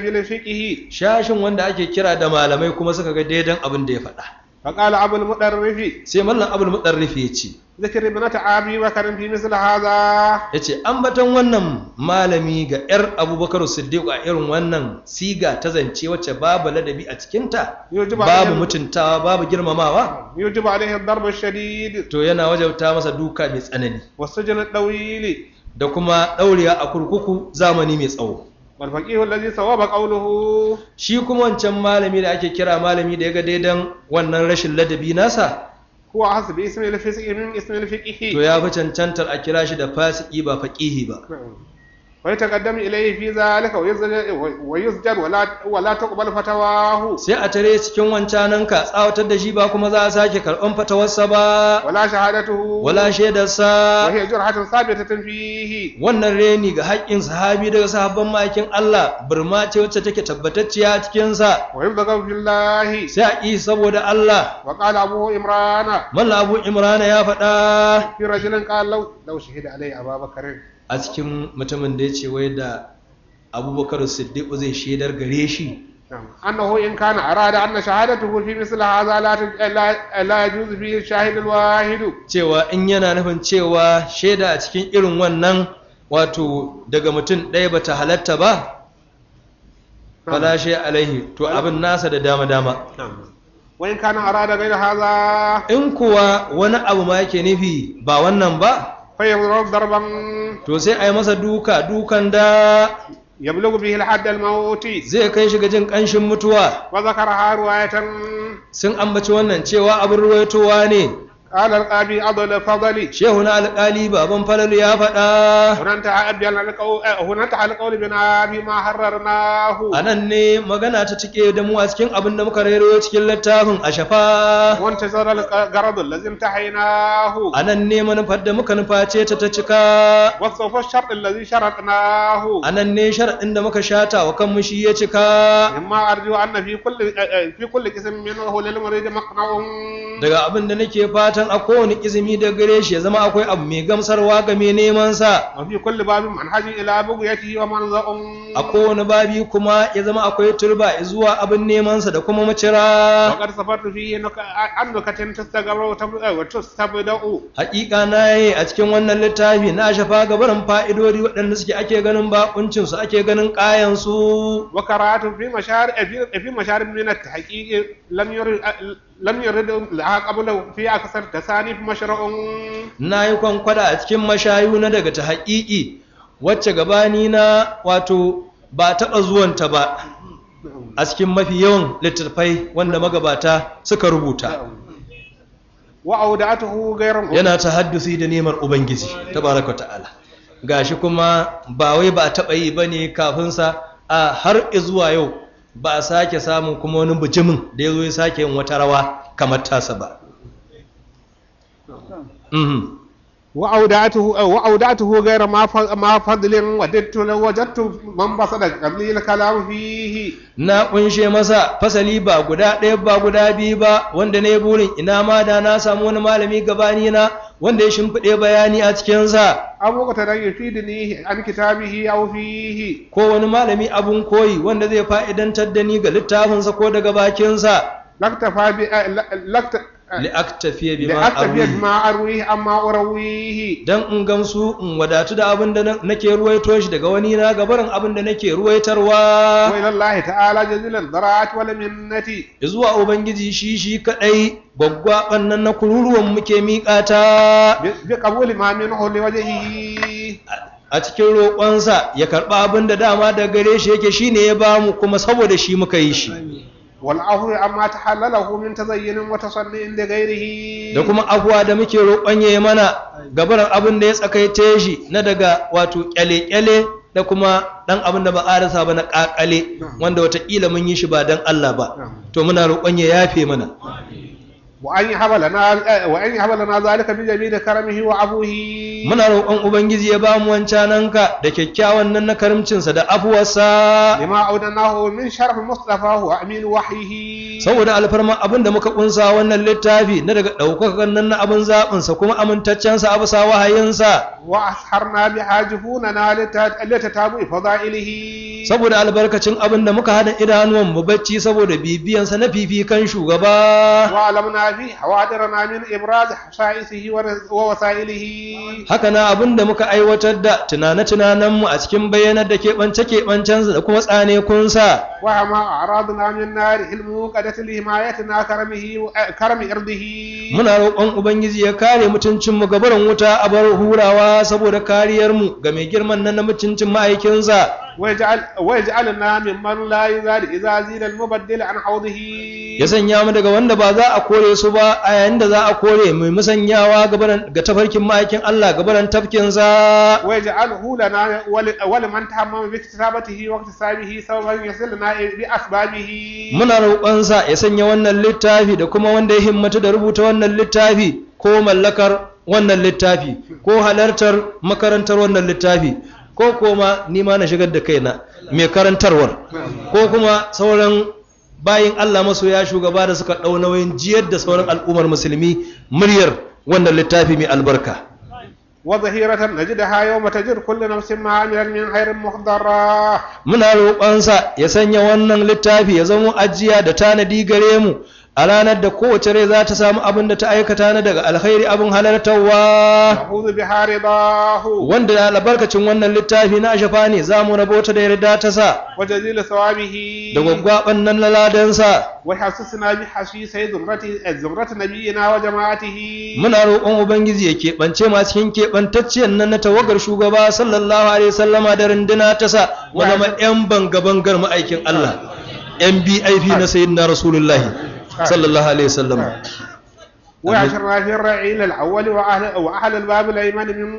bil fiqhi shashin wanda ake kira da malamai kuma suka ga daidan abin da ya faɗa فقال abul mudarrifi sai mallan abul mudarrifi ce ibn ta'abi wa karim fi مثل hadha yace ambaton wannan malami ga yar Abubakar Siddiq a irin wannan siga ta zance wacce babu ladabi a cikin ta babu mutuntawa babu girmamawa yujibu alaihi ad-darb ash-shadid to yana wajabta masa duka mai tsanani wasajna dawili da kuma daurewa a kurkuku zamani mai tsawo walfaqihu allazi sawaba qawluhu shi kuma wancan malami da ake kira malami da ya ga daidan wannan rashin ladabi nasa huwa hasbi ismi al fiqhi min ismi al to ya fi cancantar a kira shi da fasiki ba faqihi ba wai taqaddamu ilayhi fi zalika wa yuzjar wa la tuqbal fatawahu sai a tare cikin wancanan ka tsawatar da shi ba kuma za a sake karban fatawarsa ba wala shahadatu wala shaidarsa wa hiya jurhatun sabitatun fihi wannan reni ga haƙƙin sahabi daga sahabban makin Allah burma ce wacce take tabbatacciya cikin sa wa yubdaga billahi sai a yi saboda Allah wa qala abu imrana malla abu imrana ya faɗa fi rajulin qala law shahida alayhi abubakar a cikin mutumin da ya ce wai da abubakar siddiq zai shaidar gare shi أنه in kana أراد أن شهادته fi مثل هذا لا لا لا يجوز فيه الشاهد الواحد cewa in yana nufin cewa shaida a cikin irin wannan wato daga mutum ɗaya ba ta halatta ba falashe alaihi to abin nasa da dama dama wani kana arada gaida haza in kuwa wani abu ma yake nufi ba wannan ba fayyar zarar darban to sai a yi masa duka dukan da bulugu bihi al-hadd al-maut zai kai shi ga jin kanshin mutuwa wa zakara ruwayatan sun ambaci wannan cewa abin ruwaitowa ne قال القاضي أضل فضلي شيخنا القالي بابن فلل يا فدا هننتا أبيال القول هننتا القول بنا بما حررناه أنا ني مغانا تتكي دمو أسكين أبن دمو كريرو تكي لتاهم أشفا وانتظر القرض الذي امتحيناه أنا ني من فد مكان فاتي تتكا وصف الشرط الذي شرطناه أنا ني شرط إن دمو كشاتا وكم مشي يتكا إما أرجو أن في كل في كل قسم منه للمريض مقنع دقا أبن نكي فاتا fatan a kowane izimi da gare shi zama akwai abu mai gamsarwa ga mai neman sa babin a kowane babi kuma ya zama akwai turba zuwa abin neman sa da kuma macira wa eh, na yi a cikin wannan littafi na shafa gabarin fa'idodi waɗanda suke ake ganin bakuncin su ake ganin kayan su wa karatu fi fi min at lam yuri lam yuridu la qabla fi tasanif mashra'un nayi kwankwada a cikin mashayu na daga ta haƙiƙi wacce gabani na wato ba taɓa zuwanta ba a cikin mafi yawan littattafai wanda magabata suka rubuta wa'audatuhu ghayran yana tahaddusi da neman ubangiji tabaraka ta'ala gashi kuma ba wai ba taɓa yi bane kafin sa a har zuwa yau ba a sake samun kuma wani bijimin da ya zo ya sake yin wata rawa kamar tasa ba mhm. wa'audatuhu gaira wadattu na wajattu man basa da kamil na kunshe masa fasali ba guda ɗaya ba guda biyu ba wanda ne burin ina ma da na samu wani malami gabani na wanda ya shimfiɗe bayani a cikinsa abu ka tare yufidini an kitabihi aw fihi ko wani malami abun koyi wanda zai fa'idantar da ni ga littafinsa ko daga bakinsa laktafa bi eh, li'aktafiya dan in gamsu in wadatu da abin da nake ruwaito shi daga wani na gabar abin da nake ruwaitarwa wa ta'ala zuwa ubangiji shi shi gwaggwa bannan na kururuwan muke miƙata bi a cikin roƙonsa ya karɓa abin da dama da gare shi yake shine ya bamu kuma saboda shi muka yi shi amma ta amma tahallalahu ta tazayyunin wata tasannin da gairihi da kuma afwa da muke roƙonye mana gabaran abin da ya tsakaice shi na daga wato ƙyale kyale da kuma ɗan abin da ba a rasa ba na ƙaƙale, wanda watakila mun yi shi ba dan Allah ba to muna roƙonye ya yafe mana وأن يهب لنا وأن يهب لنا ذلك من جميل كرمه وعفوه muna roƙon ubangiji ya ba mu wancananka da kyakkyawan nan na karimcinsa da afuwarsa lima audanahu min sharaf mustafahu wa wa wahyihi saboda alfarma abin da muka kunsa wannan littafi na daga ɗaukakan nan na abin zaɓin kuma amintaccen sa abu sa wahayin sa wa asharna bi hajifuna na litatabu fadailihi saboda albarkacin abin da muka hada idanuwan mu bacci saboda bibiyan sa na fifikan shugaba wa ibrazi hawadara na min ibrazi hasaisihi wa wasailihi muka aiwatar da tunane tunanan mu a cikin bayanan da ke bance da kuma tsane kunsa. sa wa ma aradu eh, muna roƙon ubangiji ya kare mutuncin mu gabaran wuta a bar hurawa saboda kariyar mu ga mai girman na mutuncin maiyakin sa waj'alna mimman la yuzali idza zila al-mubaddil an hawdihi ya sanya mu daga wanda ba za a kore su ba a yayin da za a kore mai musanyawa ga tafarkin ma'aikin Allah gabaran tafkin za waj'alhu lana wal man tahammama bi kitabatihi wa iktisabihi sababan yasilna bi asbabihi muna roƙon sa ya sanya wannan littafi da kuma wanda ya himmatu da rubuta wannan littafi ko mallakar wannan littafi ko halartar makarantar wannan littafi ko kuma nima na shigar da kaina mai karantarwar ko kuma sauran bayin Allah masoya shugaba da suka dau nauyin jiyar da sauran al'ummar musulmi muryar wannan littafi mai albarka wa zahiratan najidaha yawma tajir kullu nafsin ma amilan min khairin muhdara muna roƙonsa sa ya sanya wannan littafi ya zama ajiya da tanadi gare mu a ranar da kowace rai za ta samu abin da ta aikata na daga alkhairi abin halartarwa wanda da albarkacin wannan littafi na ashafa ne za mu rabo ta da yarda ta sa da gwaggwaban nan laladansa eh, muna roƙon ubangiji ya keɓance masu cikin keɓantacciyar nan na tawagar shugaba sallallahu alaihi sallama da runduna ta sa mu zama 'yan banga-bangar ma'aikin Allah 'yan na sayyidina rasulullahi صلى الله عليه وسلم وعشرنا في الرعيل وأهل وأهل الباب الأيمن من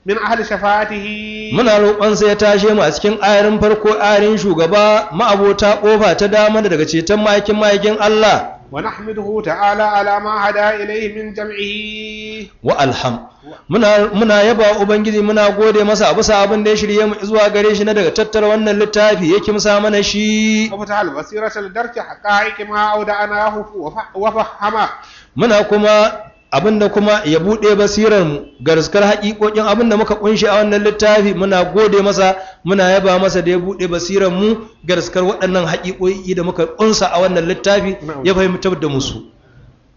min ahli shafa'atihi muna roƙon sai ya tashe mu a cikin ayarin farko ayarin shugaba ma'abota kofa ta dama da daga ceton mayakin mayakin Allah ونحمده Huta, Ala alama هدى إليه من جمعه والحم muna muna yaba ubangiji muna gode masa abu sa abin da ya shirye zuwa gare shi na daga tattara wannan littafi ya kimsa mana shi abtal basiratul darki haqa'iqi ma auda ana wa fahama muna kuma abinda kuma ya buɗe basirar mu ga riskar haƙiƙoƙin abinda muka kunshi a wannan littafi muna gode masa muna yaba masa da ya buɗe basirar mu ga riskar waɗannan haƙiƙoƙi da muka kunsa a wannan littafi ya fahimtar da musu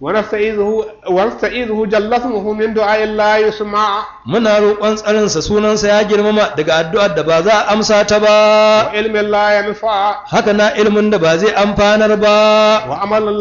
wanasta'izuhu jallasmuhu min du'a'il la yusma muna roƙon tsarin sa sunan sa ya girmama daga addu'ar da ba za amsa ta ba wa ilmin la yanfa haka na ilmin da ba zai amfanar ba wa amalin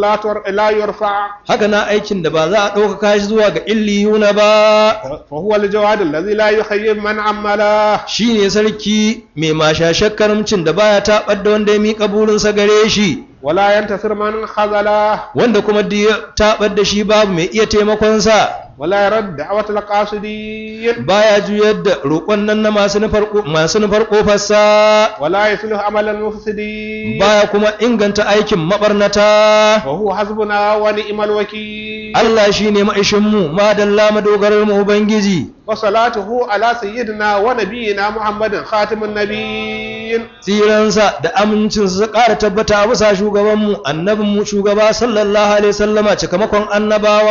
la yurfa haka na aikin da ba za a ɗaukaka shi zuwa ga illiyuna ba fa huwa al-jawad allazi la yuhayyib man amala shine sarki mai mashashakkarmcin da baya tabar da wanda ya miƙa burinsa gare shi wala yanta sirman khazala wanda kuma duk ya tabar da shi babu mai iya taimakon sa wala yarad da'watul qasidin baya juyar da roƙon nan na masu nufar masu nufar kofar sa wala yuslihu amalan mufsidin baya kuma inganta aikin mabarnata wa huwa hasbuna wa ni'mal wakil Allah shine ma'ishin mu madalla madogarar mu ubangiji وصلاته على سيدنا ونبينا محمد خاتم النبيين سيرانسا da amincinsa ƙara tabbata bisa shugabanmu annabinmu shugaba sallallahu alaihi sallama cikamakon annabawa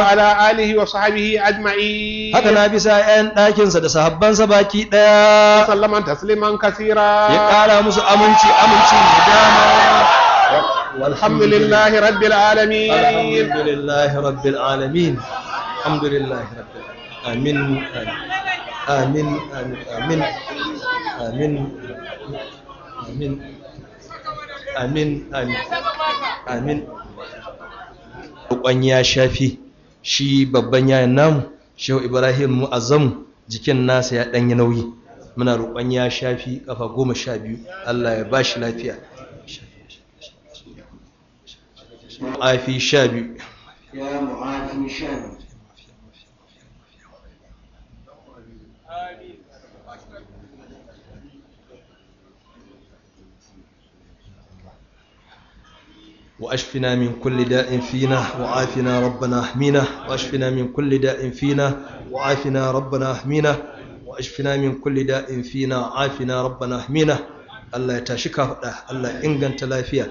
wa ala alihi wa sahbihi ajma'i haka na bisa 'ya'yan ɗakinsa da sahabbansa baki ɗaya sallaman tasliman kasira ya ƙara musu aminci aminci dama والحمد لله رب العالمين الحمد لله رب العالمين الحمد لله رب amin amin amin amin amin amin amin amin roƙon ya shafi shi babban yayan namu shehu ibrahim mu'azzam jikin nasa ya ɗanyi nauyi muna roƙon ya shafi ƙafa goma sha biyu allah ya ba shi lafiya ma'afi sha biyu ya mu'afi sha biyu وأشفنا من كل داء فينا وعافنا ربنا احمينا وأشفنا من كل داء فينا وعافنا ربنا احمينا وأشفنا من كل داء فينا عافنا ربنا احمينا الله يتشكى الله إنغان تلافيا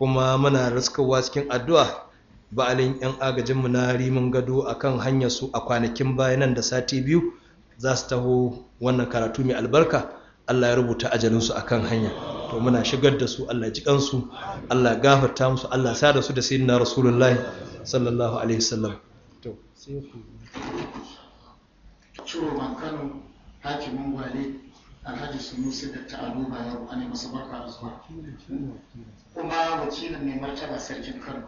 كما منا رزق واسكين الدعاء ba'alin 'yan agajinmu na rimin gado a kan hanyarsu a kwanakin bayanan da sati biyu za su taho wannan karatu mai albarka Allah ya rubuta ajalinsu a kan hanya to muna shigar da su Allah ji kansu Allah gafarta musu Allah sa da su da sayyidina rasulullah sallallahu alaihi wasallam to sai ku ciro man Kano hakimin gwale Alhaji Sunusi da ta'alu ba yau ana masa barka da zuwa kuma wakilin ne martaba sarkin Kano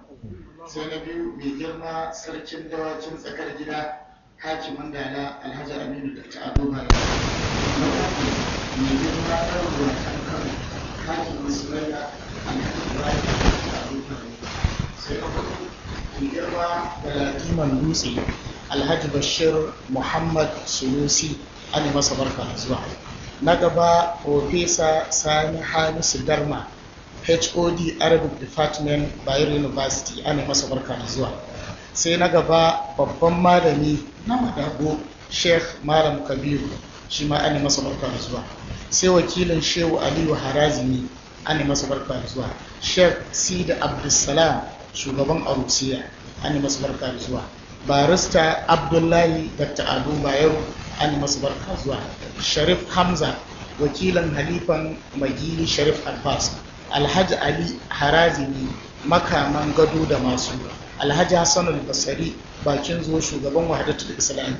sai na biyu mai girma sarkin dawacin tsakar gida hakimin dala Alhaji Aminu da ta'alu ba yau mai girma kan da da dutse alhaji bashir muhammad sunusi an masa barka zuwa na gaba profesa sani hamisu darma hod arabic department bayero university ana masa barka zuwa sai na gaba babban malami na madago sheikh malam kabiru shi ma ana masa barka zuwa sai wakilin shehu aliyu harazimi an masa barka da zuwa shek sida abdulsalam shugaban arusiya an masa barka da zuwa barista abdullahi dr ado bayero an masa barka zuwa sharif hamza Wakilin halifan magili sharif abbas alhaji ali harazimi makaman gado da masu alhaji hassan basari bakin zuwa shugaban wahadatul islam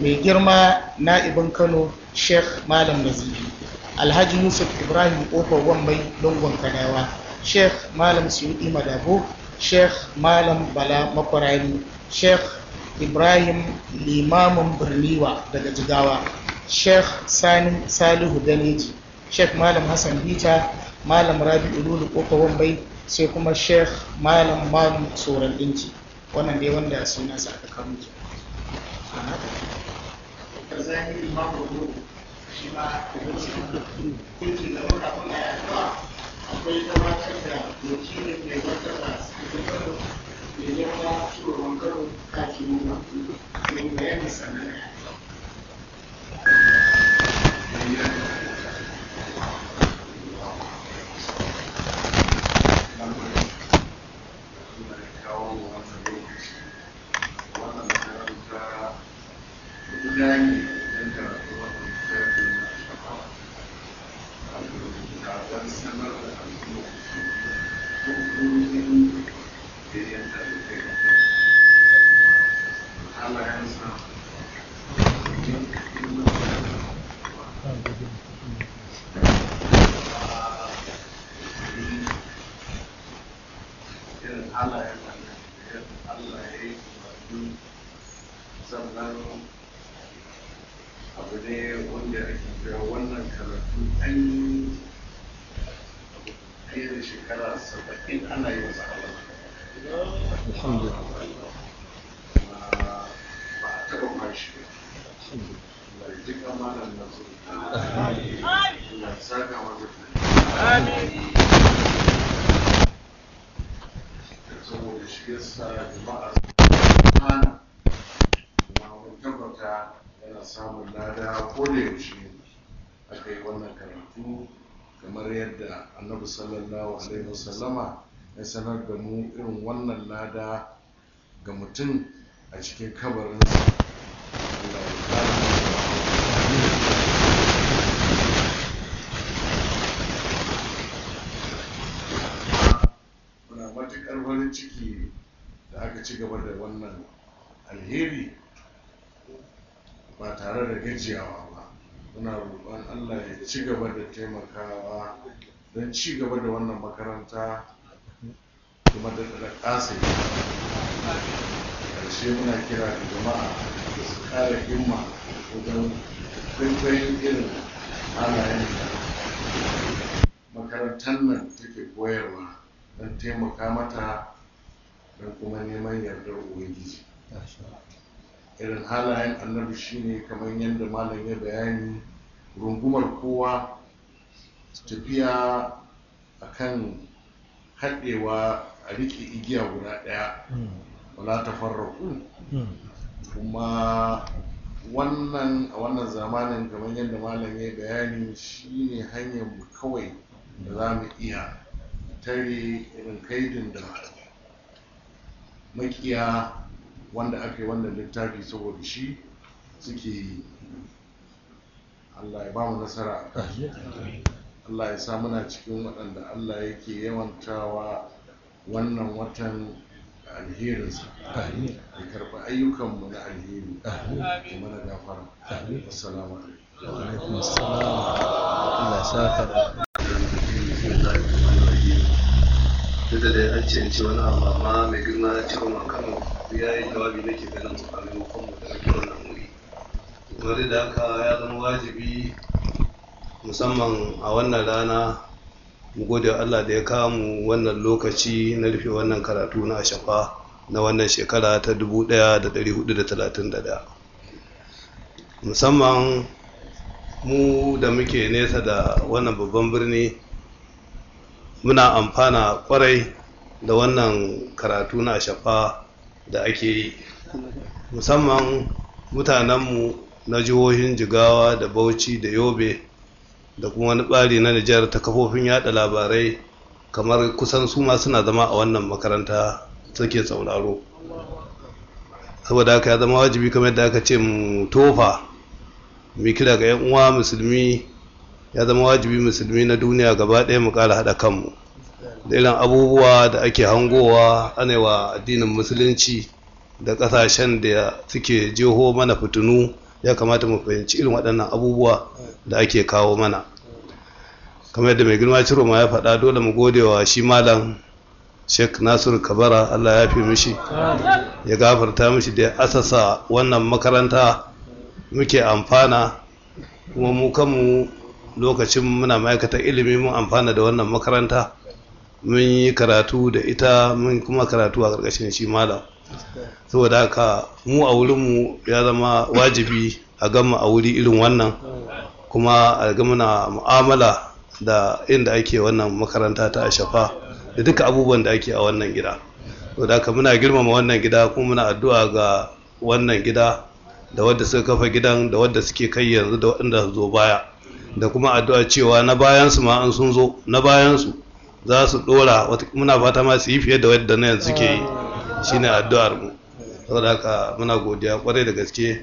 mai girma na'ibin kano sheikh malam nazifi alhaji yusuf ibrahim kofar wambai longon kanawa sheikh malam suyudi madabo sheikh malam bala makwarani sheikh ibrahim limamin birniwa daga jigawa sheikh sani salihu daneji sheikh malam hassan bita malam Rabi Ululu, kofar wambai sai kuma sheikh malam malam tsoron dinki wannan dai wanda sa aka kawo zahiri ma gobe shi ma hukunci hukuncin da muka kuma ya zuwa akwai gabatar da wakilin mai zartar da sakamakon mai girma shugaban karo kafin ba mai bayanin sanarwa. muhammadu sallallahu alaihi wasallama ya sanar da mu irin wannan lada ga mutum a cikin kabarinsa muna matuƙar farin ciki da aka ci gaba da wannan alheri ba tare da gajiyawa ba muna roƙon allah ya ci gaba da taimakawa don ci gaba da wannan makaranta kuma da ƙasa ƙarshe muna kira da jama'a da su ƙara himma wajen kwaikwayon irin halayen da makarantar nan take koyarwa don taimaka mata don kuma neman yardar ubangiji irin halayen annabi shine kamar yadda malam ya bayani rungumar kowa tafiya akan haɗewa a riƙe igiya guda ɗaya wala ta farraku kuma wannan a wannan zamanin kamar yadda malam ya bayani shine hanyar mu kawai da za mu iya tare irin kaidin da makiya wanda aka yi wannan littafi saboda shi suke yi allah ya ba mu nasara a Allah ya sa muna cikin waɗanda Allah yake yawantawa wannan watan alherinsa ya karɓi ayyukanmu na alheri kuma na gafara assalamu alaikum Allah saka da da da an canci wani abu amma mai girma na cikin makamu ya yi jawabi na ke ganin a maimakon mu da ake wannan wuri. Wani da haka ya zama wajibi musamman a wannan rana mu gode Allah da ya kawo mu wannan lokaci na rufe wannan karatu na shafa na wannan shekara ta 1431 musamman mu da muke nesa da wannan babban birni muna amfana kwarai da wannan karatu na shafa da ake yi musamman mutanenmu na jihohin jigawa da bauchi da yobe da kuma wani bari na Nijar ta kafofin yada labarai kamar kusan su ma suna zama a wannan makaranta suke sauraro saboda haka ya zama wajibi kamar yadda aka ce mu tofa mu kira ga 'yan uwa musulmi ya zama wajibi musulmi na duniya gaba ɗaya mu ƙara haɗa kanmu da irin abubuwa da ake hangowa anewa addinin musulunci da ƙasashen da suke jeho mana fitinu ya kamata mu fahimci irin waɗannan abubuwa da ake kawo mana kamar yadda mai girma ciro ma ya faɗa dole mu gode wa shi malam sheik nasiru kabara allah ya fi mishi ya gafarta mishi da ya asasa wannan makaranta muke amfana kuma mu kanmu lokacin muna ma'aikata ilimi mun amfana da wannan makaranta mun yi karatu da ita mun kuma karatu a ƙarƙashin shi malam saboda haka mu a wurinmu ya zama wajibi a gama a wuri irin wannan kuma a gama na mu'amala da inda ake wannan makaranta ta shafa, da duka abubuwan da ake a wannan gida saboda haka muna girmama wannan gida kuma muna addu'a ga wannan gida da wadda suka kafa gidan da wadda suke kai yanzu da waɗanda zo baya da kuma addu'a cewa na bayansu ma an sun zo na bayansu za su ɗora muna fata ma su yi fiye da wadda na yanzu suke yi shine addu'ar mu saboda haka muna godiya kwarai da gaske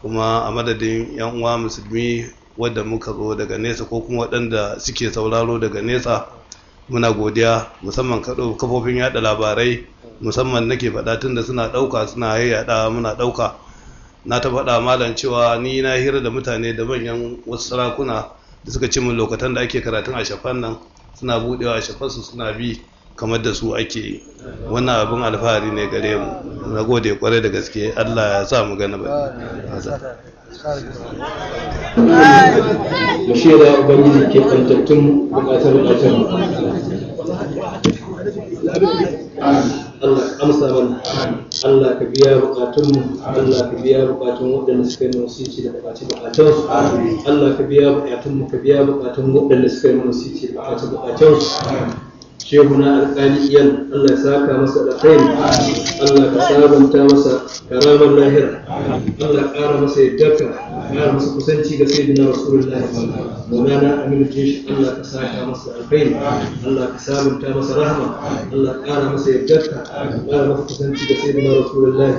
kuma a madadin yan uwa musulmi wadda muka zo daga nesa ko kuma waɗanda suke sauraro daga nesa muna godiya musamman kafofin yada labarai musamman nake faɗa da suna ɗauka suna yayyada muna ɗauka na ta faɗa malam cewa ni na hira da mutane da manyan wasu sarakuna da suka ci min lokacin da ake karatun a shafan nan suna buɗewa a shafansu suna bi kamar da su ake yi wannan abin alfahari ne gare mu na gode kwarai da gaske allah ya sa mu gana ba mushe da ubangiji ke kantattun bukatar bukatar Allah amsa mana Allah ka biya bukatunmu Allah ka biya bukatun waɗanda suka yi musici da bukatun bukatun Allah ka biya mu ka biya bukatun waɗanda suka yi musici da bukatun bukatun shehuna alƙaliyan Allah ya saka masa da kai Allah ka sabanta masa karamar lahira Allah ƙara masa yaddarka ƙara masa kusanci ga sayyidina rasulullahi maulana aminu jeshi Allah ka saka masa alkhairi Allah ka sabanta masa rahama Allah ƙara masa yaddarka ƙara masa kusanci ga sayyidina rasulullahi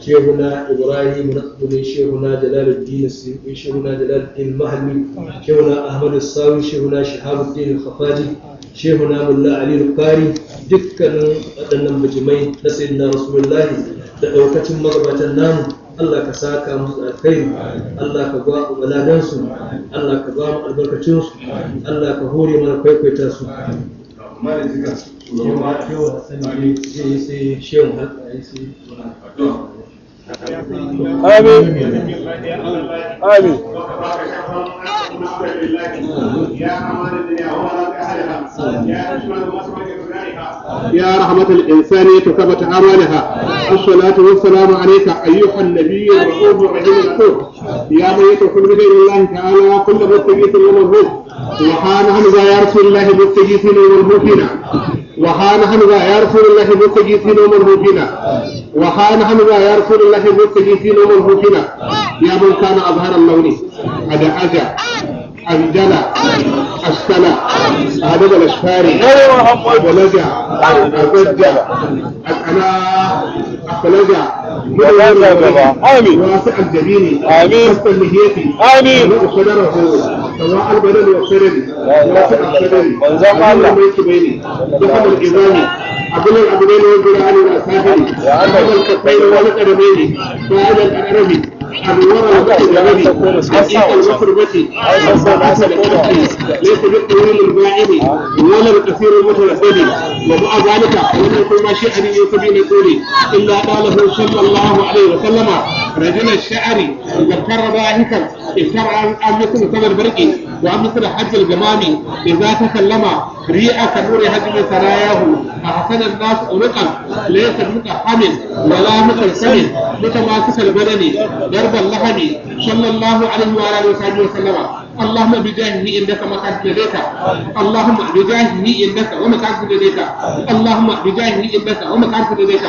شيخنا إبراهيم الأقبلي شيخنا جلال الدين السيوطي شيخنا جلال الدين المهلي شيخنا أحمد الصاوي شيخنا شهاب الدين الخفاجي شيخنا ملا علي القاري dukkanin waɗannan bijimai na sayyidina rasulullahi da ɗaukacin magabatan namu Allah ka saka musu alkhairi Allah ka ba mu balagansu Allah ka ba mu albarkacinsu Allah ka hore mana kwaikwaita su آمين آمين يا رحمة الإنسان كتبت أعمالها الصلاة والسلام عليك أيها النبي الرؤوف الرحيم الكون يا من يتوكل بغير الله تعالى كل مستغيث ومرهوب وحان حمزة يا رسول الله مستغيثين ومرهوبين وحان حمزة يا رسول الله مستغيثين ومرهوبين وحان نحن يا رسول الله متجسين ومنفوخنا يا من كان أظهر اللون أدعج أنجل أشكل هذا الأشفاري ولجع أزج أنا أخلجع آمين واسع الجبين آمين حسن لهيتي آمين وخدره سواء البدن والسرن واسع السرن وزمع الله دخل الإمام أظن الأبو ليل ينزل عن الأسافر وهذا الكفين والقدمين وهذا الأعربي أبو ورا الأعربي حقيقة المقربة ليس بالطويل الباعد ولا الكثير المتلفد ومع ذلك لم يكن ما شيء من سبيل الدين إلا قاله صلى الله عليه وسلم رجل الشعر ذكر ضاحكا افترى عن مثل ثمر برقي وعن مثل حج الجمامي اذا تكلم ريع كنور هجم سراياه احسن الناس خلقا ليس متحمل ولا متلسل متماسك البدن ضرب اللحم صلى الله عليه وعلى اله وسلم اللهم بجاهه انك مكان لديك اللهم بجاهه انك ومكان لديك اللهم بجاهه انك ومكان لديك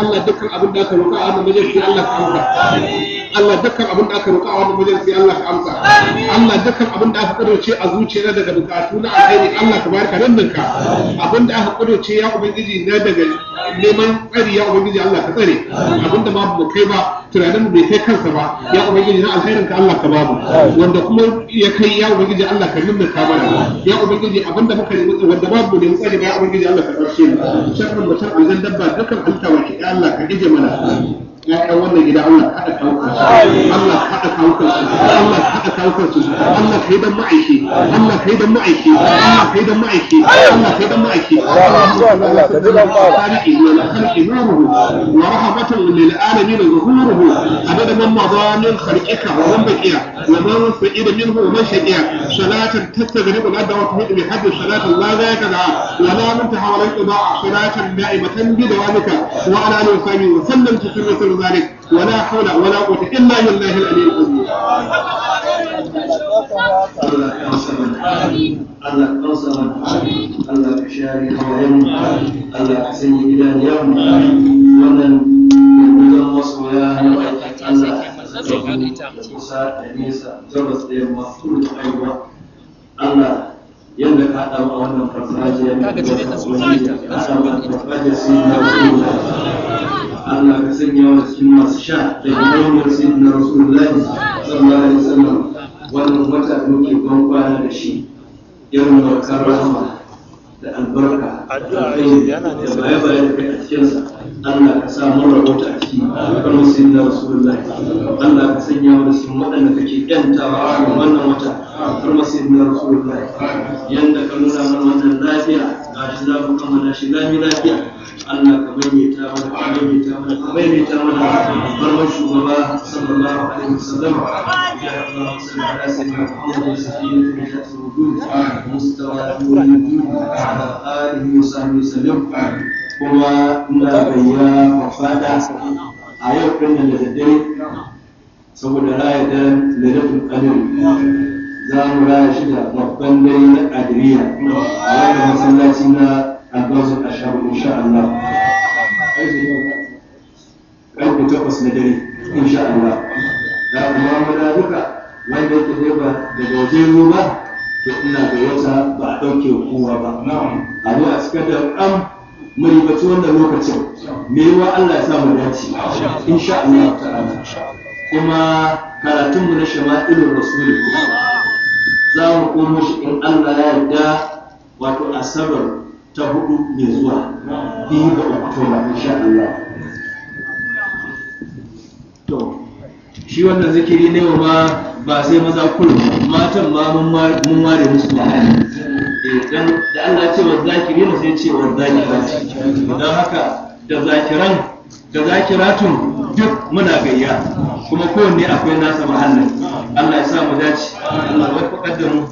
الله دكان ابو داك وكان مجلس الله تعالى Allah dukkan abin da aka roƙa a wannan wajen Allah ka amsa Allah dukkan abin da aka kadoce a zuciya daga bukatu na alheri Allah ka barka nan ka abin da aka kadoce ya ubangiji na daga neman tsari ya ubangiji Allah ka tsare abin da ma mu kai ba tunanin bai kai kansa ba ya ubangiji na alherin ka Allah ka babu. wanda kuma ya kai ya ubangiji Allah ka nuna ka mana ya ubangiji abin da muka nemi wanda babu mu nemi tsari ba ya ubangiji Allah ka karshe mu sharrin mutum aljan dabba dukkan halitta wa ya Allah ka ije mana ya'yan wannan gida Allah kada kaukar su Allah kada kaukar su Allah kada kaukar su Allah kai dan ma'aiki Allah kai dan ma'aiki Allah kai dan ma'aiki Allah kai dan ma'aiki Allah kai dan ma'aiki ورحمة للعالمين ظهوره عدد من مضامن خلقك ومن بقية ومن سئل منه ومن شقية صلاة تستغرق الأدى وتهد بحد صلاة لا ذاك لها ولا منتهى مثل ذلك ولا حول ولا قوة إلا بالله العلي العظيم Allah ka sauran Allah ka share hawayen Allah ka sanya gidan yau wannan yanzu wasu ya Allah da kusa da nesa gabas da yamma kuma da aiwa yau da ka ɗau a wannan farfajiyar da ka tsohonta ka samu farfajiyar sun na rasulullah Allah ka sanya wa cikin masu sha da yawon sun na rasulullah sallallahu alaihi wasallam wannan wata muke ban kwana da shi yawan barkar rahama da albarka da da baya-baya da kai a cikinsa Allah ka sa mun rabota a ciki kamar sai na rasulullahi Allah ka sanya mu da cikin waɗanda kake yantawa a wannan wata kamar sai na rasulullahi yanda ka nuna mana wannan lafiya ga shi za mu kammala shi lami lafiya Allah ka maimaita mana ka maimaita mana ka maimaita mana farman shugaba sallallahu alaihi wasallam يا الله صل على سيدنا محمد سيدنا نجاة الوجود مستوى نور الوجود على آله وصحبه وسلم kuma ina gayya mafada a yau ɗin da daddare saboda raya da lalafin ƙadir za mu raya shi da babban dare na ƙadiriya a yau da masallaci na albazin ashabu insha Allah ƙarfe takwas na dare insha Allah da kuma mana duka wanda ke dai ba daga waje ruwa to ina da wata ba a ɗauke kowa ba a zo a da am. mu ribaci wannan lokacin me wa Allah ya sa mu dace insha Allah ta'ala kuma karatun mu na shama'ilur rasul za mu komo shi in Allah ya yarda wato asabar ta hudu mai zuwa biyu ga Oktoba insha Allah to shi wannan zikiri ne ba ba sai maza kullum matan ma mun ware musu da hali dan da Allah ya ce wa zakirin sai ce wa zakirati don haka da zakiran da zakiratun duk muna gayya kuma kowanne akwai nasa mahallin Allah ya sa mu dace Allah ya faɗar da mu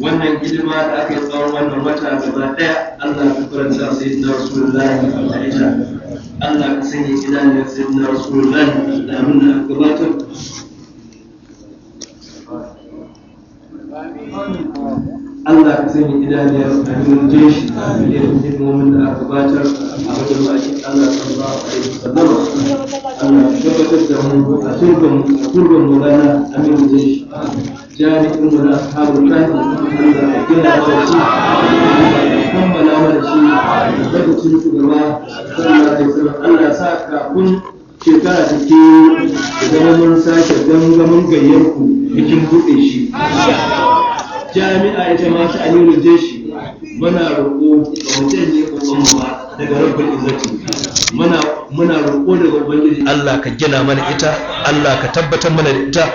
wannan hidima da aka yi tsawon wannan wata gaba daya Allah ya faranta sai na Rasulullahi da ita Allah ka sanya idan idanun sai na Rasulullahi da abin da aka gabatar Amin. Allah ka sanya idaniyar amin jeshi da hidimomin da aka a wajen baki Allah sallallahu alaihi Allah ta tabbatar da mu a turban mu a turban mu rana amin jeshi jami'in mu na ashabul kahfi Allah ya gina da shi kammala mana shi da a shugaba sallallahu alaihi wasallam Allah sa kafin shekara ta ke zama mun sake gangamin gayyar ku bikin buɗe shi jami'a ita ma ta je shi, muna roƙo ga mutum ne kuma ba daga rabbul izzati muna muna roƙo daga ubangiji Allah ka gina mana ita Allah ka tabbatar mana da ita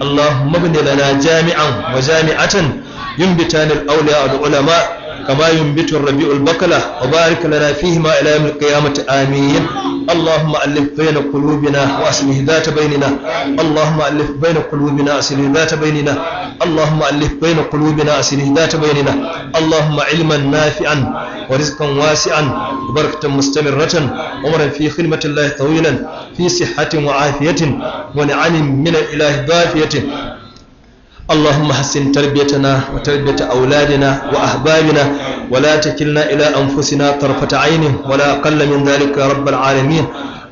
Allahumma bni lana jami'an wa jami'atan yumbitanil awliya wal ulama كما ينبت الربيع البقلة وبارك لنا فيهما إلى يوم القيامة آمين اللهم ألف بين قلوبنا وأصلح ذات بيننا اللهم ألف بين قلوبنا وأصلح ذات بيننا اللهم ألف بين قلوبنا وأصلح ذات بيننا اللهم علما نافعا ورزقا واسعا وبركة مستمرة عمرا في خدمة الله طويلا في صحة وعافية ونعم من الإله ضافية اللهم حسن تربيتنا وتربية أولادنا وأحبابنا ولا تكلنا إلى أنفسنا طرفة عين ولا أقل من ذلك يا رب العالمين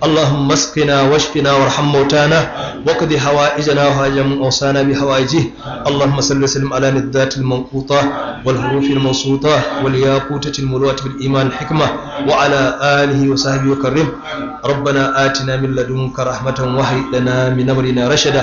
اللهم اسقنا واشفنا وارحم موتانا وقد حوائجنا وهاج من اوصانا بحوائجه اللهم صل وسلم على الذات المنقوطه والحروف المنصوطه والياقوتة الملوءة بالايمان الحكمه وعلى اله وصحبه وكرم ربنا اتنا من لدنك رحمه وهي لنا من امرنا رشدا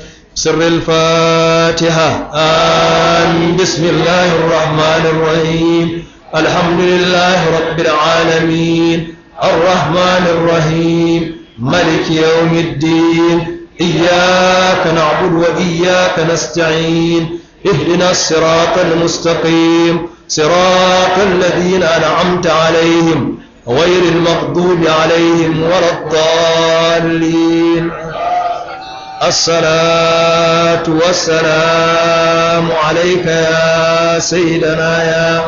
سر الفاتحة آمين بسم الله الرحمن الرحيم الحمد لله رب العالمين الرحمن الرحيم ملك يوم الدين إياك نعبد وإياك نستعين اهدنا الصراط المستقيم صراط الذين أنعمت عليهم غير المغضوب عليهم ولا الضالين الصلاة والسلام عليك يا سيدنا يا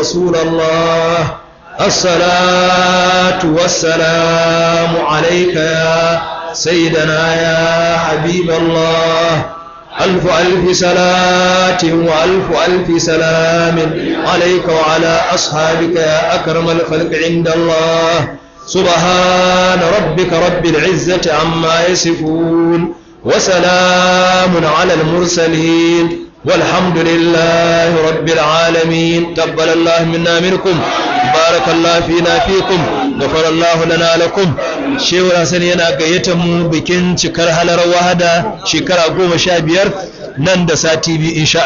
رسول الله الصلاة والسلام عليك يا سيدنا يا حبيب الله ألف ألف صلاة وألف ألف سلام عليك وعلى أصحابك يا أكرم الخلق عند الله سبحان ربك رب العزة عما يصفون وسلام على المرسلين والحمد لله رب العالمين تقبل الله منا منكم بارك الله فينا فيكم غفر الله لنا لكم hassan yana gayyatar mu bikin cikar halar wahada shekara goma sha biyar nan da sati biyu insha